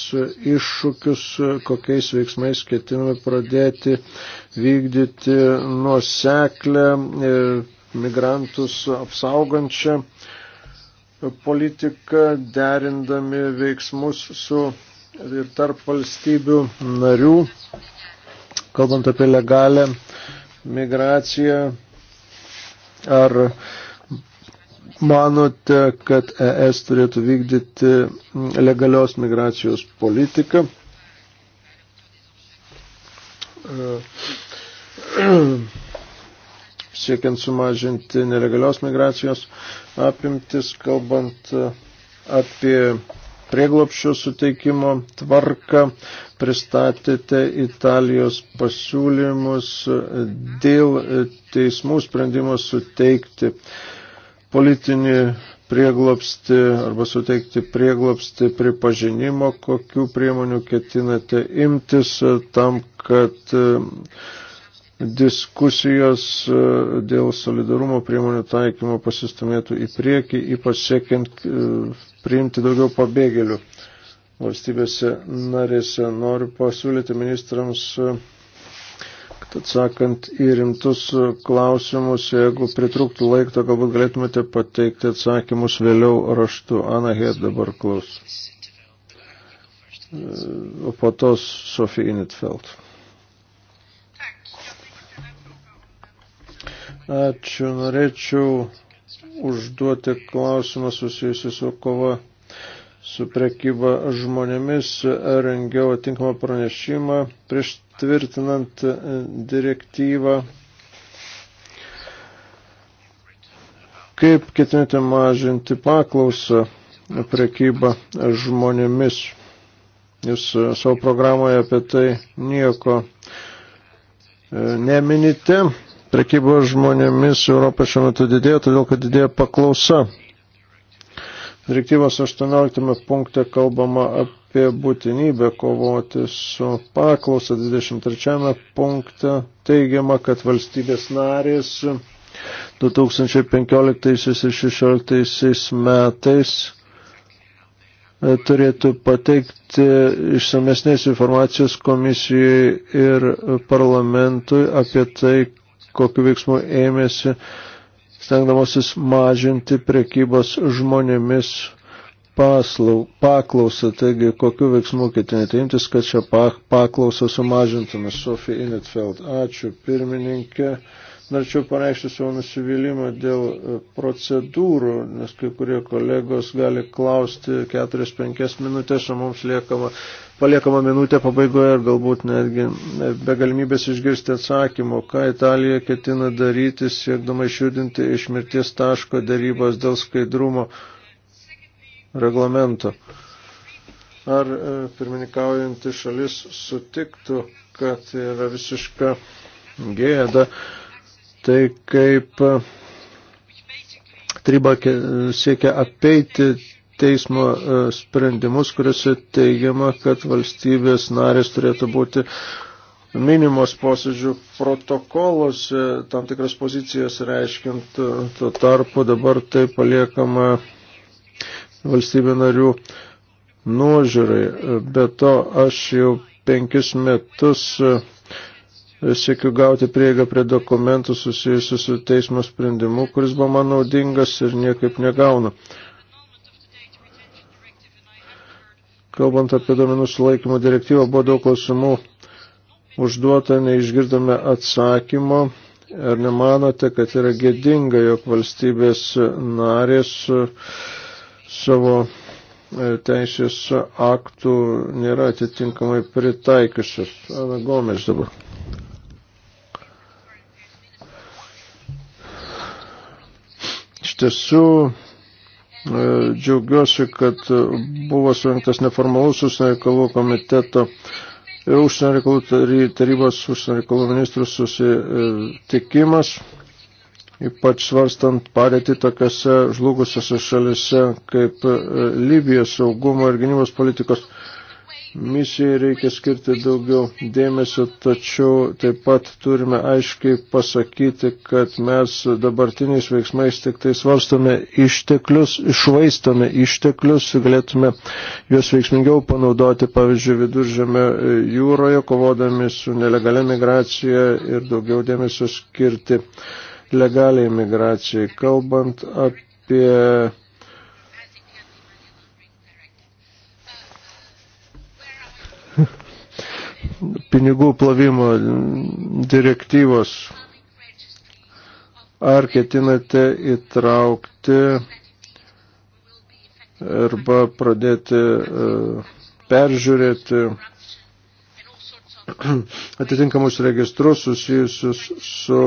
Speaker 3: iššūkius, kokiais veiksmais ketiname pradėti vykdyti nuoseklę migrantus apsaugančią politiką, derindami veiksmus su ir tarp valstybių narių kalbant apie legalę migraciją, ar manote, kad ES turėtų vykdyti legalios migracijos politiką? siekiant sumažinti nelegalios migracijos apimtis, kalbant apie prieglopščio suteikimo tvarką, pristatėte Italijos pasiūlymus dėl teismų sprendimo suteikti politinį prieglopsti arba suteikti prieglopsti pripažinimo, kokių priemonių ketinate imtis tam, kad e, diskusijos e, dėl solidarumo priemonių taikymo pasistumėtų į priekį, ypač siekiant e, priimti daugiau pabėgėlių valstybėse narėse. Noriu pasiūlyti ministrams, kad atsakant į rimtus klausimus, jeigu pritrūktų laiko, galbūt galėtumėte pateikti atsakymus vėliau raštu. Ana Hed dabar klaus. O po to Sofija Initfeld. Ačiū, norėčiau užduoti klausimą susijusiu su kova su prekyba žmonėmis, rengiau atinkamą pranešimą prieš tvirtinant direktyvą. Kaip ketinate mažinti paklausą prekybą žmonėmis? Jūs savo programoje apie tai nieko e, neminite prekybos žmonėmis Europoje šiuo metu didėja, todėl kad didėja paklausa. Direktyvos 18 punkte kalbama apie būtinybę kovoti su paklausa. 23 punkte teigiama, kad valstybės narės 2015 ir 2016 metais e, turėtų pateikti išsamesnės informacijos komisijai ir parlamentui apie tai, kokiu veiksmu ėmėsi, stengdamasis mažinti prekybos žmonėmis paslau, paklausą, taigi kokiu veiksmu ketinate imtis, kad šią paklausą sumažintume. Sofija Inetfeld, ačiū pirmininkė. Norėčiau pareikšti savo nusivylimą dėl e, procedūrų, nes kai kurie kolegos gali klausti 4-5 minutės, o mums liekama paliekama minutė pabaigoje ir galbūt netgi be galimybės išgirsti atsakymo, ką Italija ketina daryti, siekdama išjudinti iš mirties taško darybos dėl skaidrumo reglamento. Ar e, pirmininkaujanti šalis sutiktų, kad yra visiška gėda, tai kaip e, taryba siekia apeiti teismo e, sprendimus, kuriuose teigiama, kad valstybės narės turėtų būti minimos posėdžių protokolos, tam tikras pozicijas reiškint, e, tuo tarpu dabar tai paliekama valstybė narių nuožiūrai. Be to, aš jau penkis metus e, siekiu gauti prieigą prie dokumentų susijusių su teismo sprendimu, kuris buvo man naudingas ir niekaip negaunu. kalbant apie duomenų sulaikymo direktyvą, buvo daug klausimų užduota, neišgirdome atsakymo. Ar nemanote, kad yra gėdinga, jog valstybės narės savo e, teisės aktų nėra atitinkamai pritaikiusios? Ana Gomes dabar. Iš tiesų, E, džiaugiuosi, kad buvo surinktas neformalus užsienio reikalų komiteto ir užsienio reikalų tarybos užsienio reikalų ministrų susitikimas, ypač svarstant padėti tokiose žlugusiose šalise kaip e, Libijos saugumo ir gynybos politikos misijai reikia skirti daugiau dėmesio, tačiau taip pat turime aiškiai pasakyti, kad mes dabartiniais veiksmais tik tai svarstome išteklius, išvaistome išteklius, galėtume juos veiksmingiau panaudoti, pavyzdžiui, viduržėme jūroje, kovodami su nelegalia migracija ir daugiau dėmesio skirti legaliai migracijai. Kalbant apie *laughs* pinigų plovimo direktyvos. Ar ketinate įtraukti arba pradėti e, peržiūrėti *clears throat* atitinkamus registrus susijusius su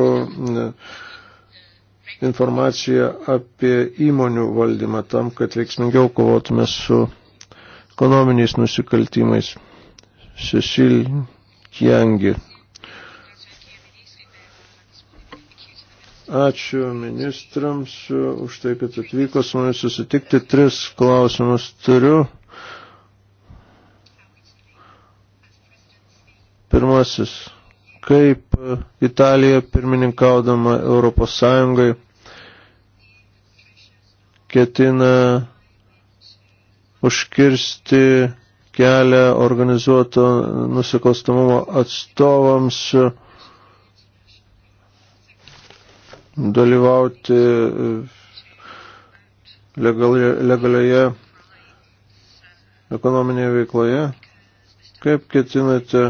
Speaker 3: informacija apie įmonių valdymą tam, kad veiksmingiau kovotume su ekonominiais nusikaltimais. Cecil Kiangi. Ačiū ministrams už tai, kad atvyko su mumis susitikti. Tris klausimus turiu. Pirmasis. Kaip Italija pirmininkaudama Europos Sąjungai ketina užkirsti kelią organizuoto nusikalstamumo atstovams dalyvauti e, legalioje, legalioje ekonominėje veikloje. Kaip ketinate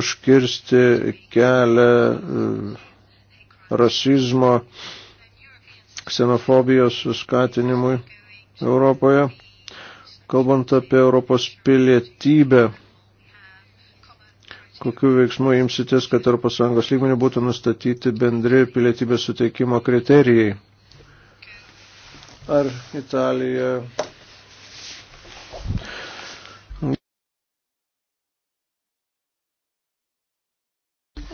Speaker 3: užkirsti kelią e, rasizmo, ksenofobijos skatinimui Europoje? Kalbant apie Europos pilietybę, kokiu veiksmu imsitės, kad Europos Sąjungos lygmenį būtų nustatyti bendri pilietybės suteikimo kriterijai? Ar Italija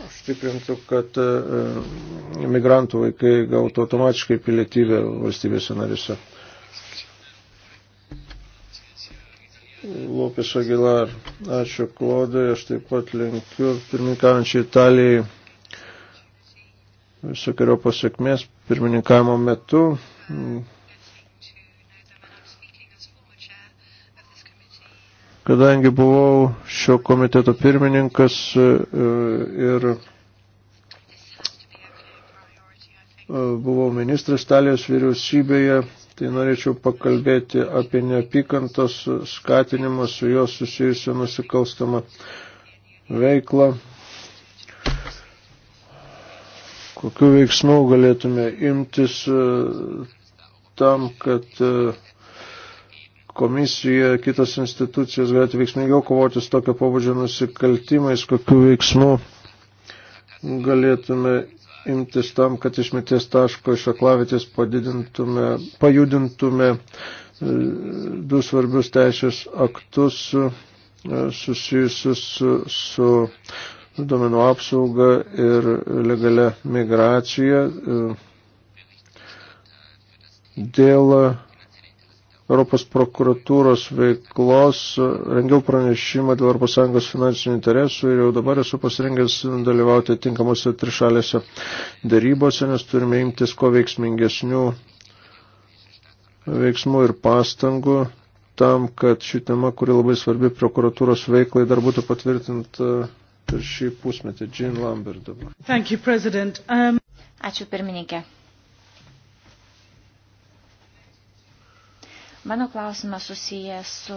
Speaker 3: užtikrintų, kad e, imigrantų vaikai gautų automatiškai pilietybę valstybėse narise. Lopes Agilar. Ačiū Klodai, aš taip pat linkiu pirmininkaujančiai Italijai visokio pasiekmės pirmininkavimo metu. Kadangi buvau šio komiteto pirmininkas e, ir e, buvau ministras Italijos vyriausybėje, tai norėčiau pakalbėti apie neapykantos skatinimą su juos susijusiu nusikalstamą veiklą. Kokiu veiksmu galėtume imtis e, tam, kad e, komisija, kitos institucijos galėtų veiksmingiau kovoti su tokio pobūdžio nusikaltimais, kokiu veiksmu galėtume imtis tam, kad išmeties taško iš aklavitės pajudintume e, du svarbius teisės aktus e, susijusius su, su duomenų apsauga ir legalia migracija. E, dėl Europos prokuratūros veiklos, rengiau pranešimą dėl ES finansinių interesų ir jau dabar esu pasirengęs dalyvauti tinkamuose trišalėse darybose, nes turime imtis ko veiksmingesnių veiksmų ir pastangų tam, kad ši tema, kuri labai svarbi prokuratūros veiklai, dar būtų patvirtinta per šį pusmetį. Jean Lambert dabar.
Speaker 1: Thank you, President. Um...
Speaker 2: Ačiū pirmininkė. Mano klausimas susijęs su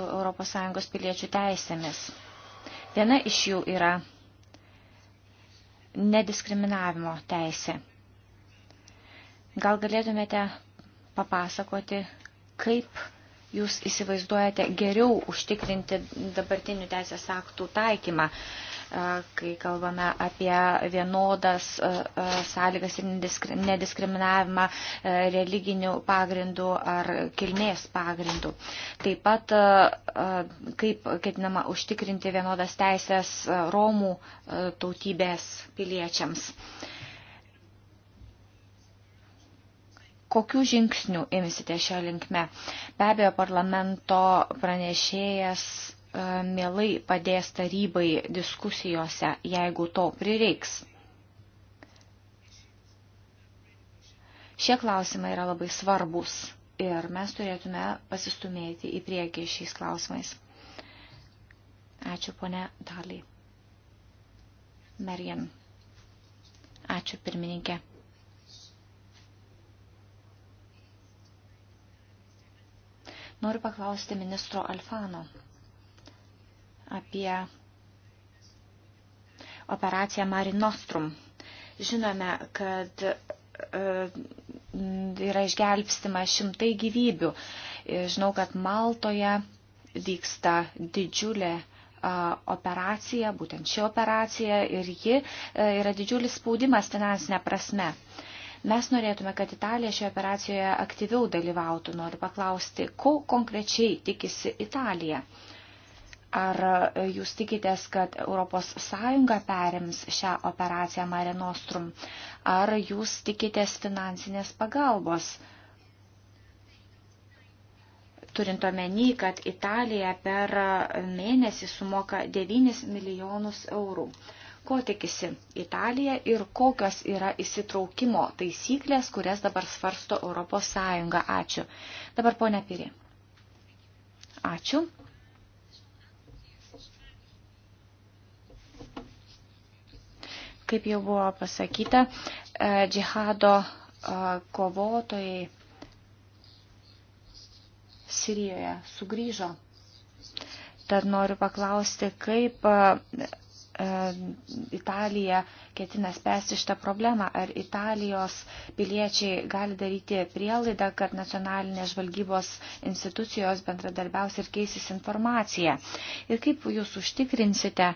Speaker 2: ES piliečių teisėmis. Viena iš jų yra nediskriminavimo teisė. Gal galėtumėte papasakoti, kaip jūs įsivaizduojate geriau užtikrinti dabartinių teisės aktų taikymą, kai kalbame apie vienodas sąlygas ir nediskriminavimą religinių pagrindų ar kilmės pagrindų. Taip pat kaip ketinama užtikrinti vienodas teisės Romų tautybės piliečiams. kokių žingsnių imsite šią linkmę? Be abejo, parlamento pranešėjas E, mielai padės tarybai diskusijose, jeigu to prireiks. Šie klausimai yra labai svarbus ir mes turėtume pasistumėti į priekį šiais klausimais. Ačiū, ponė Daliai. Marian. Ačiū, pirmininkė. Noriu paklausti ministro Alfano apie operaciją Marinostrum. Žinome, kad e, yra išgelbstima šimtai gyvybių. E, žinau, kad Maltoje vyksta didžiulė operacija, būtent ši operacija ir ji e, yra didžiulis spaudimas finansinė prasme. Mes norėtume, kad Italija šioje operacijoje aktyviau dalyvautų. Noriu paklausti, ko konkrečiai tikisi Italija. Uh, Ar e, jūs tikitės, kad ES perims šią operaciją Mare Nostrum? Ar jūs tikitės finansinės pagalbos? Turint omeny, kad Italija per mėnesį sumoka 9 milijonus eurų. Ko tikisi Italija ir kokios yra įsitraukimo taisyklės, kurias dabar svarsto ES? Ačiū. Dabar ponia Piri. Ačiū. Kaip jau buvo pasakyta, e, džihado e, kovotojai Sirijoje sugrįžo. Tad noriu paklausti, kaip e, Italija ketina spręsti šitą problemą. Ar Italijos piliečiai gali daryti prielaidą, kad nacionalinės žvalgybos institucijos bendradarbiaus ir keisis informaciją? Ir kaip jūs užtikrinsite,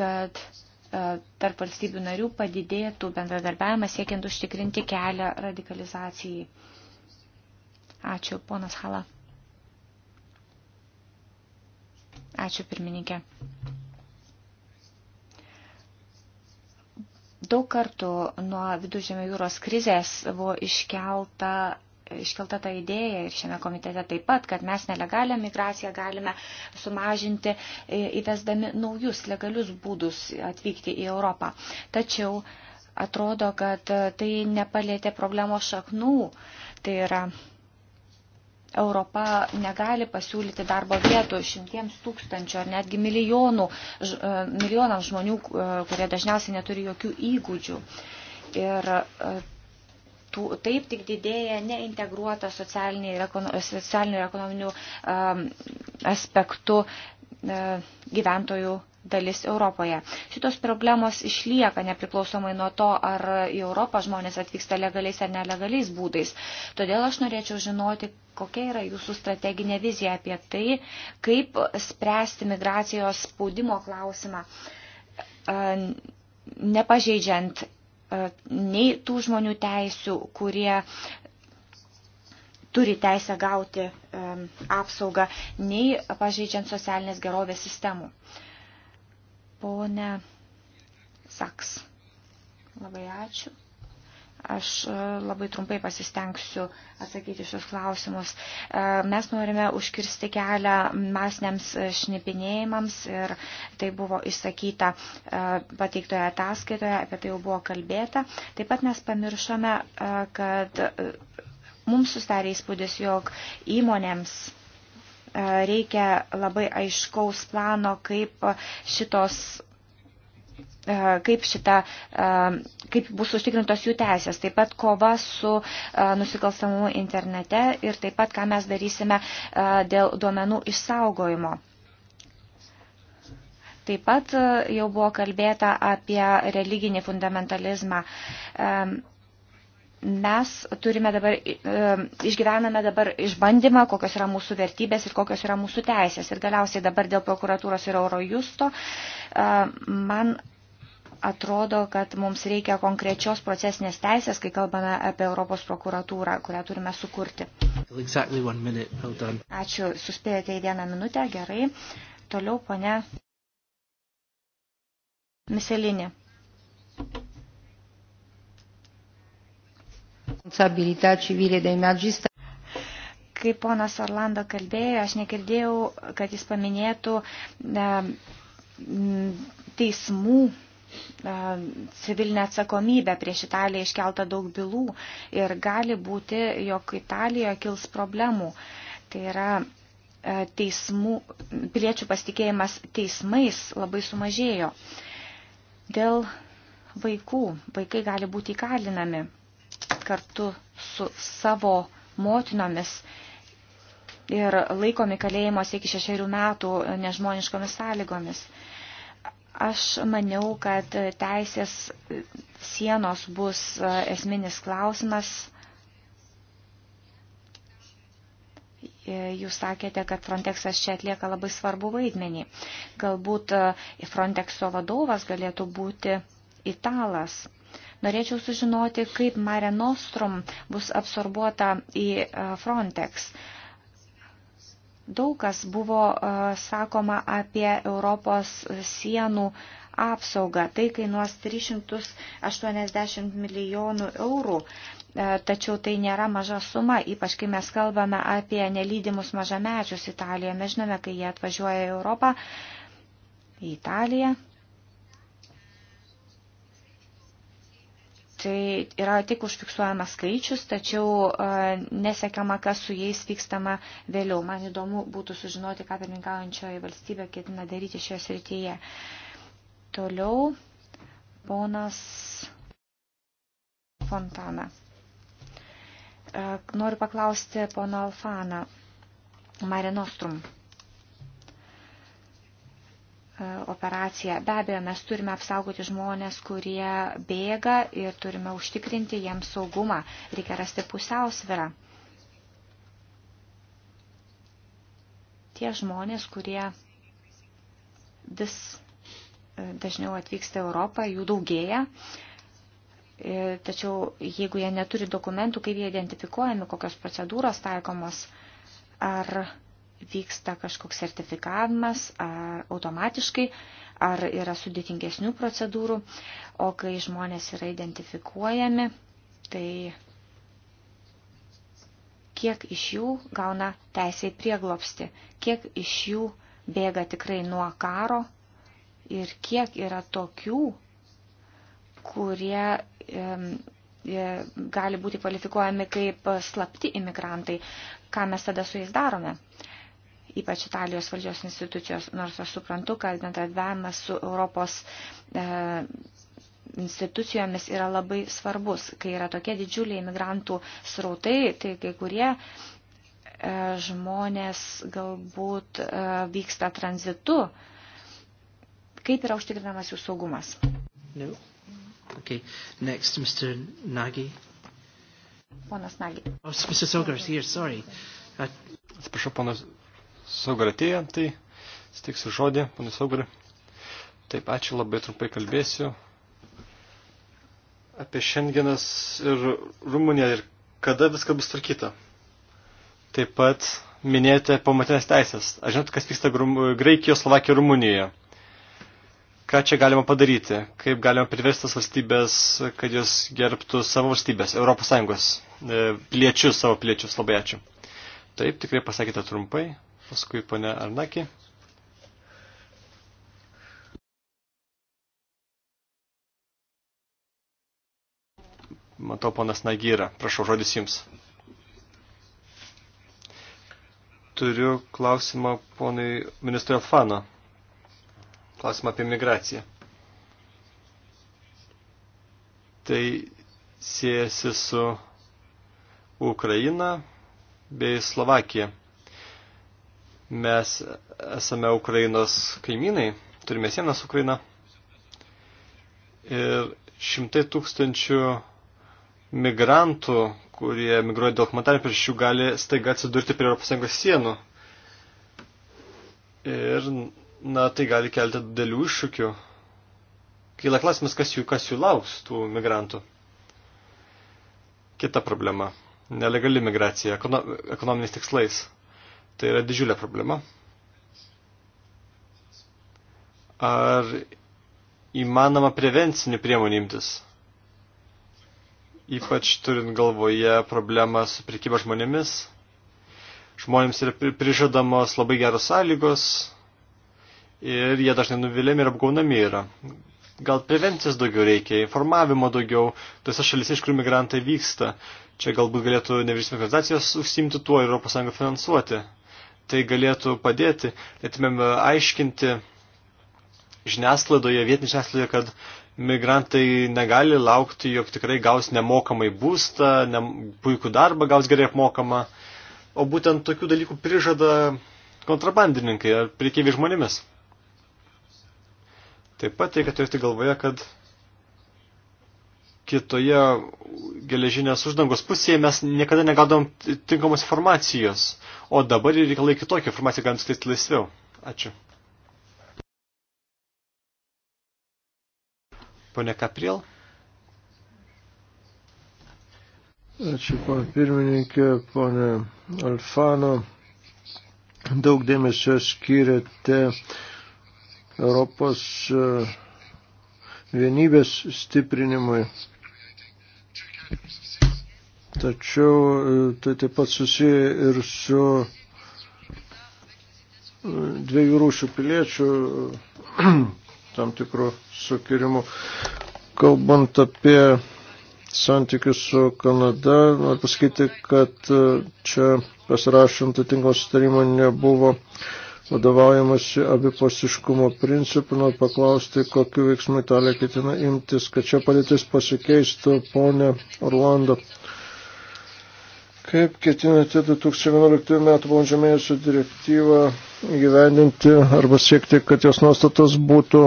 Speaker 2: kad uh, E, tarp valstybių narių padidėtų bendradarbiavimas siekiant užtikrinti kelią radikalizacijai. Ačiū, ponas Hala. Ačiū, pirmininkė. Daug kartų nuo viduržėmio jūros krizės buvo iškelta iškelta ta idėja ir šiame komitete taip pat, kad mes nelegalią migraciją galime sumažinti e, įvesdami naujus legalius būdus atvykti į Europą. Tačiau atrodo, kad tai nepalėtė problemos šaknų. Tai yra Europa negali pasiūlyti darbo vietų šimtiems tūkstančių ar netgi milijonų, e, milijonams žmonių, e, kurie dažniausiai neturi jokių įgūdžių. Ir tų, taip tik didėja neintegruota socialinių ir, ekono, socialinių ir ekonominių um, aspektų uh, gyventojų dalis Europoje. Šitos problemos išlieka nepriklausomai nuo to, ar į Europą žmonės atvyksta legaliais ar nelegaliais būdais. Todėl aš norėčiau žinoti, kokia yra jūsų strateginė vizija apie tai, kaip spręsti migracijos spaudimo klausimą. Uh, nepažeidžiant E, nei tų žmonių teisių, kurie turi teisę gauti e, apsaugą, nei pažeidžiant socialinės gerovės sistemų. Pone Saks, labai ačiū. Aš e, labai trumpai pasistengsiu atsakyti šios klausimus. E, mes norime užkirsti kelią masiniams šnipinėjimams ir tai buvo išsakyta e, pateiktoje ataskaitoje, apie tai jau buvo kalbėta. Taip pat mes pamiršome, kad mums sustarė įspūdis, jog įmonėms reikia labai aiškaus plano, kaip šitos E, kaip, šita, e, kaip bus užtikrintos jų teisės, taip pat kova su e, nusikalstamumu internete ir taip pat ką mes darysime dėl duomenų išsaugojimo. Taip pat jau buvo kalbėta apie religinį fundamentalizmą mes turime dabar, išgyvename dabar išbandymą, kokios yra mūsų vertybės ir kokios yra mūsų teisės. Ir galiausiai dabar dėl prokuratūros ir Eurojusto man atrodo, kad mums reikia konkrečios procesinės teisės, kai kalbame apie Europos prokuratūrą, kurią turime sukurti.
Speaker 1: Exactly minute, well
Speaker 2: Ačiū, suspėjote į vieną minutę, gerai. Toliau, pone Miselinė. Kaip ponas Orlando kalbėjo, aš negirdėjau, kad jis paminėtų ehm, teismų E, civilinę atsakomybę. Prieš Italiją iškelta daug bylų ir gali būti, jog Italijoje kils problemų. Tai yra e, teismų, piliečių pasitikėjimas teismais labai sumažėjo. Dėl vaikų. Vaikai gali būti įkalinami kartu su savo motinomis ir laikomi kalėjimuose iki šešerių metų nežmoniškomis sąlygomis. Aš maniau, kad teisės sienos bus e, esminis klausimas. E, jūs sakėte, kad Frontexas čia atlieka labai svarbu vaidmenį. Galbūt e, Frontexo vadovas galėtų būti italas. Norėčiau sužinoti, kaip Mare Nostrum bus absorbuota į Frontex. Uh, Daug kas buvo e, sakoma apie Europos sienų apsaugą. Tai kainuos 380 milijonų eurų, e, tačiau tai nėra maža suma, ypač kai mes kalbame apie nelydimus mažamečius Italijoje. Mes žinome, kai jie atvažiuoja į Europą, į Italiją, tai yra tik užfiksuojamas skaičius, tačiau e, nesekiama, kas su jais vykstama vėliau. Man įdomu būtų sužinoti, ką pirmininkaujančioji valstybė ketina daryti šioje srityje. Toliau ponas Fontana. E, noriu paklausti pono Alfana. Mare Nostrum E, operacija. Be abejo, mes turime apsaugoti žmonės, kurie bėga ir turime užtikrinti jiems saugumą. Reikia rasti pusiausvirą. Tie žmonės, kurie vis e, dažniau atvyksta Europą, jų daugėja. E, tačiau jeigu jie neturi dokumentų, kaip jie identifikuojami, kokios procedūros taikomos, ar vyksta kažkoks sertifikavimas ar automatiškai, ar yra sudėtingesnių procedūrų, o kai žmonės yra identifikuojami, tai kiek iš jų gauna teisėjai prieglopsti, kiek iš jų bėga tikrai nuo karo ir kiek yra tokių, kurie e, gali būti kvalifikuojami kaip slapti imigrantai, ką mes tada su jais darome. E, ypač Italijos valdžios institucijos, nors aš suprantu, kad bendradarbiavimas su Europos e, institucijomis yra labai svarbus, kai yra tokie didžiuliai imigrantų srautai, tai kai kurie e, žmonės galbūt e, vyksta tranzitu. Kaip yra užtikrinamas jų saugumas?
Speaker 1: No. Okay. Next,
Speaker 5: Mr. Nagy.
Speaker 2: Ponas Nagy. Oh, Mrs.
Speaker 5: Ogars, here, sorry. I... Uh, Atsiprašau, ponas Saugar atėjo, tai stiksiu žodį, ponai Saugar. Taip, ačiū, labai trumpai kalbėsiu apie šiandienas ir Rumuniją ir kada viskas bus tvarkyta. Taip pat minėjote pamatinės teisės. Ar žinote, kas vyksta Graikijoje, Slovakijoje, Rumunijoje? Ką čia galima padaryti? Kaip galima priversti tas valstybės, kad jos gerbtų savo valstybės, ES e, piliečius, savo piliečius? Labai ačiū. Taip, tikrai pasakėte trumpai paskui ponia Arnaki. Matau, ponas Nagyra, prašau, žodis jums. Turiu klausimą ponui ministrui Alfano. Klausimą apie migraciją. Tai siejasi su Ukraina bei Slovakija. Mes esame Ukrainos kaimynai, turime sieną su Ukraina. Ir šimtai tūkstančių migrantų, kurie migruoja dėl humanitarinių priežasčių, gali staiga atsidurti prie ES sienų. Ir, na, tai gali kelti didelių iššūkių. Kyla klausimas, kas jų, kas jų lauks, tų migrantų. Kita problema. Nelegali migracija, ekono, ekonominiais tikslais. Tai yra didžiulė problema. Ar įmanoma prevencinių priemonių imtis? Ypač turint galvoje problemą su prekyba žmonėmis. Žmonėms yra prižadamos labai geros sąlygos ir jie dažnai nuviliami ir apgaunami yra gal prevencijos daugiau reikia, informavimo daugiau, tose šalise, iš kur migrantai vyksta. Čia galbūt galėtų nevyriausybinės organizacijos užsimti tuo ir ES finansuoti tai galėtų padėti. Galėtumėm e, aiškinti žiniasklaidoje, vietinė žiniasklaidoje, kad migrantai negali laukti, jog tikrai gaus nemokamai būstą, ne, puikų darbą gaus gerai apmokamą, o būtent tokių dalykų prižada kontrabandininkai ar priekyviai žmonėmis. Taip pat reikia turėti galvoje, kad kitoje geležinės uždangos pusėje mes niekada negaudom tinkamos informacijos, o dabar reikalai kitokią informaciją galim skleisti laisviau. Ačiū. Pone Kapriel.
Speaker 3: Ačiū, pone pirmininkė, pone Alfano. Daug dėmesio skiriate Europos e, vienybės stiprinimui Tačiau e, tai taip pat susiję ir su e, dviejų rūšių piliečių e, *clears throat* tam tikrų sukirimų. Kalbant apie santykius su Kanada, noriu pasakyti, kad čia pasirašant atitinkamą sutarimą nebuvo uh, vadovaujamasi abipusiškumo principu, noriu paklausti, kokiu veiksmu Italija ketina imtis, kad čia padėtis pasikeistų, ponė Orlando. Kaip ketinate 2011 m. balandžio mėnesio direktyvą gyvendinti arba siekti, kad jos nuostatos būtų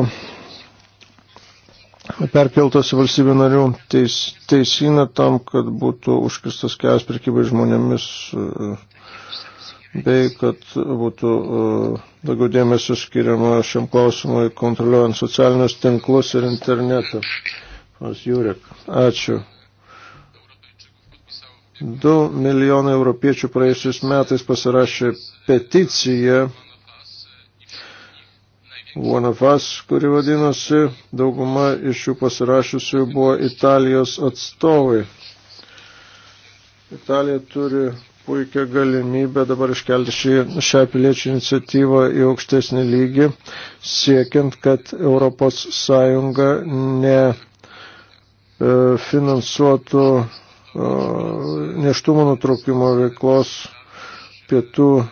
Speaker 3: perkeltos į valstybių narių teis, teisiną tam, kad būtų užkistas kelias prekybai žmonėmis bei kad būtų e, daugiau dėmesio skiriama šiam klausimui kontroliuojant socialinius tinklus ir internetą. Pas Jurek, ačiū. 2 milijonai europiečių praėjusiais metais pasirašė peticiją One of Us, kuri vadinosi, dauguma iš jų pasirašysių buvo Italijos atstovai. Italija turi puikia galimybė dabar iškelti šį, šią piliečių iniciatyvą į aukštesnį lygį, siekiant, kad ES ne e, finansuotų e, neštumo nutraukimo veiklos pietų e,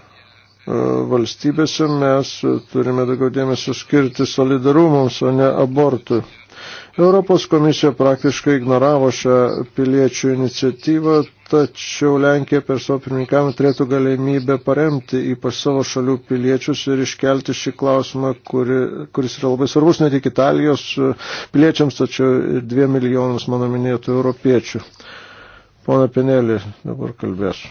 Speaker 3: valstybėse mes turime daugiau dėmesio skirti solidarumams, o ne abortui. Europos komisija praktiškai ignoravo šią piliečių iniciatyvą, tačiau Lenkija per savo pirmininkavimą turėtų galimybę paremti ypač savo šalių piliečius ir iškelti šį klausimą, kuri, kuris yra labai svarbus ne tik Italijos piliečiams, tačiau ir dviem milijonams mano minėtų europiečių. Pone Penelį dabar kalbėsiu.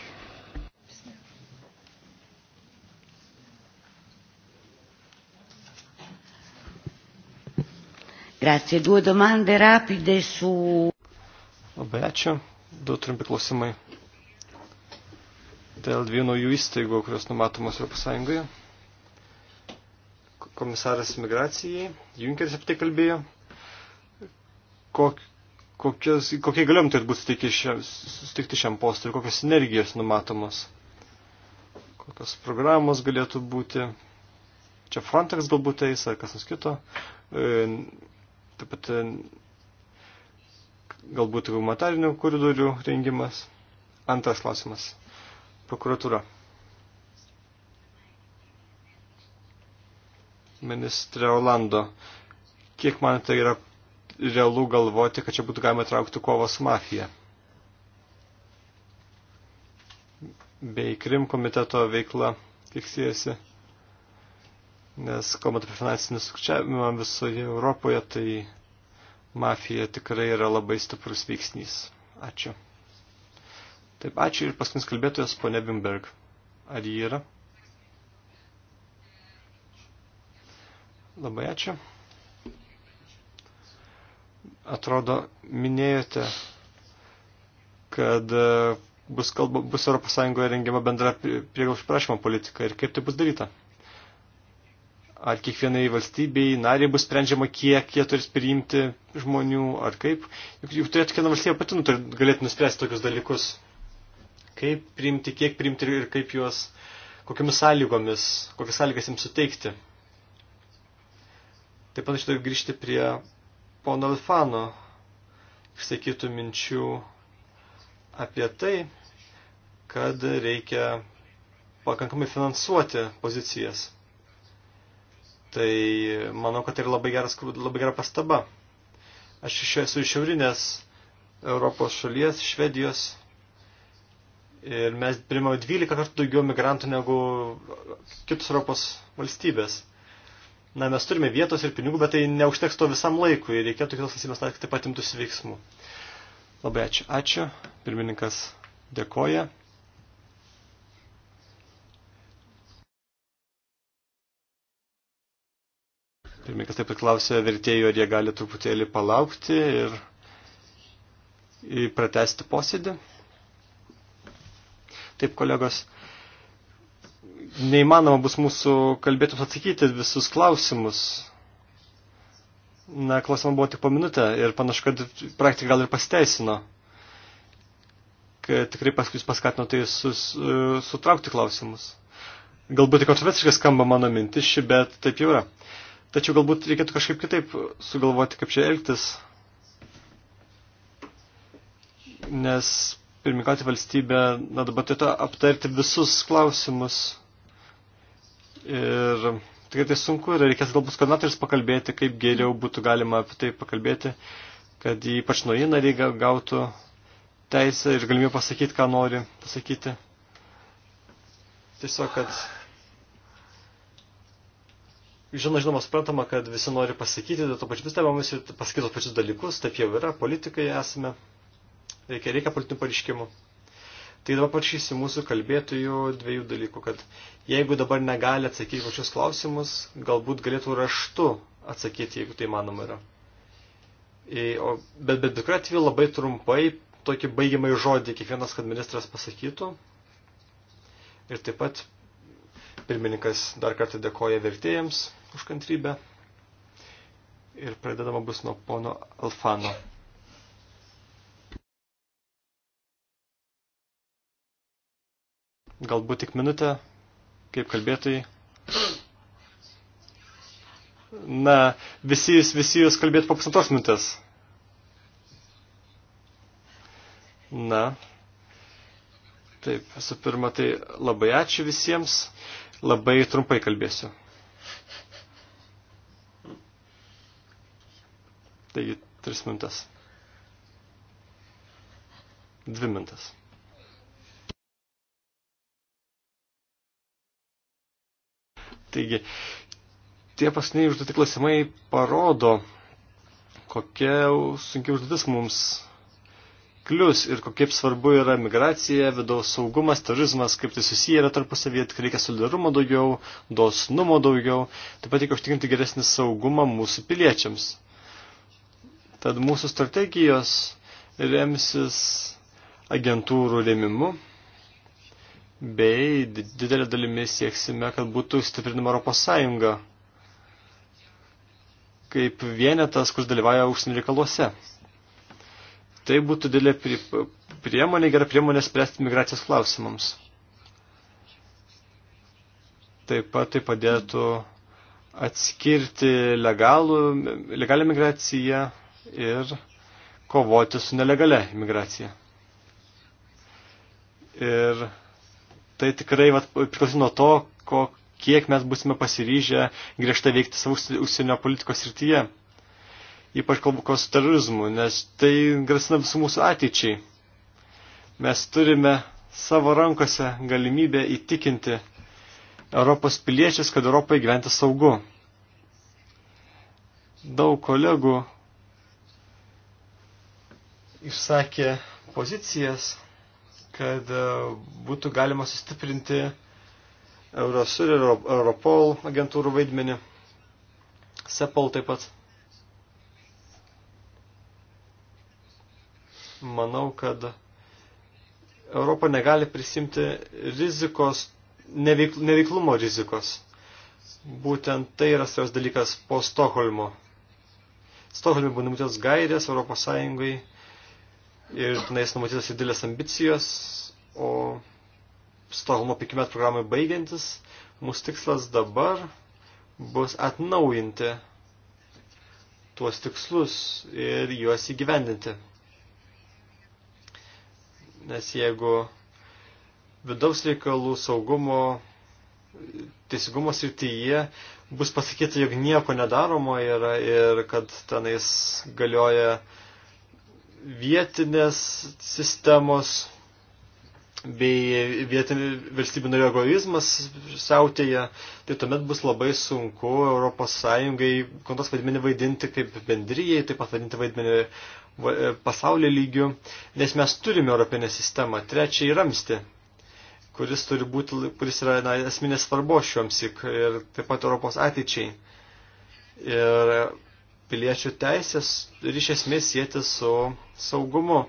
Speaker 5: Grazie, due domande rapide su. Labai ačiū, du trumpi klausimai. Dėl dviejų naujų įstaigų, kurios numatomos Europos Sąjungoje. Komisaras migracijai, Junkeris apie tai kalbėjo. Kok, kokios, kokie galėjom turėtų būti suteikti šiam, suteikti šiam postui, kokios sinergijos numatomos, kokios programos galėtų būti. Čia Frontex galbūt eis ar kas nors kito. E, Taip pat e, galbūt humanitarinių koridorių rengimas. Antras klausimas. Prokuratūra. Ministre Olando, kiek man tai yra realu galvoti, kad čia būtų galima traukti kovą su mafija? Bei Krim komiteto veikla, kiek siejasi nes kalbant apie finansinį sukčiavimą visoje Europoje, tai mafija tikrai yra labai stiprus veiksnys. Ačiū. Taip, ačiū ir paskutinis kalbėtojas ponė Bimberg. Ar jį yra? Labai ačiū. Atrodo, minėjote, kad e, bus, kalba, bus Europos Sąjungoje rengiama bendra prieglaušų prašymo politika ir kaip tai bus daryta ar kiekvienai valstybei nariai bus sprendžiama, kiek jie turės priimti žmonių, ar kaip. Juk, juk turėtų kiekviena valstybė pati nu, galėtų nuspręsti tokius dalykus. Kaip priimti, kiek priimti ir kaip juos, kokiamis sąlygomis, kokias sąlygas jiems suteikti. Taip pat aš turiu grįžti prie pono Alfano išsakytų minčių apie tai, kad reikia pakankamai finansuoti pozicijas. Tai manau, kad tai yra labai, geras, labai gera pastaba. Aš iš, esu iš šiaurinės Europos šalies, Švedijos. Ir mes primame 12 kartų daugiau migrantų negu kitos Europos valstybės. Na, mes turime vietos ir pinigų, bet tai neužteks to visam laikui. Reikėtų kitos valstybės narės taip pat imtųsi veiksmų. Labai ačiū. Ačiū. Pirmininkas dėkoja. Pirmininkas taip pat klausė vertėjų, ar jie gali truputėlį palaukti ir pratesti posėdį. Taip, kolegos, neįmanoma bus mūsų kalbėtams atsakyti visus klausimus. Na, klausimą buvo tik po minutę ir panašu, kad praktika gal ir pasiteisino. Kad tikrai paskui paskatino tai sus, sutraukti klausimus. Galbūt tik kontroversiškai skamba mano mintis ši, bet taip jau yra. Tačiau galbūt reikėtų kažkaip kitaip sugalvoti, kaip čia elgtis. Nes pirmikauti valstybė, na dabar turėtų aptarti visus klausimus. Ir tikrai tai sunku ir reikės galbūt su koordinatorius pakalbėti, kaip geriau būtų galima apie tai pakalbėti, kad ypač nauji nariai gautų teisę ir galimybę pasakyti, ką nori pasakyti. Tiesiog, kad Žinoma, žinoma, suprantama, kad visi nori pasakyti to pačius temomis ir pasakyti tos pačius dalykus, taip jau yra, politikai esame, reikia, reikia politinių pareiškimų. Tai dabar prašysiu mūsų kalbėtojų dviejų dalykų, kad jeigu dabar negali atsakyti pačius klausimus, galbūt galėtų raštu atsakyti, jeigu tai manoma yra. E, o, bet bet tikrai atveju labai trumpai tokį baigiamąjį žodį kiekvienas, kad ministras pasakytų. Ir taip pat pirmininkas dar kartą dėkoja vertėjams už kantrybę. Ir pradedama bus nuo pono Alfano. Galbūt tik minutę, kaip kalbėtojai. Na, visi jūs, visi jūs kalbėt po pusantos minutės. Na, taip, visų pirma, tai labai ačiū visiems, labai trumpai kalbėsiu. Taigi, tris mintas. Dvi mintas. Taigi, tie paskutiniai užduoti klausimai parodo, kokia sunkiai užduotis mums klius ir kaip svarbu yra migracija, vidaus saugumas, terorizmas, kaip tai susiję yra tarpusavyje, kad reikia solidarumo daugiau, dosnumo daugiau, taip pat reikia užtikrinti geresnį saugumą mūsų piliečiams. Tad mūsų strategijos remsis agentūrų rėmimu bei didelė dalimi sieksime, kad būtų stiprinama Europos Sąjunga kaip vienetas, kuris dalyvauja užsienio reikaluose. Tai būtų didelė priemonė, gera priemonė spręsti migracijos klausimams. Taip pat tai padėtų atskirti legalų, legalią migraciją ir kovoti su nelegale imigracija. Ir tai tikrai vat, priklauso nuo to, ko, kiek mes būsime pasiryžę griežtai veikti savo užsienio politikos srityje. Ypač kalbukos su terorizmu, nes tai grasina visų mūsų ateičiai. Mes turime savo rankose galimybę įtikinti Europos piliečius, kad Europai gyventi saugu. Daug kolegų išsakė pozicijas, kad e, būtų galima sustiprinti Eurosur ir Europol agentūrų vaidmenį, Sepol taip pat. Manau, kad Europa negali prisimti rizikos, neveikl, neveiklumo rizikos. Būtent tai yra svarbus dalykas po Stokholmo. Stokholme buvo numatytos gairės Europos Sąjungai ir tenais numatytas didelės ambicijos, o Stokholmo 5 metų programai baigiantis, mūsų tikslas dabar bus atnaujinti tuos tikslus ir juos įgyvendinti. Nes jeigu vidaus reikalų saugumo, teisingumo srityje bus pasakyta, jog nieko nedaroma yra ir kad tenais galioja vietinės sistemos bei vietinių valstybių narių egoizmas siautėja, tai tuomet bus labai sunku ES kontos vaidmenį vaidinti kaip bendryjai, taip pat vaidinti vaidmenį e, pasaulio lygių, nes mes turime europinę sistemą, trečiai ramsti, kuris, turi būti, kuris yra na, esminės svarbos šioms ir taip pat Europos ateičiai. Ir piliečių teisės ir iš esmės sėti su saugumu.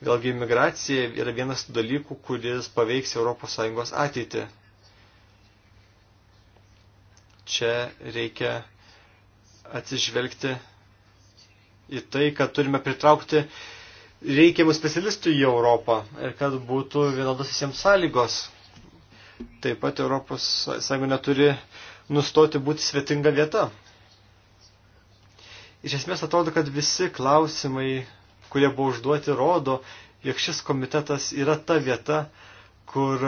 Speaker 5: Vėlgi, migracija yra vienas dalykų, kuris paveiks ES ateitį. Čia reikia atsižvelgti į tai, kad turime pritraukti reikiamų specialistų į Europą ir kad būtų vienodos visiems sąlygos. Taip pat ES neturi nustoti būti svetinga vieta. Iš esmės atrodo, kad visi klausimai, kurie buvo užduoti, rodo, jog šis komitetas yra ta vieta, kur,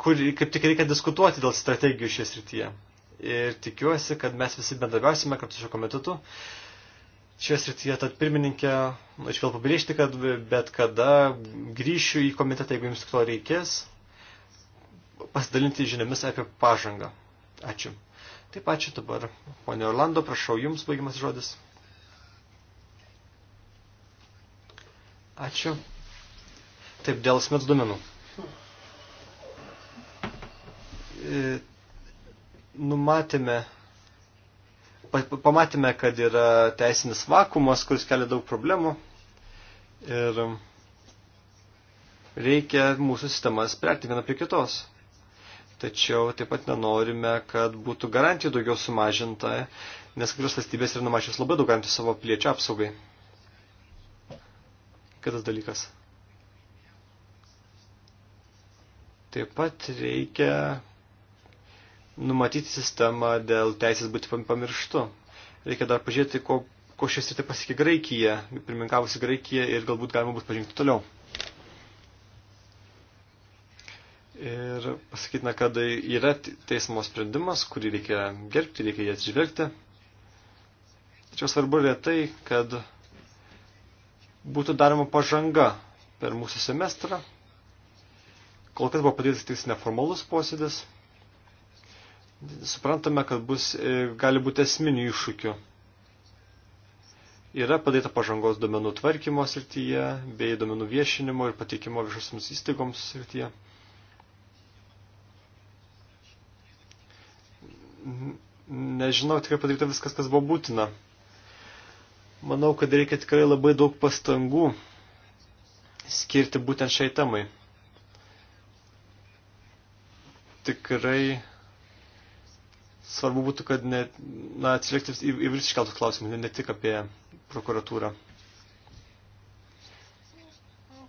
Speaker 5: kur kaip tik reikia diskutuoti dėl strategijų šioje srityje. Ir tikiuosi, kad mes visi bendraviausime kartu su šio komitetu. Šioje srityje tad pirmininkė, aš vėl pabrėžti, kad bet kada grįšiu į komitetą, jeigu jums to reikės, pasidalinti žiniomis apie pažangą. Ačiū. Taip ačiū dabar, ponė Orlando, prašau jums baigimas žodis. Ačiū. Taip, dėl smets duomenų. E, numatėme, pamatėme, kad yra teisinis vakumas, kuris kelia daug problemų ir reikia mūsų sistemas spręsti vieną prie kitos tačiau taip pat nenorime, kad būtų garantijų daugiau sumažinta, nes kai kurios valstybės yra numačios labai daug garantijų savo piliečių apsaugai. Kitas dalykas. Taip pat reikia numatyti sistemą dėl teisės būti pamirštu. Reikia dar pažiūrėti, ko, ko šias rytį pasikė Graikija, pirmininkavusi Graikija ir galbūt galima bus pažengti toliau. Ir pasakytina, kad tai yra teismo sprendimas, kurį reikia gerbti, reikia jį atsižvelgti. Tačiau svarbu yra tai, kad būtų daroma pažanga per mūsų semestrą. Kol kas buvo padėtas tik neformalus posėdis. Suprantame, kad bus, e, gali būti esminių iššūkių. Yra padaryta pažangos duomenų tvarkymo srityje, bei duomenų viešinimo ir pateikimo viešosiams įstaigoms srityje. nežinau tikrai padaryta viskas, kas buvo būtina. Manau, kad reikia tikrai labai daug pastangų skirti būtent šiai temai. Tikrai svarbu būtų, kad ne, na, atsilikti į, į visus iškeltus klausimus, ne, ne tik apie prokuratūrą.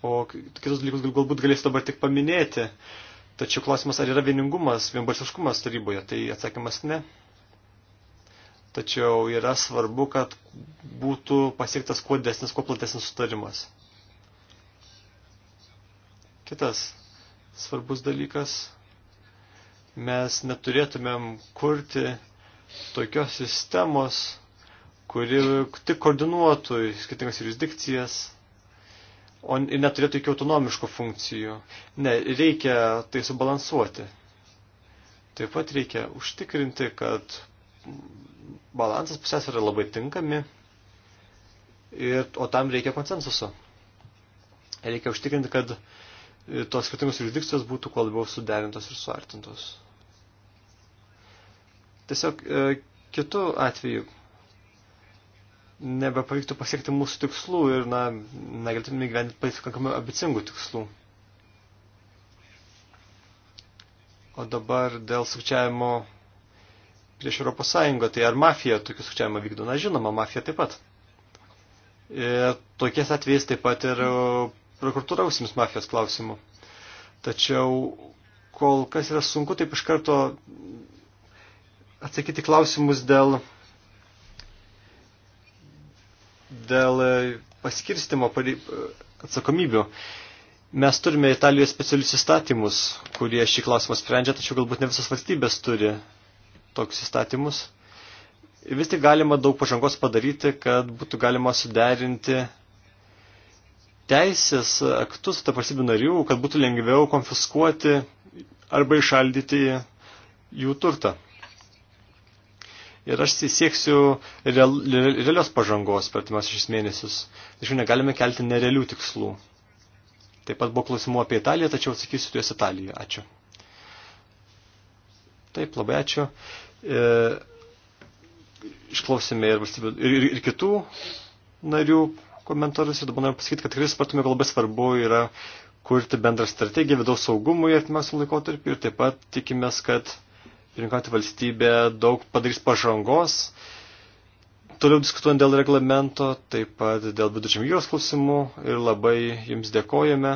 Speaker 5: O kitus dalykus galbūt galėsiu dabar tik paminėti. Uh, Tačiau klausimas, ar yra vieningumas, vienbalsiškumas taryboje, tai atsakymas ne. Tačiau yra svarbu, kad būtų pasiektas kuo desnis, kuo platesnis sutarimas. Kitas svarbus dalykas. Mes neturėtumėm kurti tokios sistemos, kuri tik koordinuotų skirtingas jurisdikcijas, o ir neturėtų iki autonomiškų funkcijų. Ne, reikia tai subalansuoti. Taip pat reikia užtikrinti, kad balansas pusės yra labai tinkami, ir, o tam reikia konsensuso. Reikia užtikrinti, kad tos skirtingos jurisdikcijos būtų kuo labiau suderintos ir suartintos. Tiesiog e, kitų atveju nebepavyktų pasiekti mūsų tikslų ir, na, negalėtume įgyvendinti pakankamai abicingų tikslų. O dabar dėl sukčiavimo prieš Europos Sąjungą, tai ar mafija tokių sukčiavimą vykdo? Na, žinoma, mafija taip pat. Ir tokiais atvejais taip pat ir prokuratūra užsims mafijos klausimų. Tačiau kol kas yra sunku taip iš karto atsakyti klausimus dėl dėl e, paskirstimo e, atsakomybių. Mes turime Italijos specialius įstatymus, kurie šį klausimą sprendžia, tačiau galbūt ne visas valstybės turi tokius įstatymus. Vis tik galima daug pažangos padaryti, kad būtų galima suderinti teisės aktus tarp valstybių narių, kad būtų lengviau konfiskuoti arba išaldyti jų turtą ir aš sieksiu real, realios pažangos per timas šis mėnesius. Tačiau negalime kelti nerealių tikslų. Taip pat buvo klausimų apie Italiją, tačiau atsakysiu tuos Italiją. Ačiū. Taip, labai ačiū. E, išklausėme ir, valstybių, ir, ir, ir kitų narių komentarus ir dabar noriu pasakyti, kad tikrai supratome, kad labai svarbu yra kurti bendrą strategiją vidaus saugumui artimiausiam laikotarpiu ir taip pat tikimės, kad rinkantį valstybę daug padarys pažangos. Toliau diskutuojant dėl reglamento, taip pat dėl viduržėm jūros klausimų ir labai jums dėkojame.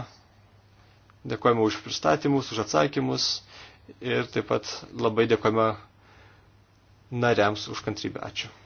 Speaker 5: Dėkojame už pristatymus, už atsakymus ir taip pat labai dėkojame nariams už kantrybę. Ačiū.